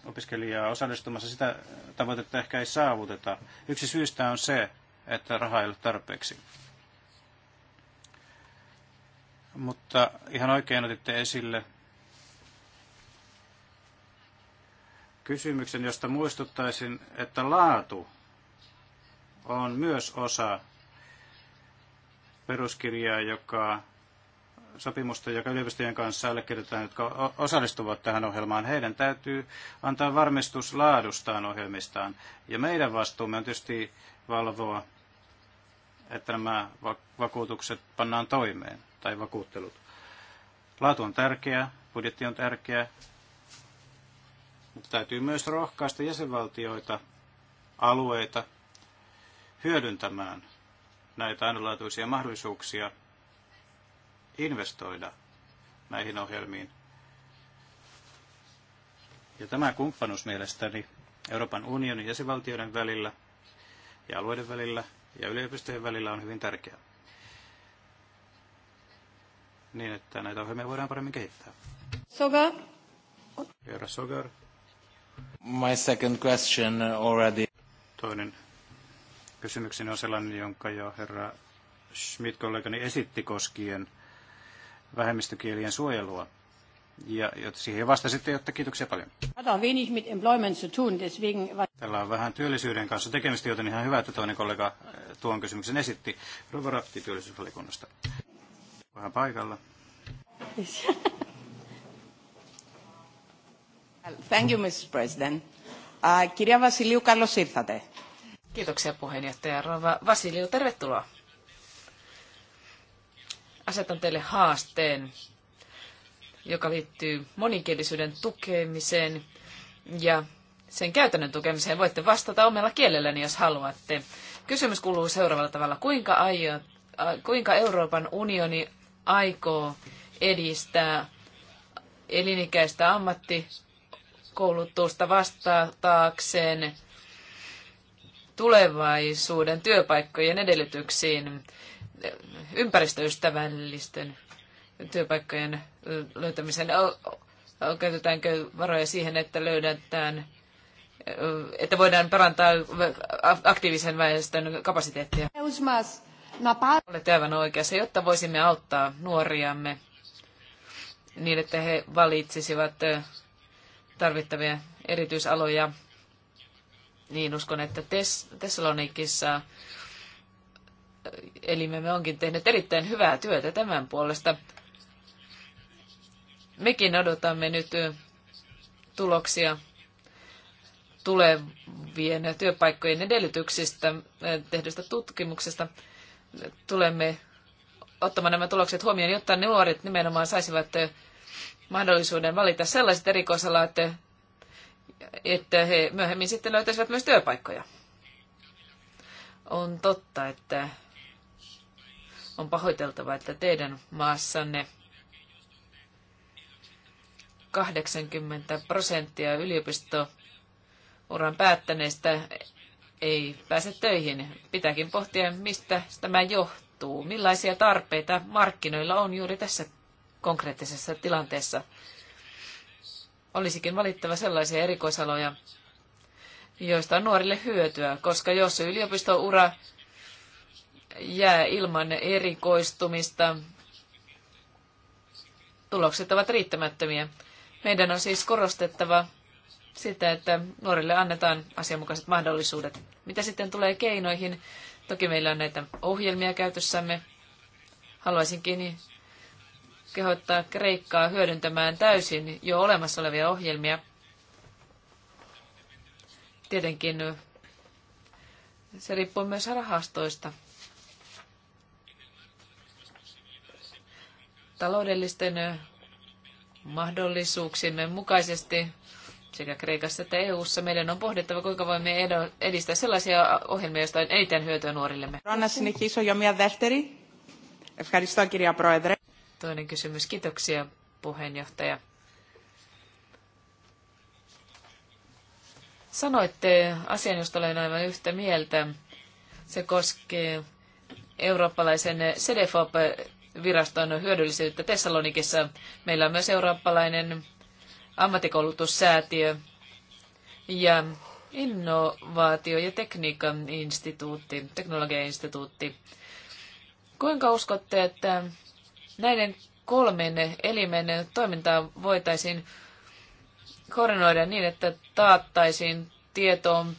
opiskelijaa osallistumassa, sitä tavoitetta ehkä ei saavuteta. Yksi syystä on se, että raha ei ole tarpeeksi. Mutta ihan oikein otitte esille kysymyksen, josta muistuttaisin, että laatu on myös osa peruskirjaa, joka sopimusta, joka yliopistojen kanssa allekirjoitetaan, jotka osallistuvat tähän ohjelmaan, heidän täytyy antaa varmistus laadustaan ohjelmistaan. Ja meidän vastuumme on tietysti valvoa, että nämä vakuutukset pannaan toimeen, tai vakuuttelut. Laatu on tärkeä, budjetti on tärkeä, mutta täytyy myös rohkaista jäsenvaltioita, alueita hyödyntämään näitä ainutlaatuisia mahdollisuuksia investoida näihin ohjelmiin. Ja tämä kumppanuus mielestäni Euroopan unionin jäsenvaltioiden välillä ja alueiden välillä ja yliopistojen välillä on hyvin tärkeää. Niin, että näitä ohjelmia voidaan paremmin kehittää. Sogar. Herra Sogar. My second question already. Toinen Kysymykseni on sellainen, jonka jo herra Schmidt-kollegani esitti koskien vähemmistökielien suojelua. Ja siihen vastasitte, jotta kiitoksia paljon. Tällä on vähän työllisyyden kanssa tekemistä, joten ihan hyvä, että toinen kollega eh, tuon kysymyksen esitti. Rova Rapti työllisyysvalikunnasta. Vähän paikalla. Thank you, Mr. President. Uh, kirja Vasiliu, καλώς ήρθατε. Kiitoksia puheenjohtaja Rova Vasilio, Tervetuloa. Asetan teille haasteen, joka liittyy monikielisyyden tukemiseen ja sen käytännön tukemiseen. Voitte vastata omalla kielelläni, jos haluatte. Kysymys kuuluu seuraavalla tavalla. Kuinka, aio, kuinka Euroopan unioni aikoo edistää elinikäistä ammattikoulutusta vastaakseen? tulevaisuuden työpaikkojen edellytyksiin, ympäristöystävällisten työpaikkojen löytämisen. Käytetäänkö varoja siihen, että löydetään, että voidaan parantaa aktiivisen väestön kapasiteettia? Olette aivan oikeassa, jotta voisimme auttaa nuoriamme niin, että he valitsisivat tarvittavia erityisaloja niin uskon, että Tess- Thessalonikissa äh, elimemme onkin tehnyt erittäin hyvää työtä tämän puolesta. Mekin odotamme nyt äh, tuloksia tulevien työpaikkojen edellytyksistä äh, tehdystä tutkimuksesta. Tulemme ottamaan nämä tulokset huomioon, jotta nuoret nimenomaan saisivat mahdollisuuden valita sellaiset erikoisalat, että he myöhemmin sitten löytäisivät myös työpaikkoja. On totta, että on pahoiteltava, että teidän maassanne 80 prosenttia yliopistouran päättäneistä ei pääse töihin. Pitääkin pohtia, mistä tämä johtuu, millaisia tarpeita markkinoilla on juuri tässä konkreettisessa tilanteessa. Olisikin valittava sellaisia erikoisaloja, joista on nuorille hyötyä, koska jos yliopistoura jää ilman erikoistumista, tulokset ovat riittämättömiä. Meidän on siis korostettava sitä, että nuorille annetaan asianmukaiset mahdollisuudet. Mitä sitten tulee keinoihin? Toki meillä on näitä ohjelmia käytössämme. Haluaisinkin kehottaa Kreikkaa hyödyntämään täysin jo olemassa olevia ohjelmia. Tietenkin se riippuu myös rahastoista. Taloudellisten mahdollisuuksimme mukaisesti sekä Kreikassa että EU:ssa meidän on pohdittava, kuinka voimme edistää sellaisia ohjelmia, joista on eniten hyötyä nuorillemme. Ron, sinne kiso jo μία δεύτερη. Ευχαριστώ, κυρία Πρόεδρε toinen kysymys. Kiitoksia puheenjohtaja. Sanoitte asian, josta olen aivan yhtä mieltä. Se koskee eurooppalaisen CDFOP-viraston hyödyllisyyttä Tessalonikissa. Meillä on myös eurooppalainen ammattikoulutussäätiö ja innovaatio- ja tekniikan instituutti, teknologiainstituutti. Kuinka uskotte, että Näiden kolmen elimen toimintaa voitaisiin koordinoida niin, että taattaisiin tietoon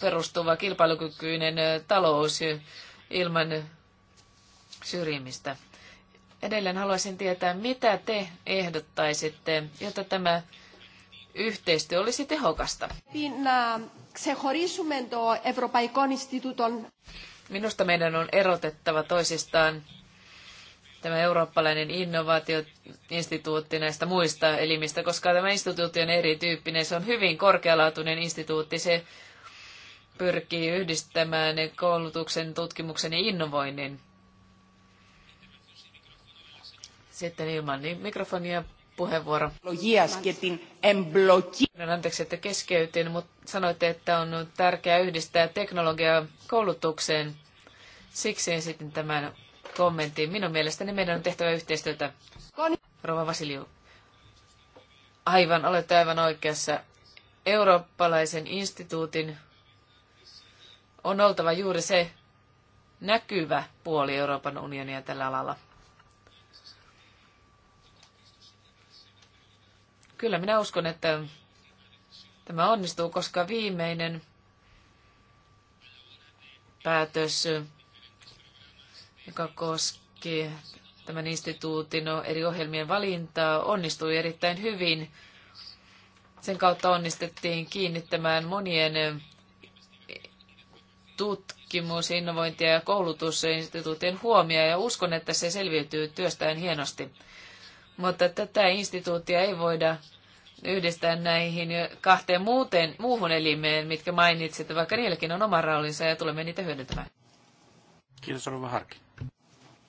perustuva kilpailukykyinen talous ilman syrjimistä. Edelleen haluaisin tietää, mitä te ehdottaisitte, jotta tämä yhteistyö olisi tehokasta. Minusta meidän on erotettava toisistaan tämä eurooppalainen innovaatioinstituutti näistä muista elimistä, koska tämä instituutti on erityyppinen. Se on hyvin korkealaatuinen instituutti. Se pyrkii yhdistämään koulutuksen, tutkimuksen ja innovoinnin. Sitten ilman niin mikrofonia puheenvuoro. Anteeksi, että keskeytin, mutta sanoitte, että on tärkeää yhdistää teknologiaa koulutukseen. Siksi esitin tämän kommenttiin. Minun mielestäni meidän on tehtävä yhteistyötä. Rova Vasiliu. Aivan, olette aivan oikeassa. Eurooppalaisen instituutin on oltava juuri se näkyvä puoli Euroopan unionia tällä alalla. Kyllä minä uskon, että tämä onnistuu, koska viimeinen päätös joka koski tämän instituutin eri ohjelmien valintaa, onnistui erittäin hyvin. Sen kautta onnistettiin kiinnittämään monien tutkimus, innovointi ja koulutusinstituutien huomioon ja uskon, että se selviytyy työstään hienosti. Mutta tätä instituuttia ei voida yhdistää näihin kahteen muuten, muuhun elimeen, mitkä mainitsit, vaikka niilläkin on oma roolinsa ja tulemme niitä hyödyntämään. Kiitos Rova Harkin.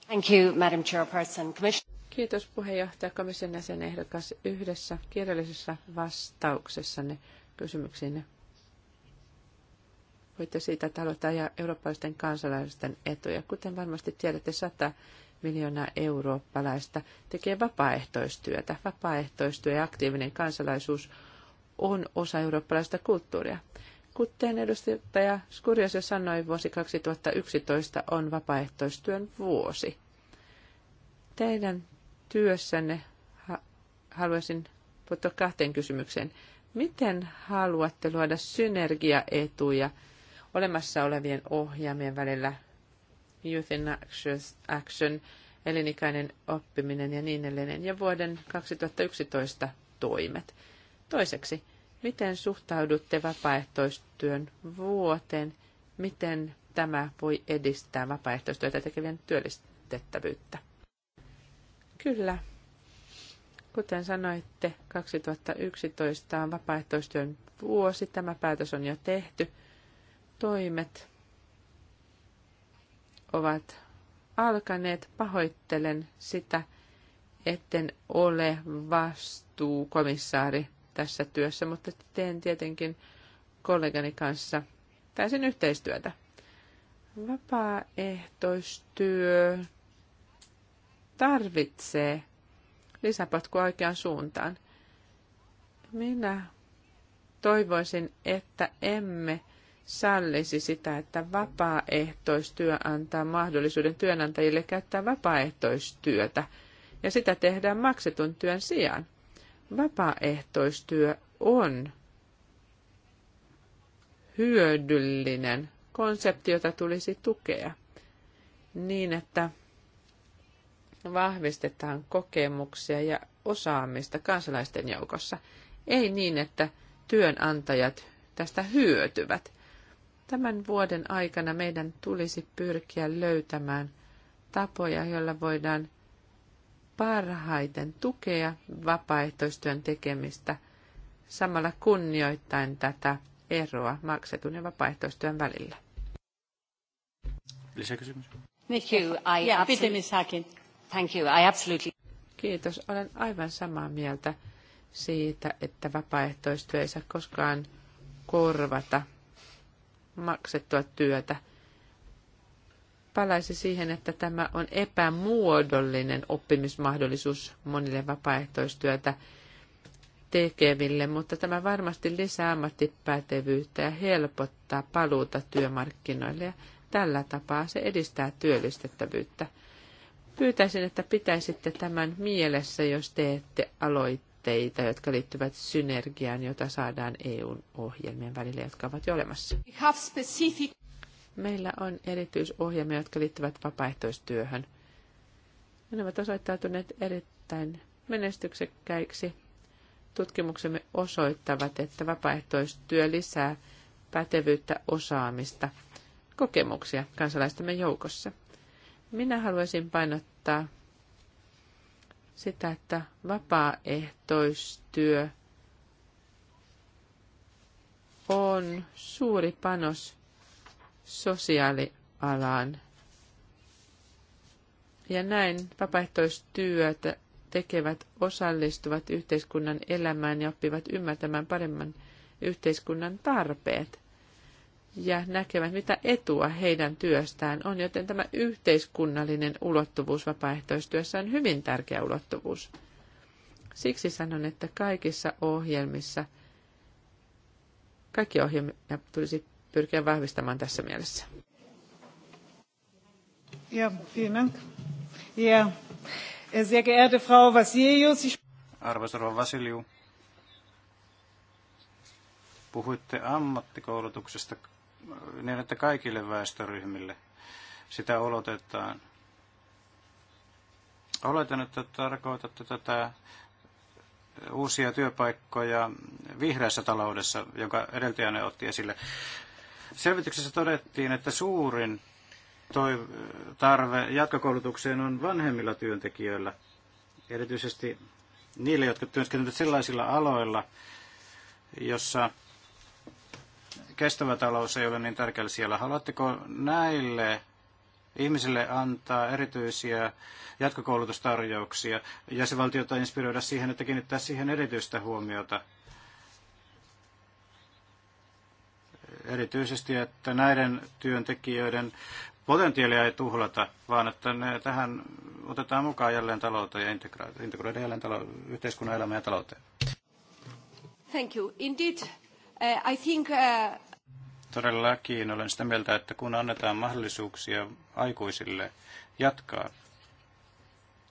Thank you, Madam Chairperson. Kiitos puheenjohtaja komission jäsen ehdokas yhdessä kirjallisessa vastauksessanne kysymyksiinne. Voitte siitä taloutta ja eurooppalaisten kansalaisten etuja. Kuten varmasti tiedätte, 100 miljoonaa eurooppalaista tekee vapaaehtoistyötä. Vapaaehtoistyö ja aktiivinen kansalaisuus on osa eurooppalaista kulttuuria. Kuten edustaja Skurjas jo sanoi, vuosi 2011 on vapaaehtoistyön vuosi. Teidän työssänne haluaisin puuttua kahteen kysymykseen. Miten haluatte luoda synergiaetuja olemassa olevien ohjaamien välillä Youth in Action, elinikäinen oppiminen ja niin edelleen, ja vuoden 2011 toimet? Toiseksi, Miten suhtaudutte vapaaehtoistyön vuoteen? Miten tämä voi edistää vapaaehtoistyötä tekevien työllistettävyyttä? Kyllä. Kuten sanoitte, 2011 on vapaaehtoistyön vuosi. Tämä päätös on jo tehty. Toimet ovat alkaneet. Pahoittelen sitä, etten ole vastuukomissaari tässä työssä, mutta teen tietenkin kollegani kanssa täysin yhteistyötä. Vapaaehtoistyö tarvitsee lisäpatkua oikeaan suuntaan. Minä toivoisin, että emme sallisi sitä, että vapaaehtoistyö antaa mahdollisuuden työnantajille käyttää vapaaehtoistyötä, ja sitä tehdään maksetun työn sijaan. Vapaaehtoistyö on hyödyllinen konsepti, jota tulisi tukea niin, että vahvistetaan kokemuksia ja osaamista kansalaisten joukossa. Ei niin, että työnantajat tästä hyötyvät. Tämän vuoden aikana meidän tulisi pyrkiä löytämään tapoja, joilla voidaan parhaiten tukea vapaaehtoistyön tekemistä samalla kunnioittain tätä eroa maksetun ja vapaaehtoistyön välillä. Lisäkysymys. Thank you. I absolutely... Thank you. I absolutely... Kiitos. Olen aivan samaa mieltä siitä, että vapaaehtoistyö ei saa koskaan korvata maksettua työtä palaisi siihen, että tämä on epämuodollinen oppimismahdollisuus monille vapaaehtoistyötä tekeville, mutta tämä varmasti lisää ammattipätevyyttä ja helpottaa paluuta työmarkkinoille ja tällä tapaa se edistää työllistettävyyttä. Pyytäisin, että pitäisitte tämän mielessä, jos teette aloitteita, jotka liittyvät synergiaan, jota saadaan EUn ohjelmien välillä, jotka ovat jo olemassa. Meillä on erityisohjelmia, jotka liittyvät vapaaehtoistyöhön. Ne ovat osoittautuneet erittäin menestyksekkäiksi. Tutkimuksemme osoittavat, että vapaaehtoistyö lisää pätevyyttä, osaamista, kokemuksia kansalaistamme joukossa. Minä haluaisin painottaa sitä, että vapaaehtoistyö on suuri panos sosiaalialaan. Ja näin vapaaehtoistyötä tekevät osallistuvat yhteiskunnan elämään ja oppivat ymmärtämään paremman yhteiskunnan tarpeet ja näkevät, mitä etua heidän työstään on, joten tämä yhteiskunnallinen ulottuvuus vapaaehtoistyössä on hyvin tärkeä ulottuvuus. Siksi sanon, että kaikissa ohjelmissa, kaikki ohjelmia tulisi pyrkiä vahvistamaan tässä mielessä. Ja, vielen Ja, äh, sehr geehrte Frau Arvoisa rouva Vasiliu, puhuitte ammattikoulutuksesta äh, niin, että kaikille väestöryhmille sitä olotetaan. Oletan, että tarkoitatte tätä äh, uusia työpaikkoja vihreässä taloudessa, jonka edeltäjänne otti esille. Selvityksessä todettiin, että suurin toi tarve jatkokoulutukseen on vanhemmilla työntekijöillä, erityisesti niille, jotka työskentelevät sellaisilla aloilla, jossa kestävä talous ei ole niin tärkeällä siellä. Haluatteko näille ihmisille antaa erityisiä jatkokoulutustarjouksia ja se valtiota inspiroida siihen, että kiinnittää siihen erityistä huomiota erityisesti, että näiden työntekijöiden potentiaalia ei tuhlata, vaan että ne tähän otetaan mukaan jälleen talouteen ja integroida, jälleen talou- yhteiskunnan elämään ja talouteen. Thank you. Indeed, uh, I think, uh... Todellakin olen sitä mieltä, että kun annetaan mahdollisuuksia aikuisille jatkaa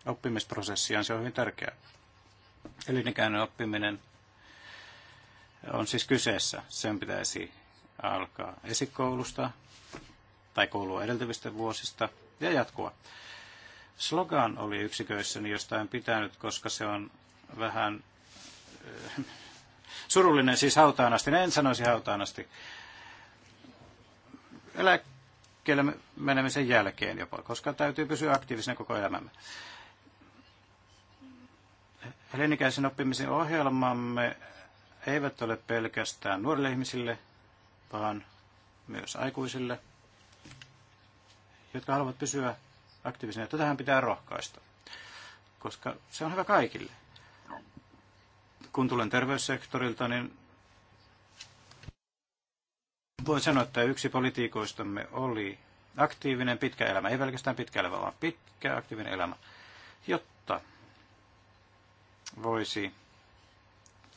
oppimisprosessiaan, se on hyvin tärkeää. Elinikäinen oppiminen on siis kyseessä, sen pitäisi alkaa esikoulusta tai koulua edeltävistä vuosista ja jatkua. Slogan oli yksiköissäni jostain pitänyt, koska se on vähän eh, surullinen, siis hautaan asti. En sanoisi hautaan asti. Eläkkeelle menemisen jälkeen jopa, koska täytyy pysyä aktiivisena koko elämämme. Elinikäisen oppimisen ohjelmamme eivät ole pelkästään nuorille ihmisille, vaan myös aikuisille, jotka haluavat pysyä aktiivisena, Tätähän pitää rohkaista, koska se on hyvä kaikille. Kun tulen terveyssektorilta, niin voin sanoa, että yksi politiikoistamme oli aktiivinen pitkä elämä, ei pelkästään pitkä elämä, vaan pitkä aktiivinen elämä, jotta voisi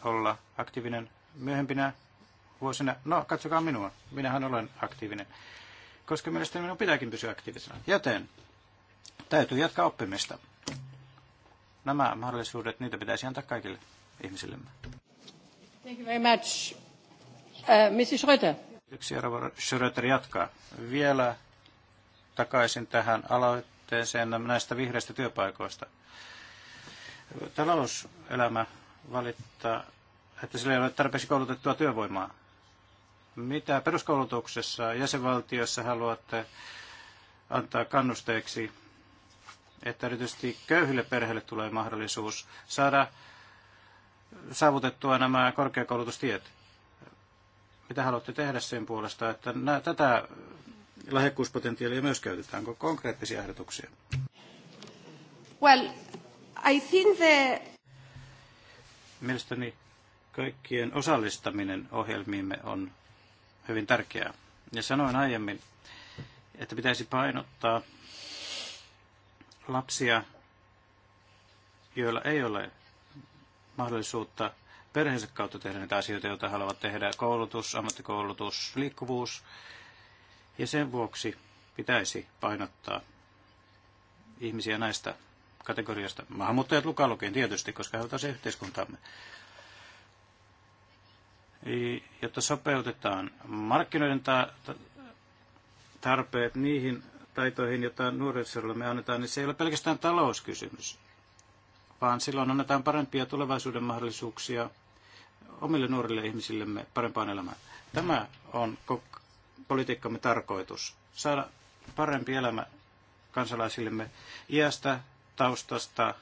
olla aktiivinen myöhempinä vuosina, no katsokaa minua, minähän olen aktiivinen, koska mielestäni minun pitääkin pysyä aktiivisena. Joten täytyy jatkaa oppimista. Nämä mahdollisuudet, niitä pitäisi antaa kaikille ihmisille. Thank you very much. Uh, Mrs. Schröter. Kiitoksia, Schröter jatkaa. Vielä takaisin tähän aloitteeseen näistä vihreistä työpaikoista. Talouselämä valittaa, että sillä ei ole tarpeeksi koulutettua työvoimaa. Mitä peruskoulutuksessa jäsenvaltiossa haluatte antaa kannusteeksi, että erityisesti köyhille perheille tulee mahdollisuus saada saavutettua nämä korkeakoulutustiet? Mitä haluatte tehdä sen puolesta, että nä- tätä lahjakkuuspotentiaalia myös käytetään? Onko konkreettisia ehdotuksia? Well, I think the... Mielestäni kaikkien osallistaminen ohjelmiimme on hyvin tärkeää. Ja sanoin aiemmin, että pitäisi painottaa lapsia, joilla ei ole mahdollisuutta perheensä kautta tehdä niitä asioita, joita haluavat tehdä, koulutus, ammattikoulutus, liikkuvuus. Ja sen vuoksi pitäisi painottaa ihmisiä näistä kategoriasta. Maahanmuuttajat lukaan lukien tietysti, koska he ovat yhteiskuntamme jotta sopeutetaan markkinoiden tarpeet niihin taitoihin, joita nuorisolle me annetaan, niin se ei ole pelkästään talouskysymys, vaan silloin annetaan parempia tulevaisuuden mahdollisuuksia omille nuorille ihmisillemme parempaan elämään. Tämä on politiikkamme tarkoitus, saada parempi elämä kansalaisillemme iästä, taustasta,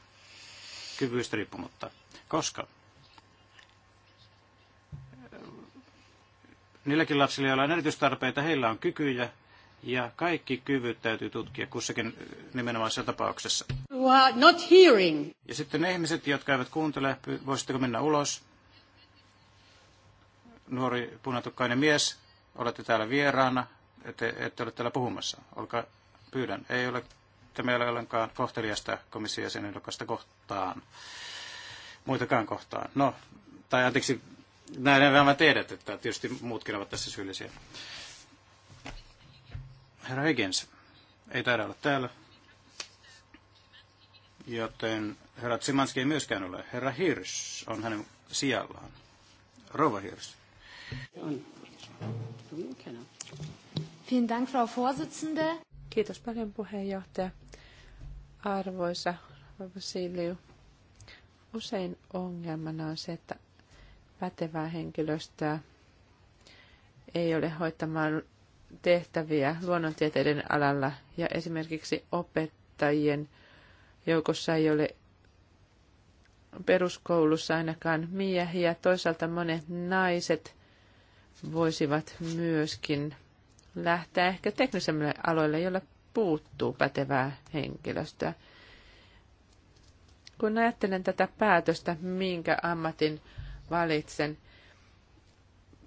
kyvyistä riippumatta. Koska Niilläkin lapsilla, joilla on erityistarpeita, heillä on kykyjä ja kaikki kyvyt täytyy tutkia kussakin nimenomaisessa tapauksessa. Not hearing. Ja sitten ne ihmiset, jotka eivät kuuntele, voisitteko mennä ulos? Nuori punatukkainen mies, olette täällä vieraana, ette, ette ole täällä puhumassa. Olkaa, pyydän. Ei ole tämä ei ole ollenkaan kohteliasta komission jäsenehdokasta kohtaan, muitakaan kohtaan. No, tai anteeksi, näin en nämä teidät, että tietysti muutkin ovat tässä syyllisiä. Herra Higgins, ei taida olla täällä. Joten herra Tsimanski ei myöskään ole. Herra Hirs on hänen sijallaan. Rova Hirs. Kiitos paljon puheenjohtaja. Arvoisa Vasilju, usein ongelmana on se, että pätevää henkilöstöä ei ole hoitamaan tehtäviä luonnontieteiden alalla ja esimerkiksi opettajien joukossa ei ole peruskoulussa ainakaan miehiä. Toisaalta monet naiset voisivat myöskin lähteä ehkä teknisemmille aloille, joilla puuttuu pätevää henkilöstöä. Kun ajattelen tätä päätöstä, minkä ammatin valitsen.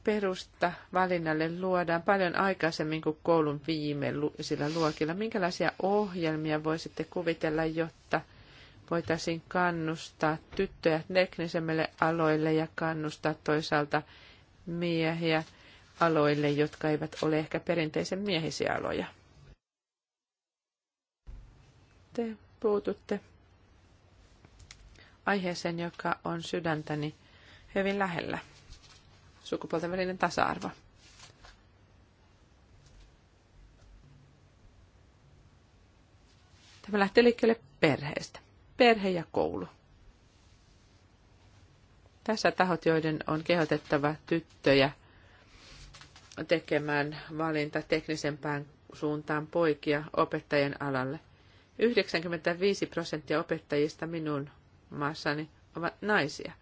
Perusta valinnalle luodaan paljon aikaisemmin kuin koulun viimeisillä luokilla. Minkälaisia ohjelmia voisitte kuvitella, jotta voitaisiin kannustaa tyttöjä teknisemmille aloille ja kannustaa toisaalta miehiä aloille, jotka eivät ole ehkä perinteisen miehisiä aloja. Te puututte aiheeseen, joka on sydäntäni hyvin lähellä. Sukupuolten välinen tasa-arvo. Tämä lähtee liikkeelle perheestä. Perhe ja koulu. Tässä tahot, joiden on kehotettava tyttöjä tekemään valinta teknisempään suuntaan poikia opettajien alalle. 95 prosenttia opettajista minun maassani ovat naisia.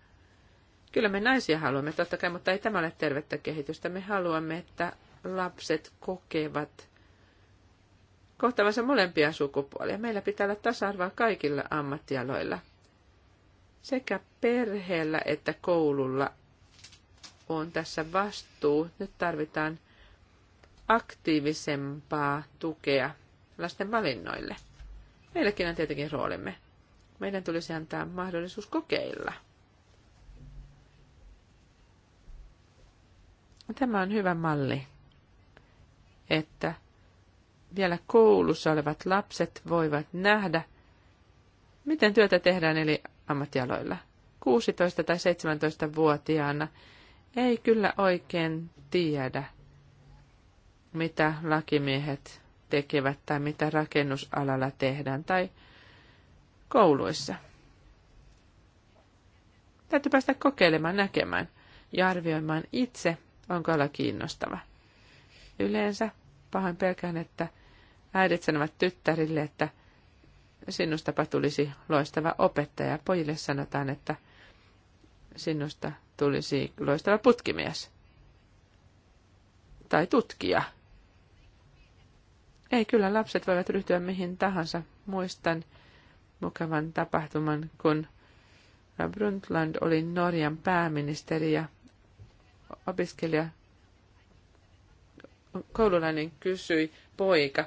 Kyllä me naisia haluamme totta kai, mutta ei tämä ole tervettä kehitystä. Me haluamme, että lapset kokevat kohtavansa molempia sukupuolia. Meillä pitää olla tasa-arvoa kaikilla ammattialoilla. Sekä perheellä että koululla on tässä vastuu. Nyt tarvitaan aktiivisempaa tukea lasten valinnoille. Meilläkin on tietenkin roolimme. Meidän tulisi antaa mahdollisuus kokeilla – Tämä on hyvä malli, että vielä koulussa olevat lapset voivat nähdä, miten työtä tehdään eli ammattialoilla. 16- tai 17-vuotiaana ei kyllä oikein tiedä, mitä lakimiehet tekevät tai mitä rakennusalalla tehdään tai kouluissa. Täytyy päästä kokeilemaan, näkemään ja arvioimaan itse, onko kyllä kiinnostava. Yleensä pahan pelkään, että äidit sanovat tyttärille, että sinustapa tulisi loistava opettaja. Pojille sanotaan, että sinusta tulisi loistava putkimies. Tai tutkija. Ei, kyllä lapset voivat ryhtyä mihin tahansa. Muistan mukavan tapahtuman, kun Brundtland oli Norjan pääministeri ja opiskelija, koululainen kysyi poika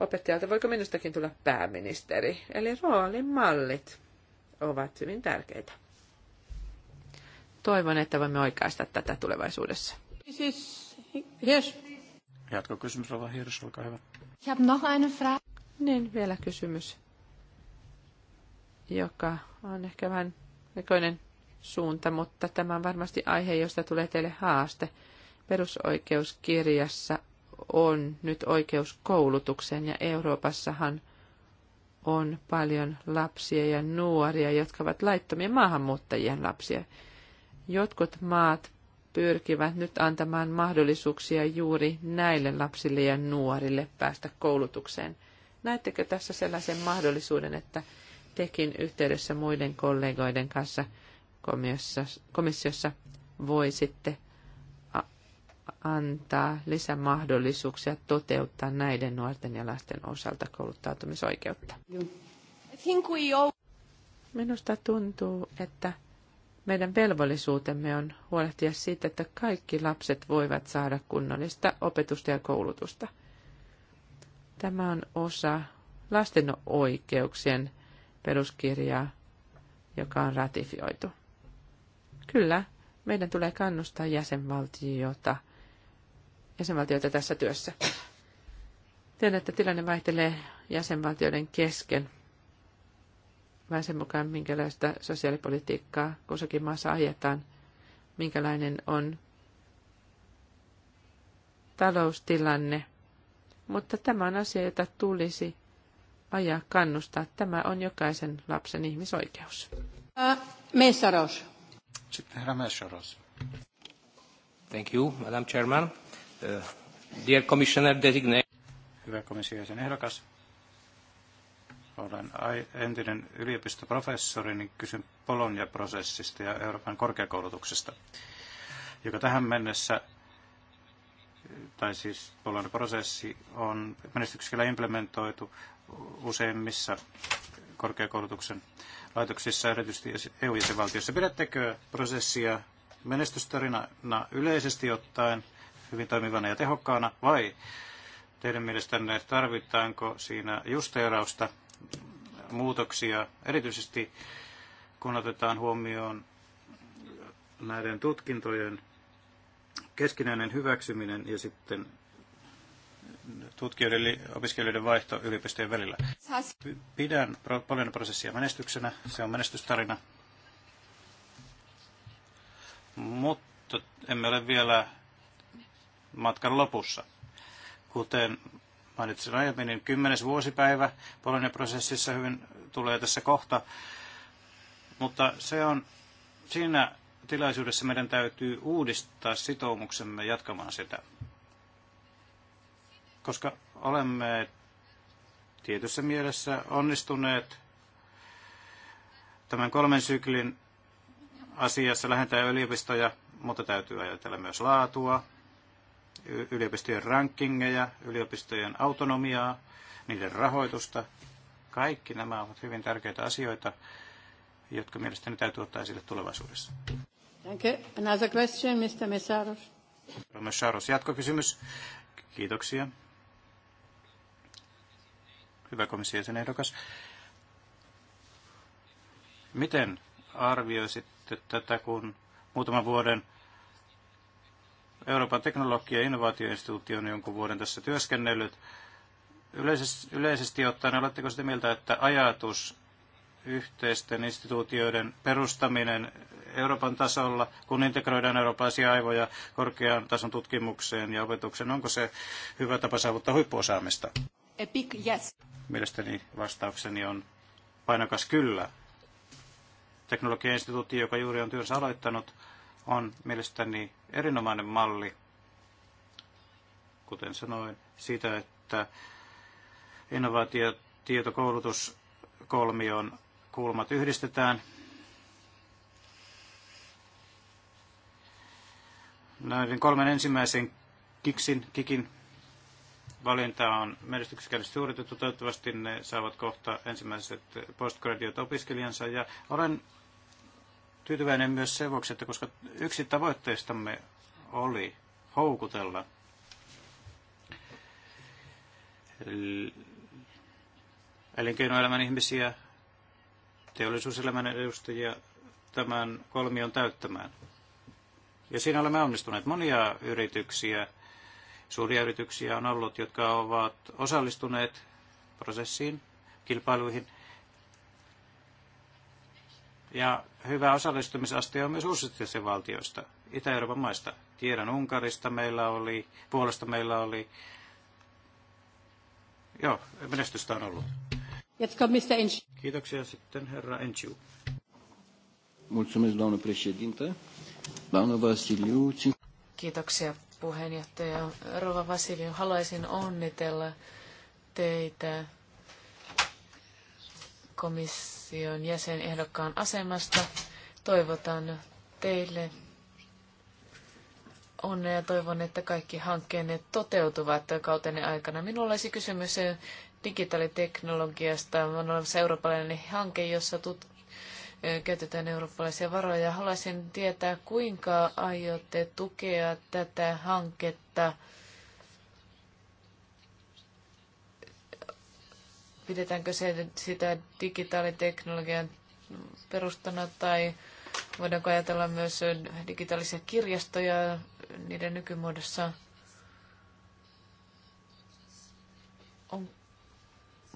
opettajalta, voiko minustakin tulla pääministeri. Eli roolimallit ovat hyvin tärkeitä. Toivon, että voimme oikaista tätä tulevaisuudessa. Jatko kysymys, Rova Hirsch, olkaa hyvä. Niin, vielä kysymys, joka on ehkä vähän näköinen suunta, mutta tämä on varmasti aihe, josta tulee teille haaste. Perusoikeuskirjassa on nyt oikeus koulutukseen ja Euroopassahan on paljon lapsia ja nuoria, jotka ovat laittomia maahanmuuttajien lapsia. Jotkut maat pyrkivät nyt antamaan mahdollisuuksia juuri näille lapsille ja nuorille päästä koulutukseen. Näettekö tässä sellaisen mahdollisuuden, että tekin yhteydessä muiden kollegoiden kanssa – komissiossa, komissiossa voi sitten antaa lisämahdollisuuksia toteuttaa näiden nuorten ja lasten osalta kouluttautumisoikeutta. Minusta tuntuu, että meidän velvollisuutemme on huolehtia siitä, että kaikki lapset voivat saada kunnollista opetusta ja koulutusta. Tämä on osa lasten oikeuksien peruskirjaa, joka on ratifioitu. Kyllä, meidän tulee kannustaa jäsenvaltiota, jäsenvaltiota tässä työssä. Tiedän, että tilanne vaihtelee jäsenvaltioiden kesken, vähän sen mukaan, minkälaista sosiaalipolitiikkaa kussakin maassa ajetaan, minkälainen on taloustilanne. Mutta tämä on asia, jota tulisi ajaa kannustaa. Tämä on jokaisen lapsen ihmisoikeus. Äh, Messaros. Sitten herra Thank you, Madam Chairman. Uh, dear Commissioner Designate. Hyvä komission jäsen ehdokas. Olen entinen yliopistoprofessori, niin kysyn Polonia-prosessista ja Euroopan korkeakoulutuksesta, joka tähän mennessä tai siis polonia prosessi on menestyksellä implementoitu useimmissa korkeakoulutuksen laitoksissa, erityisesti eu jäsenvaltioissa Pidättekö prosessia menestystarinana yleisesti ottaen hyvin toimivana ja tehokkaana, vai teidän mielestänne tarvitaanko siinä justeerausta, muutoksia, erityisesti kun otetaan huomioon näiden tutkintojen keskinäinen hyväksyminen ja sitten tutkijoiden ja opiskelijoiden vaihto yliopistojen välillä. Pidän paljon prosessia menestyksenä, se on menestystarina. Mutta emme ole vielä matkan lopussa. Kuten mainitsin aiemmin, niin kymmenes vuosipäivä Polonian prosessissa hyvin tulee tässä kohta. Mutta se on siinä tilaisuudessa meidän täytyy uudistaa sitoumuksemme jatkamaan sitä koska olemme tietyssä mielessä onnistuneet tämän kolmen syklin asiassa lähentää yliopistoja, mutta täytyy ajatella myös laatua, yliopistojen rankingeja, yliopistojen autonomiaa, niiden rahoitusta. Kaikki nämä ovat hyvin tärkeitä asioita, jotka mielestäni täytyy ottaa esille tulevaisuudessa. Danke. Another question, Mr. Messaros. Messaros, jatkokysymys. Kiitoksia hyvä komission ehdokas. Miten arvioisitte tätä, kun muutaman vuoden Euroopan teknologia- ja innovaatioinstituutti on jonkun vuoden tässä työskennellyt. Yleisesti, yleisesti ottaen, oletteko sitä mieltä, että ajatus yhteisten instituutioiden perustaminen Euroopan tasolla, kun integroidaan eurooppalaisia aivoja korkean tason tutkimukseen ja opetukseen, onko se hyvä tapa saavuttaa huippuosaamista? A big yes. Mielestäni vastaukseni on painokas kyllä. Teknologiainstituutti, joka juuri on työnsä aloittanut, on mielestäni erinomainen malli, kuten sanoin, siitä, että innovaatiotietokoulutus kolmion kulmat yhdistetään. Näiden kolmen ensimmäisen kiksin, kikin Valinta on menestyksekkäästi suoritettu. Toivottavasti ne saavat kohta ensimmäiset postgraduate-opiskelijansa. Ja olen tyytyväinen myös sen vuoksi, että koska yksi tavoitteistamme oli houkutella elinkeinoelämän ihmisiä, teollisuuselämän edustajia tämän kolmion täyttämään. Ja siinä olemme onnistuneet. Monia yrityksiä Suuria yrityksiä on ollut, jotka ovat osallistuneet prosessiin, kilpailuihin. Ja hyvä osallistumisaste on myös uusista valtioista, Itä-Euroopan maista. Tiedän Unkarista meillä oli, Puolasta meillä oli. Joo, menestystä on ollut. Kiitoksia sitten herra Enciu. Kiitoksia puheenjohtaja Rova Vasilio. Haluaisin onnitella teitä komission jäsenehdokkaan asemasta. Toivotan teille onnea ja toivon, että kaikki hankkeenne toteutuvat kautenne aikana. Minulla olisi kysymys digitaaliteknologiasta. On olemassa eurooppalainen hanke, jossa tut- käytetään eurooppalaisia varoja. Haluaisin tietää, kuinka aiotte tukea tätä hanketta. Pidetäänkö se sitä digitaaliteknologian perustana tai voidaanko ajatella myös digitaalisia kirjastoja niiden nykymuodossa? On,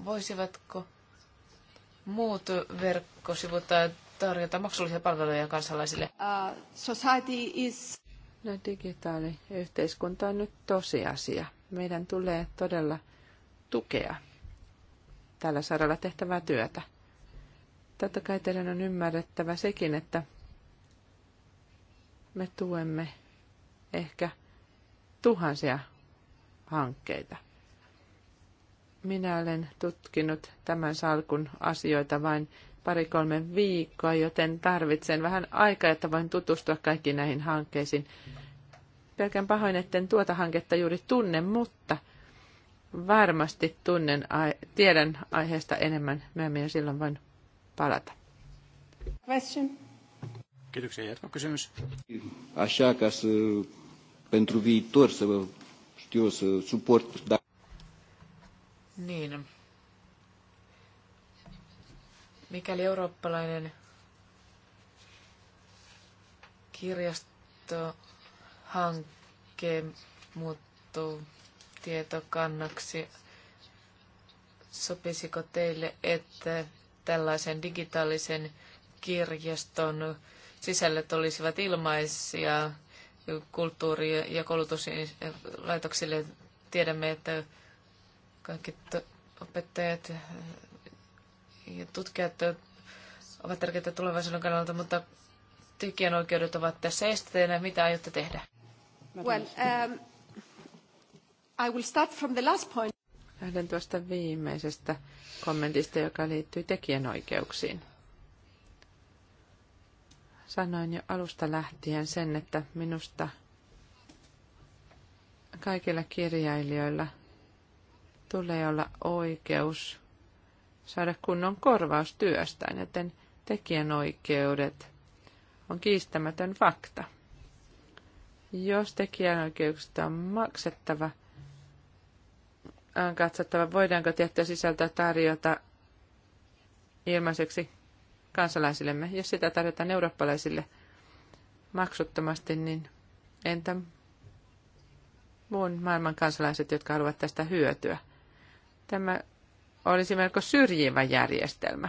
voisivatko muut verkkosivut tarjota maksullisia palveluja kansalaisille? Uh, society is... No digitaali yhteiskunta on nyt tosiasia. Meidän tulee todella tukea tällä saralla tehtävää työtä. Totta kai teidän on ymmärrettävä sekin, että me tuemme ehkä tuhansia hankkeita – minä olen tutkinut tämän salkun asioita vain pari-kolme viikkoa, joten tarvitsen vähän aikaa, että voin tutustua kaikkiin näihin hankkeisiin. Pelkän pahoin, etten tuota hanketta juuri tunne, mutta varmasti tunnen, tiedän aiheesta enemmän myöhemmin ja silloin voin palata. Question. Kiitoksia. Jatkokysymys. Așa ca să, pentru viitor, să știu, să suport... Da. Niin. Mikäli eurooppalainen kirjastohanke muuttuu tietokannaksi, sopisiko teille, että tällaisen digitaalisen kirjaston sisällöt olisivat ilmaisia kulttuuri- ja koulutuslaitoksille? Tiedämme, että kaikki opettajat ja tutkijat ovat tärkeitä tulevaisuuden kannalta, mutta tekijänoikeudet ovat tässä esteenä. Mitä aiotte tehdä? Well, um, I will start from the last point. Lähden tuosta viimeisestä kommentista, joka liittyy tekijänoikeuksiin. Sanoin jo alusta lähtien sen, että minusta kaikilla kirjailijoilla – tulee olla oikeus saada kunnon korvaus työstään, joten tekijänoikeudet on kiistämätön fakta. Jos tekijänoikeuksista on maksettava, on katsottava, voidaanko tiettyä sisältöä tarjota ilmaiseksi kansalaisillemme. Jos sitä tarjotaan eurooppalaisille maksuttomasti, niin entä muun maailman kansalaiset, jotka haluavat tästä hyötyä? Tämä olisi melko syrjivä järjestelmä.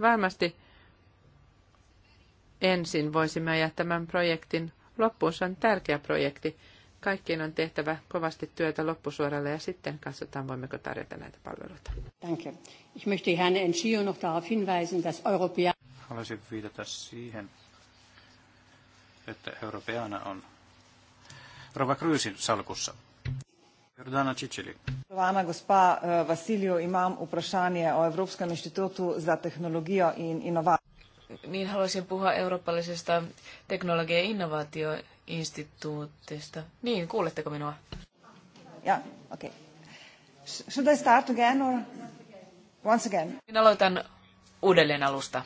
Varmasti ensin voisimme ajaa tämän projektin loppuun. Se on tärkeä projekti. Kaikkien on tehtävä kovasti työtä loppusuoralle ja sitten katsotaan, voimmeko tarjota näitä palveluita. Danke. Ich möchte Herrn Enschio noch darauf hinweisen, dass Europea... Haluaisin viitata siihen, että Europeana on Rova Kryysin salkussa. Jordana Čičili. Spoštovana gospa eh, Vasilju, imam uprašanje o Evropskom institutu za tehnologijo in inovacijo. Niin haluaisin puhua eurooppalaisesta teknologia- ja innovaatioinstituutista. Niin, kuuletteko minua? Ja, okei. Okay. Should I start again or once again? Minä aloitan uudelleen alusta.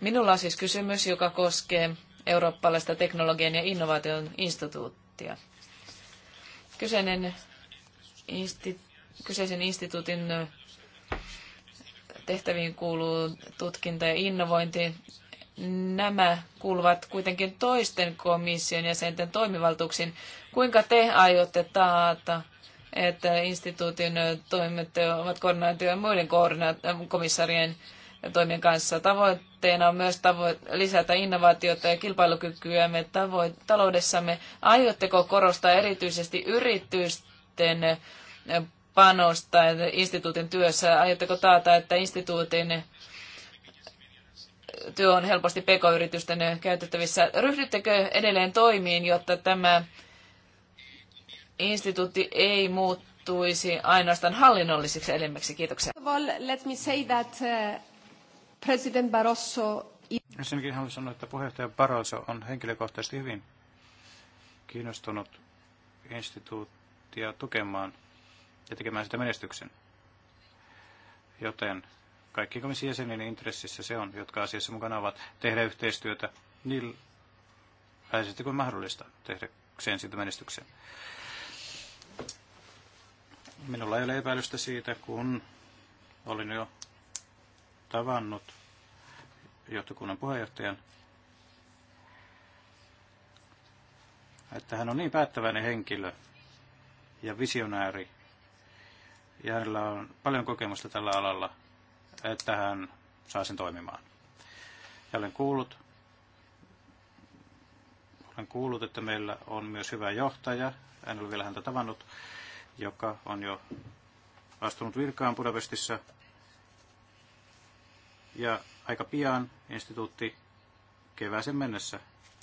Minulla on siis kysymys, joka koskee eurooppalaista teknologian ja innovaation instituuttia. Kyseinen insti, kyseisen instituutin tehtäviin kuuluu tutkinta ja innovointi. Nämä kuuluvat kuitenkin toisten komission jäsenten toimivaltuuksiin. Kuinka te aiotte taata, että instituutin toimet ovat koordinaatioja muiden koordinaat- komissarien toimien kanssa. Tavoitteena on myös tavo- lisätä innovaatiota ja kilpailukykyämme tavo- taloudessamme. Aiotteko korostaa erityisesti yritysten panosta instituutin työssä? Aiotteko taata, että instituutin työ on helposti pk-yritysten käytettävissä. Ryhdyttekö edelleen toimiin, jotta tämä instituutti ei muuttuisi ainoastaan hallinnollisiksi elimeksi? Kiitoksia. Let me say that uh, President Barroso... Ensinnäkin haluan sanoa, että puheenjohtaja Barroso on henkilökohtaisesti hyvin kiinnostunut instituuttia tukemaan ja tekemään sitä menestyksen. Joten kaikki komission jäsenien intressissä se on, jotka asiassa mukana ovat, tehdä yhteistyötä niin läheisesti kuin mahdollista sen siitä menestyksen. Minulla ei ole epäilystä siitä, kun olin jo tavannut johtokunnan puheenjohtajan, että hän on niin päättäväinen henkilö ja visionääri, ja hänellä on paljon kokemusta tällä alalla, että hän saa sen toimimaan. Ja olen kuullut, olen kuullut, että meillä on myös hyvä johtaja, en ole vielä häntä tavannut, joka on jo astunut virkaan Budapestissa ja aika pian instituutti kevääseen mennessä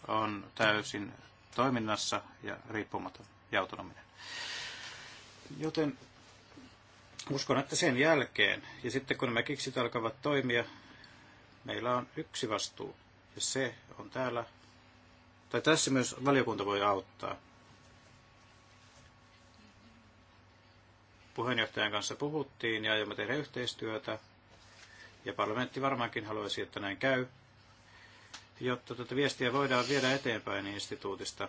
on täysin toiminnassa ja riippumaton ja autonominen. Joten uskon, että sen jälkeen, ja sitten kun me kiksit alkavat toimia, meillä on yksi vastuu, ja se on täällä, tai tässä myös valiokunta voi auttaa. Puheenjohtajan kanssa puhuttiin ja aiomme tehdä yhteistyötä ja parlamentti varmaankin haluaisi, että näin käy, jotta tätä viestiä voidaan viedä eteenpäin instituutista.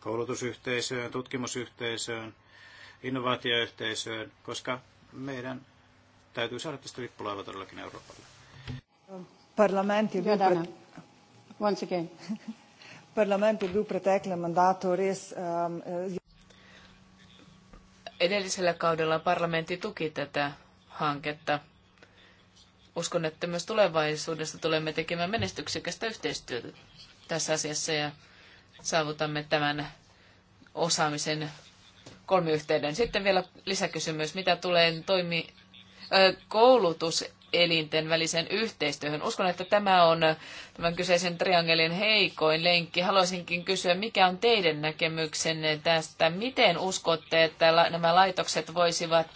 koulutusyhteisöön, tutkimusyhteisöön, innovaatioyhteisöön, koska meidän täytyy saada tästä lippulaiva todellakin Euroopalle. Parlamentti Once again. [LAUGHS] Parlament je bil v preteklem mandatu res. Um, Edellisellä kaudella parlamentti tuki tätä hanketta. Uskon, että myös tulevaisuudessa tulemme tekemään menestyksekästä yhteistyötä tässä asiassa ja saavutamme tämän osaamisen kolmiyhteyden. Sitten vielä lisäkysymys, mitä tulee toimi, koulutus elinten väliseen yhteistyöhön. Uskon, että tämä on tämän kyseisen triangelin heikoin lenkki. Haluaisinkin kysyä, mikä on teidän näkemyksenne tästä? Miten uskotte, että nämä laitokset voisivat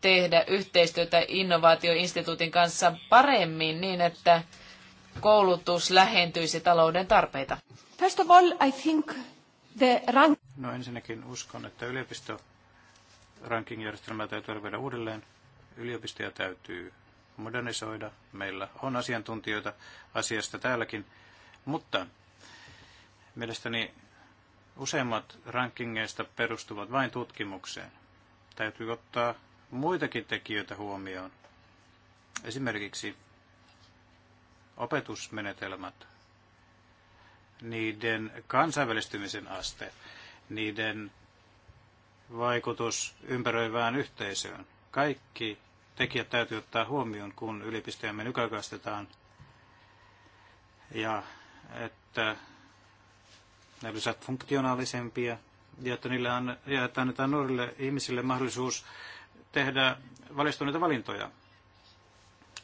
tehdä yhteistyötä innovaatioinstituutin kanssa paremmin niin, että koulutus lähentyisi talouden tarpeita? First of all, I think the rank... No ensinnäkin uskon, että yliopisto ranking-järjestelmää täytyy arvioida uudelleen Yliopistoja täytyy modernisoida. Meillä on asiantuntijoita asiasta täälläkin, mutta mielestäni useimmat rankingeista perustuvat vain tutkimukseen. Täytyy ottaa muitakin tekijöitä huomioon. Esimerkiksi opetusmenetelmät, niiden kansainvälistymisen aste, niiden vaikutus ympäröivään yhteisöön. Kaikki tekijät täytyy ottaa huomioon, kun yliopistojamme nykyaikaistetaan. Ja että ne olisivat funktionaalisempia ja että niille on, ja että annetaan nuorille ihmisille mahdollisuus tehdä valistuneita valintoja.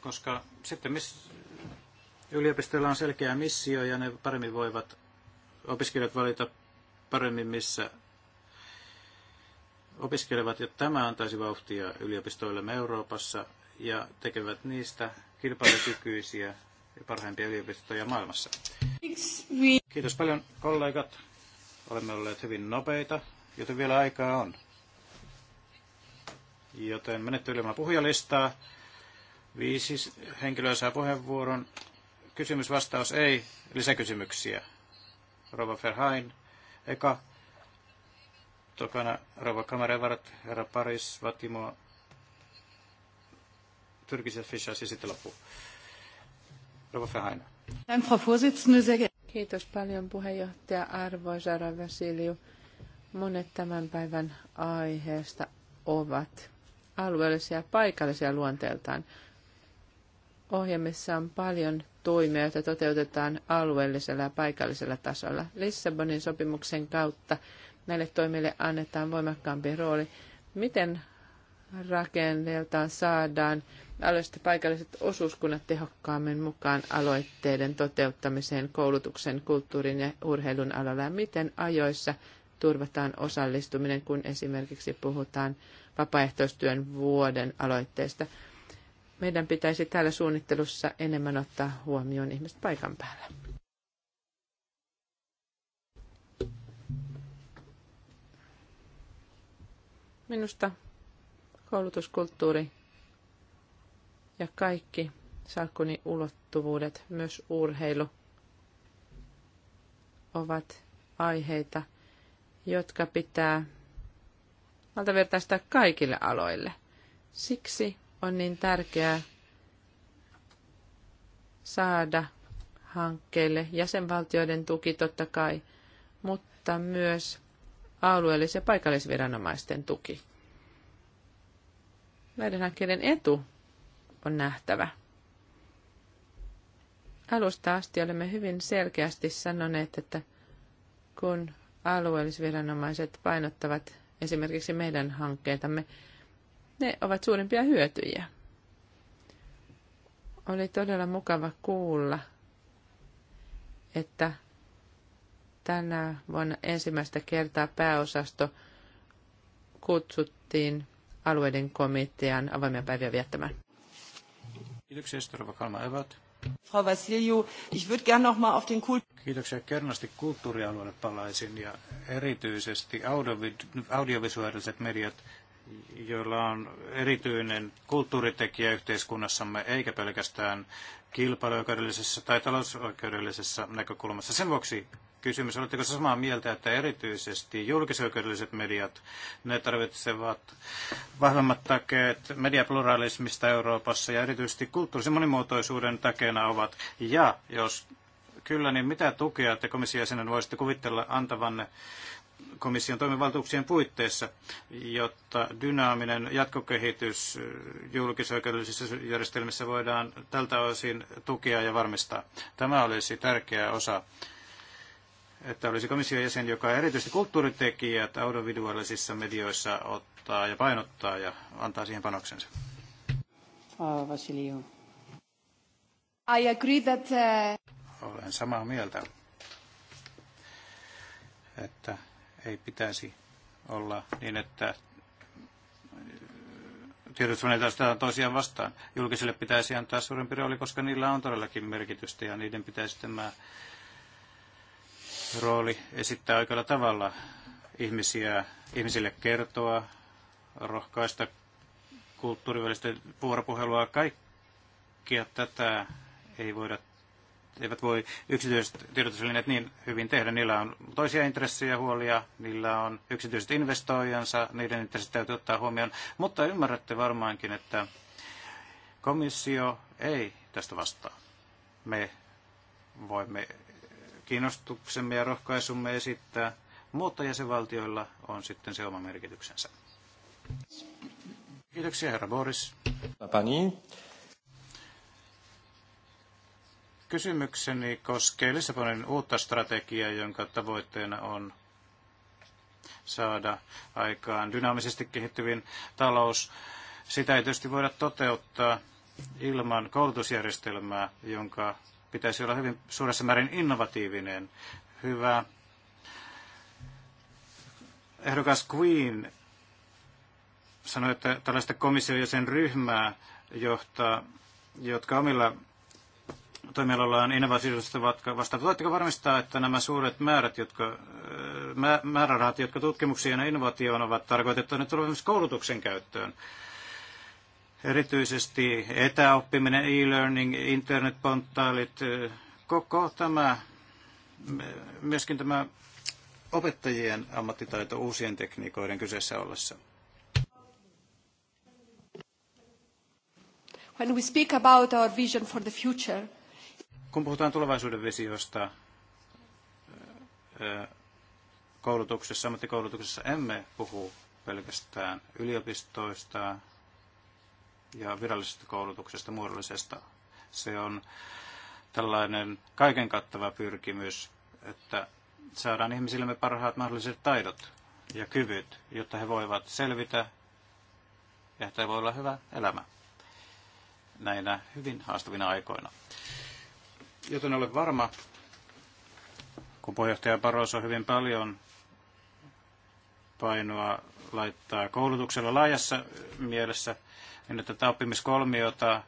Koska sitten miss, yliopistoilla on selkeä missio ja ne paremmin voivat opiskelijat valita paremmin, missä opiskelevat, ja tämä antaisi vauhtia yliopistoillemme Euroopassa ja tekevät niistä kilpailukykyisiä ja parhaimpia yliopistoja maailmassa. Kiitos paljon kollegat. Olemme olleet hyvin nopeita, joten vielä aikaa on. Joten menette puhujalistaa. Viisi henkilöä saa puheenvuoron. Kysymys, vastaus ei. Lisäkysymyksiä. Rova Ferhain, eka takana Rova Kamarevart, herra Paris, Vatimo, Tyrkiset Fischer, ja siis sitten loppu. Rova Fehaina. Kiitos paljon puheenjohtaja arvoisa Ravasiliu. Monet tämän päivän aiheesta ovat alueellisia ja paikallisia luonteeltaan. Ohjelmissa on paljon toimia, joita toteutetaan alueellisella ja paikallisella tasolla. Lissabonin sopimuksen kautta näille toimille annetaan voimakkaampi rooli. Miten rakenteeltaan saadaan alueelliset paikalliset osuuskunnat tehokkaammin mukaan aloitteiden toteuttamiseen koulutuksen, kulttuurin ja urheilun alalla ja miten ajoissa turvataan osallistuminen, kun esimerkiksi puhutaan vapaaehtoistyön vuoden aloitteesta. Meidän pitäisi täällä suunnittelussa enemmän ottaa huomioon ihmiset paikan päällä. Minusta koulutuskulttuuri ja kaikki salkkuni ulottuvuudet, myös urheilu, ovat aiheita, jotka pitää valtavertaistaa kaikille aloille. Siksi on niin tärkeää saada hankkeille jäsenvaltioiden tuki totta kai, mutta myös alueellis- ja paikallisviranomaisten tuki. Näiden hankkeiden etu on nähtävä. Alusta asti olemme hyvin selkeästi sanoneet, että kun alueellisviranomaiset painottavat esimerkiksi meidän hankkeitamme, ne ovat suurimpia hyötyjiä. Oli todella mukava kuulla, että tänä vuonna ensimmäistä kertaa pääosasto kutsuttiin alueiden komitean avoimia päiviä viettämään. Kiitoksia, Estorova Kalma Evät. Frau Vassiliou, ich würde gerne noch mal auf den Kult... Kiitoksia. kernasti kulttuurialueelle palaisin ja erityisesti audiovisuaaliset mediat, joilla on erityinen kulttuuritekijä yhteiskunnassamme, eikä pelkästään kilpailuoikeudellisessa tai talousoikeudellisessa näkökulmassa. Sen vuoksi kysymys. Oletteko samaa mieltä, että erityisesti julkisoikeudelliset mediat, ne tarvitsevat vahvemmat takeet mediapluralismista Euroopassa ja erityisesti kulttuurisen monimuotoisuuden takeena ovat? Ja jos kyllä, niin mitä tukea te komissiojäsenen voisitte kuvitella antavanne komission toimivaltuuksien puitteissa, jotta dynaaminen jatkokehitys julkisoikeudellisissa järjestelmissä voidaan tältä osin tukea ja varmistaa. Tämä olisi tärkeä osa että olisi komission jäsen, joka erityisesti kulttuuritekijät audiovisuaalisissa medioissa ottaa ja painottaa ja antaa siihen panoksensa. I agree that, uh... Olen samaa mieltä, että ei pitäisi olla niin, että tiedotusvälineitä toisiaan vastaan. Julkisille pitäisi antaa suurempi rooli, koska niillä on todellakin merkitystä ja niiden pitäisi tämä rooli esittää oikealla tavalla ihmisiä, ihmisille kertoa, rohkaista kulttuurivälistä vuoropuhelua. Kaikkia tätä ei voida, eivät voi yksityiset tiedotusvälineet niin hyvin tehdä. Niillä on toisia intressejä ja huolia, niillä on yksityiset investoijansa, niiden intressit täytyy ottaa huomioon. Mutta ymmärrätte varmaankin, että komissio ei tästä vastaa. Me voimme kiinnostuksemme ja rohkaisumme esittää, mutta jäsenvaltioilla on sitten se oma merkityksensä. Kiitoksia, herra Boris. Pani. Kysymykseni koskee Lissabonin uutta strategiaa, jonka tavoitteena on saada aikaan dynaamisesti kehittyvin talous. Sitä ei tietysti voida toteuttaa ilman koulutusjärjestelmää, jonka pitäisi olla hyvin suuressa määrin innovatiivinen. Hyvä ehdokas Queen sanoi, että tällaista komission ja sen ryhmää johtaa, jotka omilla toimialoillaan innovatiivisesti vastaavat. Voitteko varmistaa, että nämä suuret määrät, jotka, määrärahat, jotka tutkimuksiin ja innovaatioon ovat tarkoitettu, ne tulevat myös koulutuksen käyttöön? Erityisesti etäoppiminen, e-learning, internetponttailit, koko tämä, myöskin tämä opettajien ammattitaito uusien tekniikoiden kyseessä ollessa. When we speak about our vision for the future, kun puhutaan tulevaisuuden visiosta koulutuksessa, ammattikoulutuksessa emme puhu pelkästään yliopistoista, ja virallisesta koulutuksesta muodollisesta. Se on tällainen kaiken kattava pyrkimys, että saadaan ihmisillemme parhaat mahdolliset taidot ja kyvyt, jotta he voivat selvitä ja että voi olla hyvä elämä näinä hyvin haastavina aikoina. Joten olen varma, kun puheenjohtaja on hyvin paljon painoa laittaa koulutuksella laajassa mielessä – ja että tätä oppimiskolmiota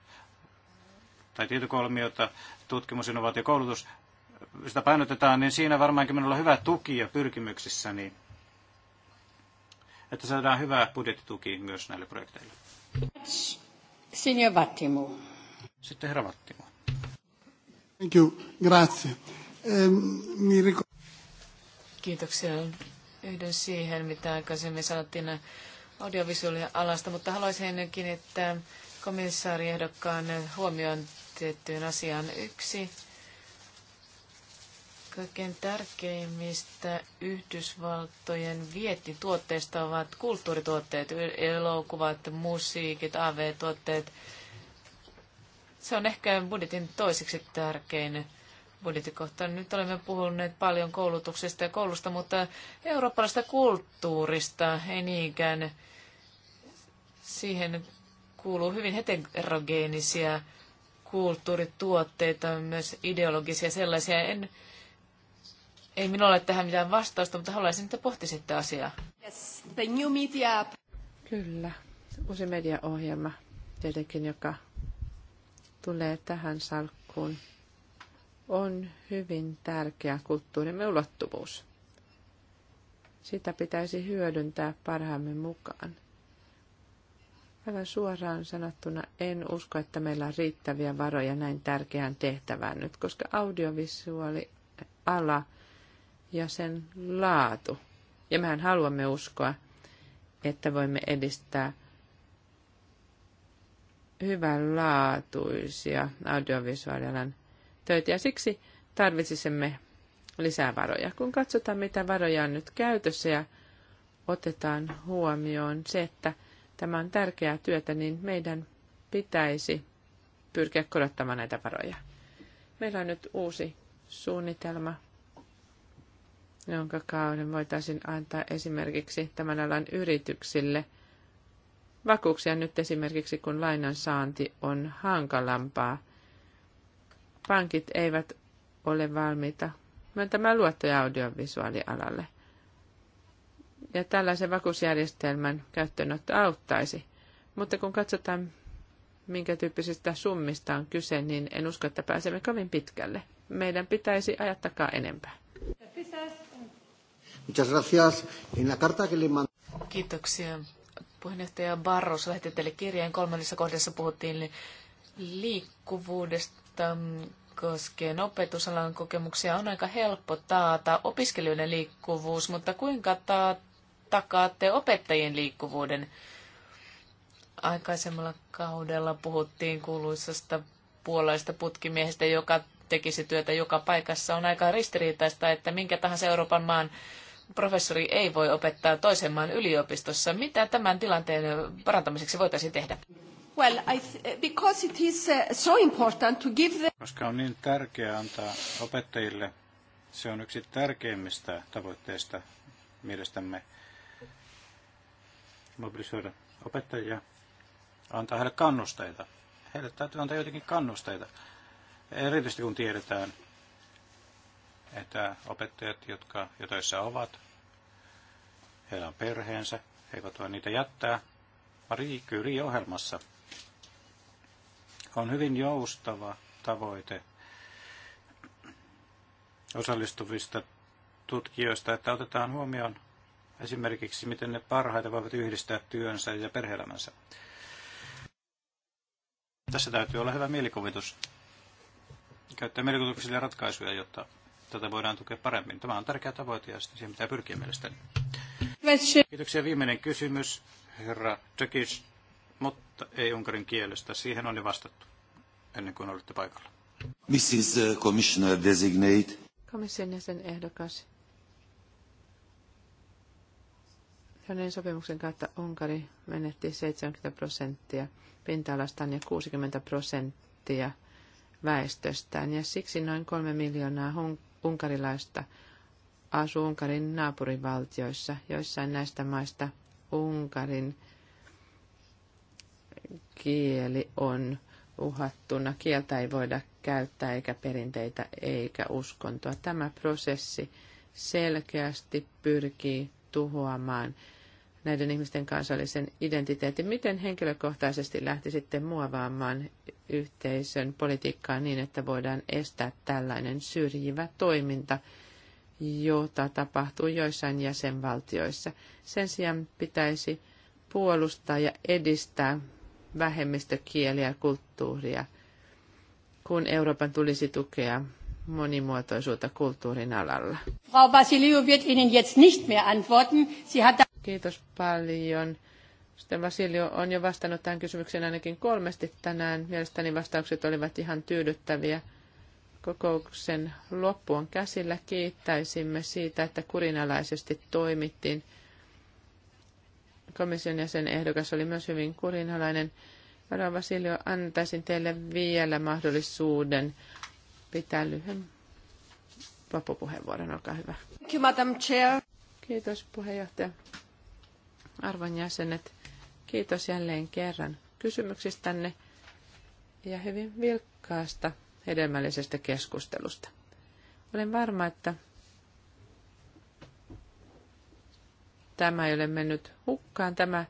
tai tietokolmiota, tutkimus, innovaatio, koulutus, sitä painotetaan, niin siinä varmaankin minulla on hyvä tuki ja pyrkimyksissä, niin että saadaan hyvä budjettituki myös näille projekteille. Signor Vattimo. Sitten herra Vattimo. Thank you. Grazie. Ehm, Kiitoksia. Yhdyn siihen, mitä aikaisemmin sanottiin alasta, mutta haluaisin ennenkin, komissaari ehdokkaan huomioon tiettyyn asiaan. Yksi kaikkein tärkeimmistä Yhdysvaltojen vientituotteista ovat kulttuurituotteet, elokuvat, musiikit, AV-tuotteet. Se on ehkä budjetin toiseksi tärkein budjettikohtaan. Nyt olemme puhuneet paljon koulutuksesta ja koulusta, mutta eurooppalaista kulttuurista ei niinkään. Siihen kuuluu hyvin heterogeenisia kulttuurituotteita, myös ideologisia sellaisia. En, ei minulla ole tähän mitään vastausta, mutta haluaisin, että pohtisitte asiaa. Yes, the new media. Kyllä, uusi mediaohjelma tietenkin, joka tulee tähän salkkuun on hyvin tärkeä kulttuurimme ulottuvuus. Sitä pitäisi hyödyntää parhaamme mukaan. Aivan suoraan sanottuna en usko, että meillä on riittäviä varoja näin tärkeään tehtävään nyt, koska audiovisuaaliala ja sen laatu. Ja mehän haluamme uskoa, että voimme edistää hyvänlaatuisia audiovisuaalialan töitä ja siksi tarvitsisimme lisää varoja. Kun katsotaan, mitä varoja on nyt käytössä ja otetaan huomioon se, että tämä on tärkeää työtä, niin meidän pitäisi pyrkiä korottamaan näitä varoja. Meillä on nyt uusi suunnitelma, jonka kauden voitaisiin antaa esimerkiksi tämän alan yrityksille vakuuksia nyt esimerkiksi, kun lainan saanti on hankalampaa – pankit eivät ole valmiita myöntämään luottoja audiovisuaalialalle. Ja tällaisen vakuusjärjestelmän käyttöönotto auttaisi. Mutta kun katsotaan, minkä tyyppisistä summista on kyse, niin en usko, että pääsemme kovin pitkälle. Meidän pitäisi ajattakaa enempää. Kiitoksia. Puheenjohtaja Barros lähetti teille kirjeen. Kolmannessa kohdassa puhuttiin liikkuvuudesta mutta koskien opetusalan kokemuksia on aika helppo taata opiskelijoiden liikkuvuus, mutta kuinka ta- takaatte opettajien liikkuvuuden? Aikaisemmalla kaudella puhuttiin kuuluisasta puolaista putkimiehestä, joka tekisi työtä joka paikassa. On aika ristiriitaista, että minkä tahansa Euroopan maan professori ei voi opettaa toisen maan yliopistossa. Mitä tämän tilanteen parantamiseksi voitaisiin tehdä? Well, I th- eh, because it is eh, so important to give the... Koska on niin tärkeää antaa opettajille, se on yksi tärkeimmistä tavoitteista mielestämme mobilisoida opettajia, antaa heille kannusteita. Heille täytyy antaa jotenkin kannusteita. Erityisesti kun tiedetään, että opettajat, jotka jo töissä ovat, heillä on perheensä, he eivät voi niitä jättää. Marie Curie-ohjelmassa on hyvin joustava tavoite osallistuvista tutkijoista, että otetaan huomioon esimerkiksi, miten ne parhaita voivat yhdistää työnsä ja perheelämänsä. Tässä täytyy olla hyvä mielikuvitus. Käyttää mielikuvituksellisia ratkaisuja, jotta tätä voidaan tukea paremmin. Tämä on tärkeä tavoite ja siihen pitää pyrkiä mielestäni. Kiitoksia. Viimeinen kysymys, herra Tökis mutta ei unkarin kielestä. Siihen on jo vastattu ennen kuin olitte paikalla. Mrs. Uh, Commissioner Designate. Komission jäsen ehdokas. Hänen sopimuksen kautta Unkari menetti 70 prosenttia pinta-alastaan ja 60 prosenttia väestöstään. Ja siksi noin kolme miljoonaa unkarilaista asuu Unkarin naapurivaltioissa. Joissain näistä maista Unkarin kieli on uhattuna. Kieltä ei voida käyttää eikä perinteitä eikä uskontoa. Tämä prosessi selkeästi pyrkii tuhoamaan näiden ihmisten kansallisen identiteetin. Miten henkilökohtaisesti lähti sitten muovaamaan yhteisön politiikkaa niin, että voidaan estää tällainen syrjivä toiminta, jota tapahtuu joissain jäsenvaltioissa. Sen sijaan pitäisi puolustaa ja edistää vähemmistökieliä ja kulttuuria, kun Euroopan tulisi tukea monimuotoisuutta kulttuurin alalla. Frau Basilio wird Ihnen jetzt nicht mehr antworten. Sie hat Kiitos paljon. Sitten Vasilio on jo vastannut tähän kysymykseen ainakin kolmesti tänään. Mielestäni vastaukset olivat ihan tyydyttäviä. Kokouksen loppu on käsillä. Kiittäisimme siitä, että kurinalaisesti toimittiin komission jäsen ehdokas oli myös hyvin kurinalainen. Herra Vasilio, antaisin teille vielä mahdollisuuden pitää lyhyen loppupuheenvuoron. Olkaa hyvä. Thank you, Madam Chair. Kiitos puheenjohtaja. Arvon jäsenet, kiitos jälleen kerran kysymyksistänne ja hyvin vilkkaasta hedelmällisestä keskustelusta. Olen varma, että tämä ei ole mennyt hukkaan. Tämä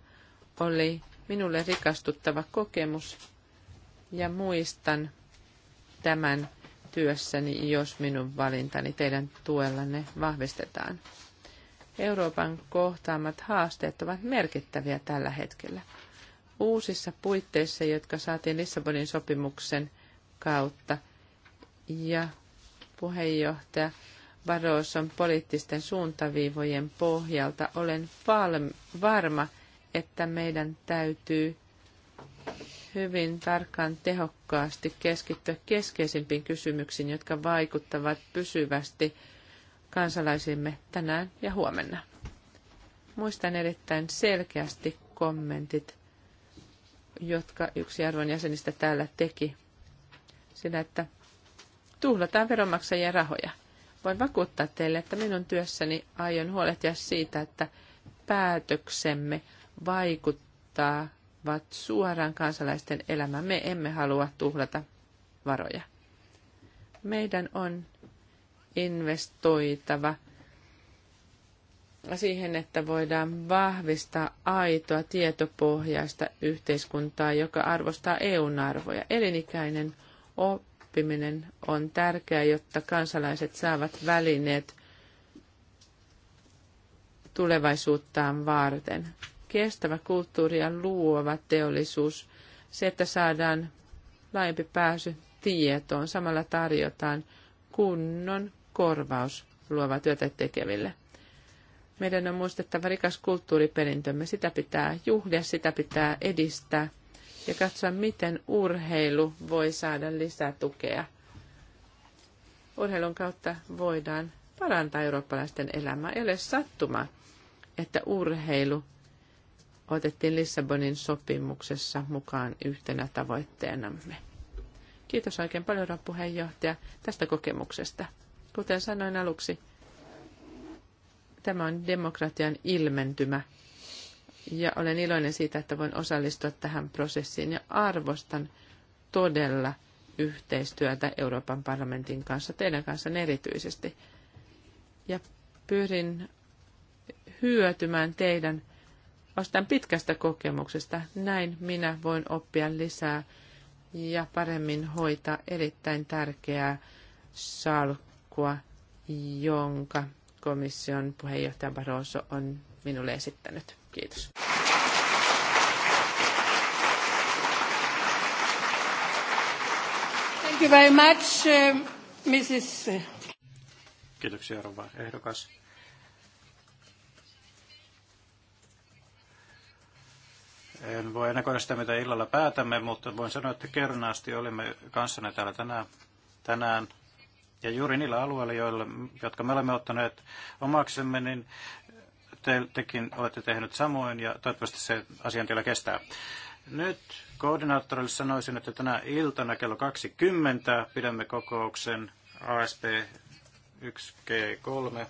oli minulle rikastuttava kokemus ja muistan tämän työssäni, jos minun valintani teidän tuellanne vahvistetaan. Euroopan kohtaamat haasteet ovat merkittäviä tällä hetkellä. Uusissa puitteissa, jotka saatiin Lissabonin sopimuksen kautta ja puheenjohtaja Barroson poliittisten suuntaviivojen pohjalta olen varma, että meidän täytyy hyvin tarkkaan tehokkaasti keskittyä keskeisimpiin kysymyksiin, jotka vaikuttavat pysyvästi kansalaisimme tänään ja huomenna. Muistan erittäin selkeästi kommentit, jotka yksi arvon jäsenistä täällä teki, sillä että tuhlataan veronmaksajien rahoja – Voin vakuuttaa teille, että minun työssäni aion huolehtia siitä, että päätöksemme vaikuttavat suoraan kansalaisten elämään. Me emme halua tuhlata varoja. Meidän on investoitava siihen, että voidaan vahvistaa aitoa tietopohjaista yhteiskuntaa, joka arvostaa EUn arvoja. Elinikäinen oppi oppiminen on tärkeää, jotta kansalaiset saavat välineet tulevaisuuttaan varten. Kestävä kulttuuri ja luova teollisuus, se, että saadaan laajempi pääsy tietoon, samalla tarjotaan kunnon korvaus luova työtä tekeville. Meidän on muistettava rikas kulttuuriperintömme, sitä pitää juhlia, sitä pitää edistää – ja katsoa, miten urheilu voi saada tukea. Urheilun kautta voidaan parantaa eurooppalaisten elämää. Ei ole sattuma, että urheilu otettiin Lissabonin sopimuksessa mukaan yhtenä tavoitteenamme. Kiitos oikein paljon, herra puheenjohtaja, tästä kokemuksesta. Kuten sanoin aluksi, tämä on demokratian ilmentymä – ja olen iloinen siitä, että voin osallistua tähän prosessiin ja arvostan todella yhteistyötä Euroopan parlamentin kanssa, teidän kanssa erityisesti. Ja pyrin hyötymään teidän vastaan pitkästä kokemuksesta. Näin minä voin oppia lisää ja paremmin hoitaa erittäin tärkeää salkkua, jonka komission puheenjohtaja Barroso on minulle esittänyt. Kiitos. Thank you very much, uh, Mrs. Kiitoksia, rouva ehdokas. En voi ennakoida sitä, mitä illalla päätämme, mutta voin sanoa, että kernaasti olimme kanssanne täällä tänään, tänään. Ja juuri niillä alueilla, joilla, jotka me olemme ottaneet omaksemme, niin te, tekin olette tehnyt samoin ja toivottavasti se asiantila kestää. Nyt koordinaattorille sanoisin, että tänä iltana kello 20 pidämme kokouksen ASP 1G3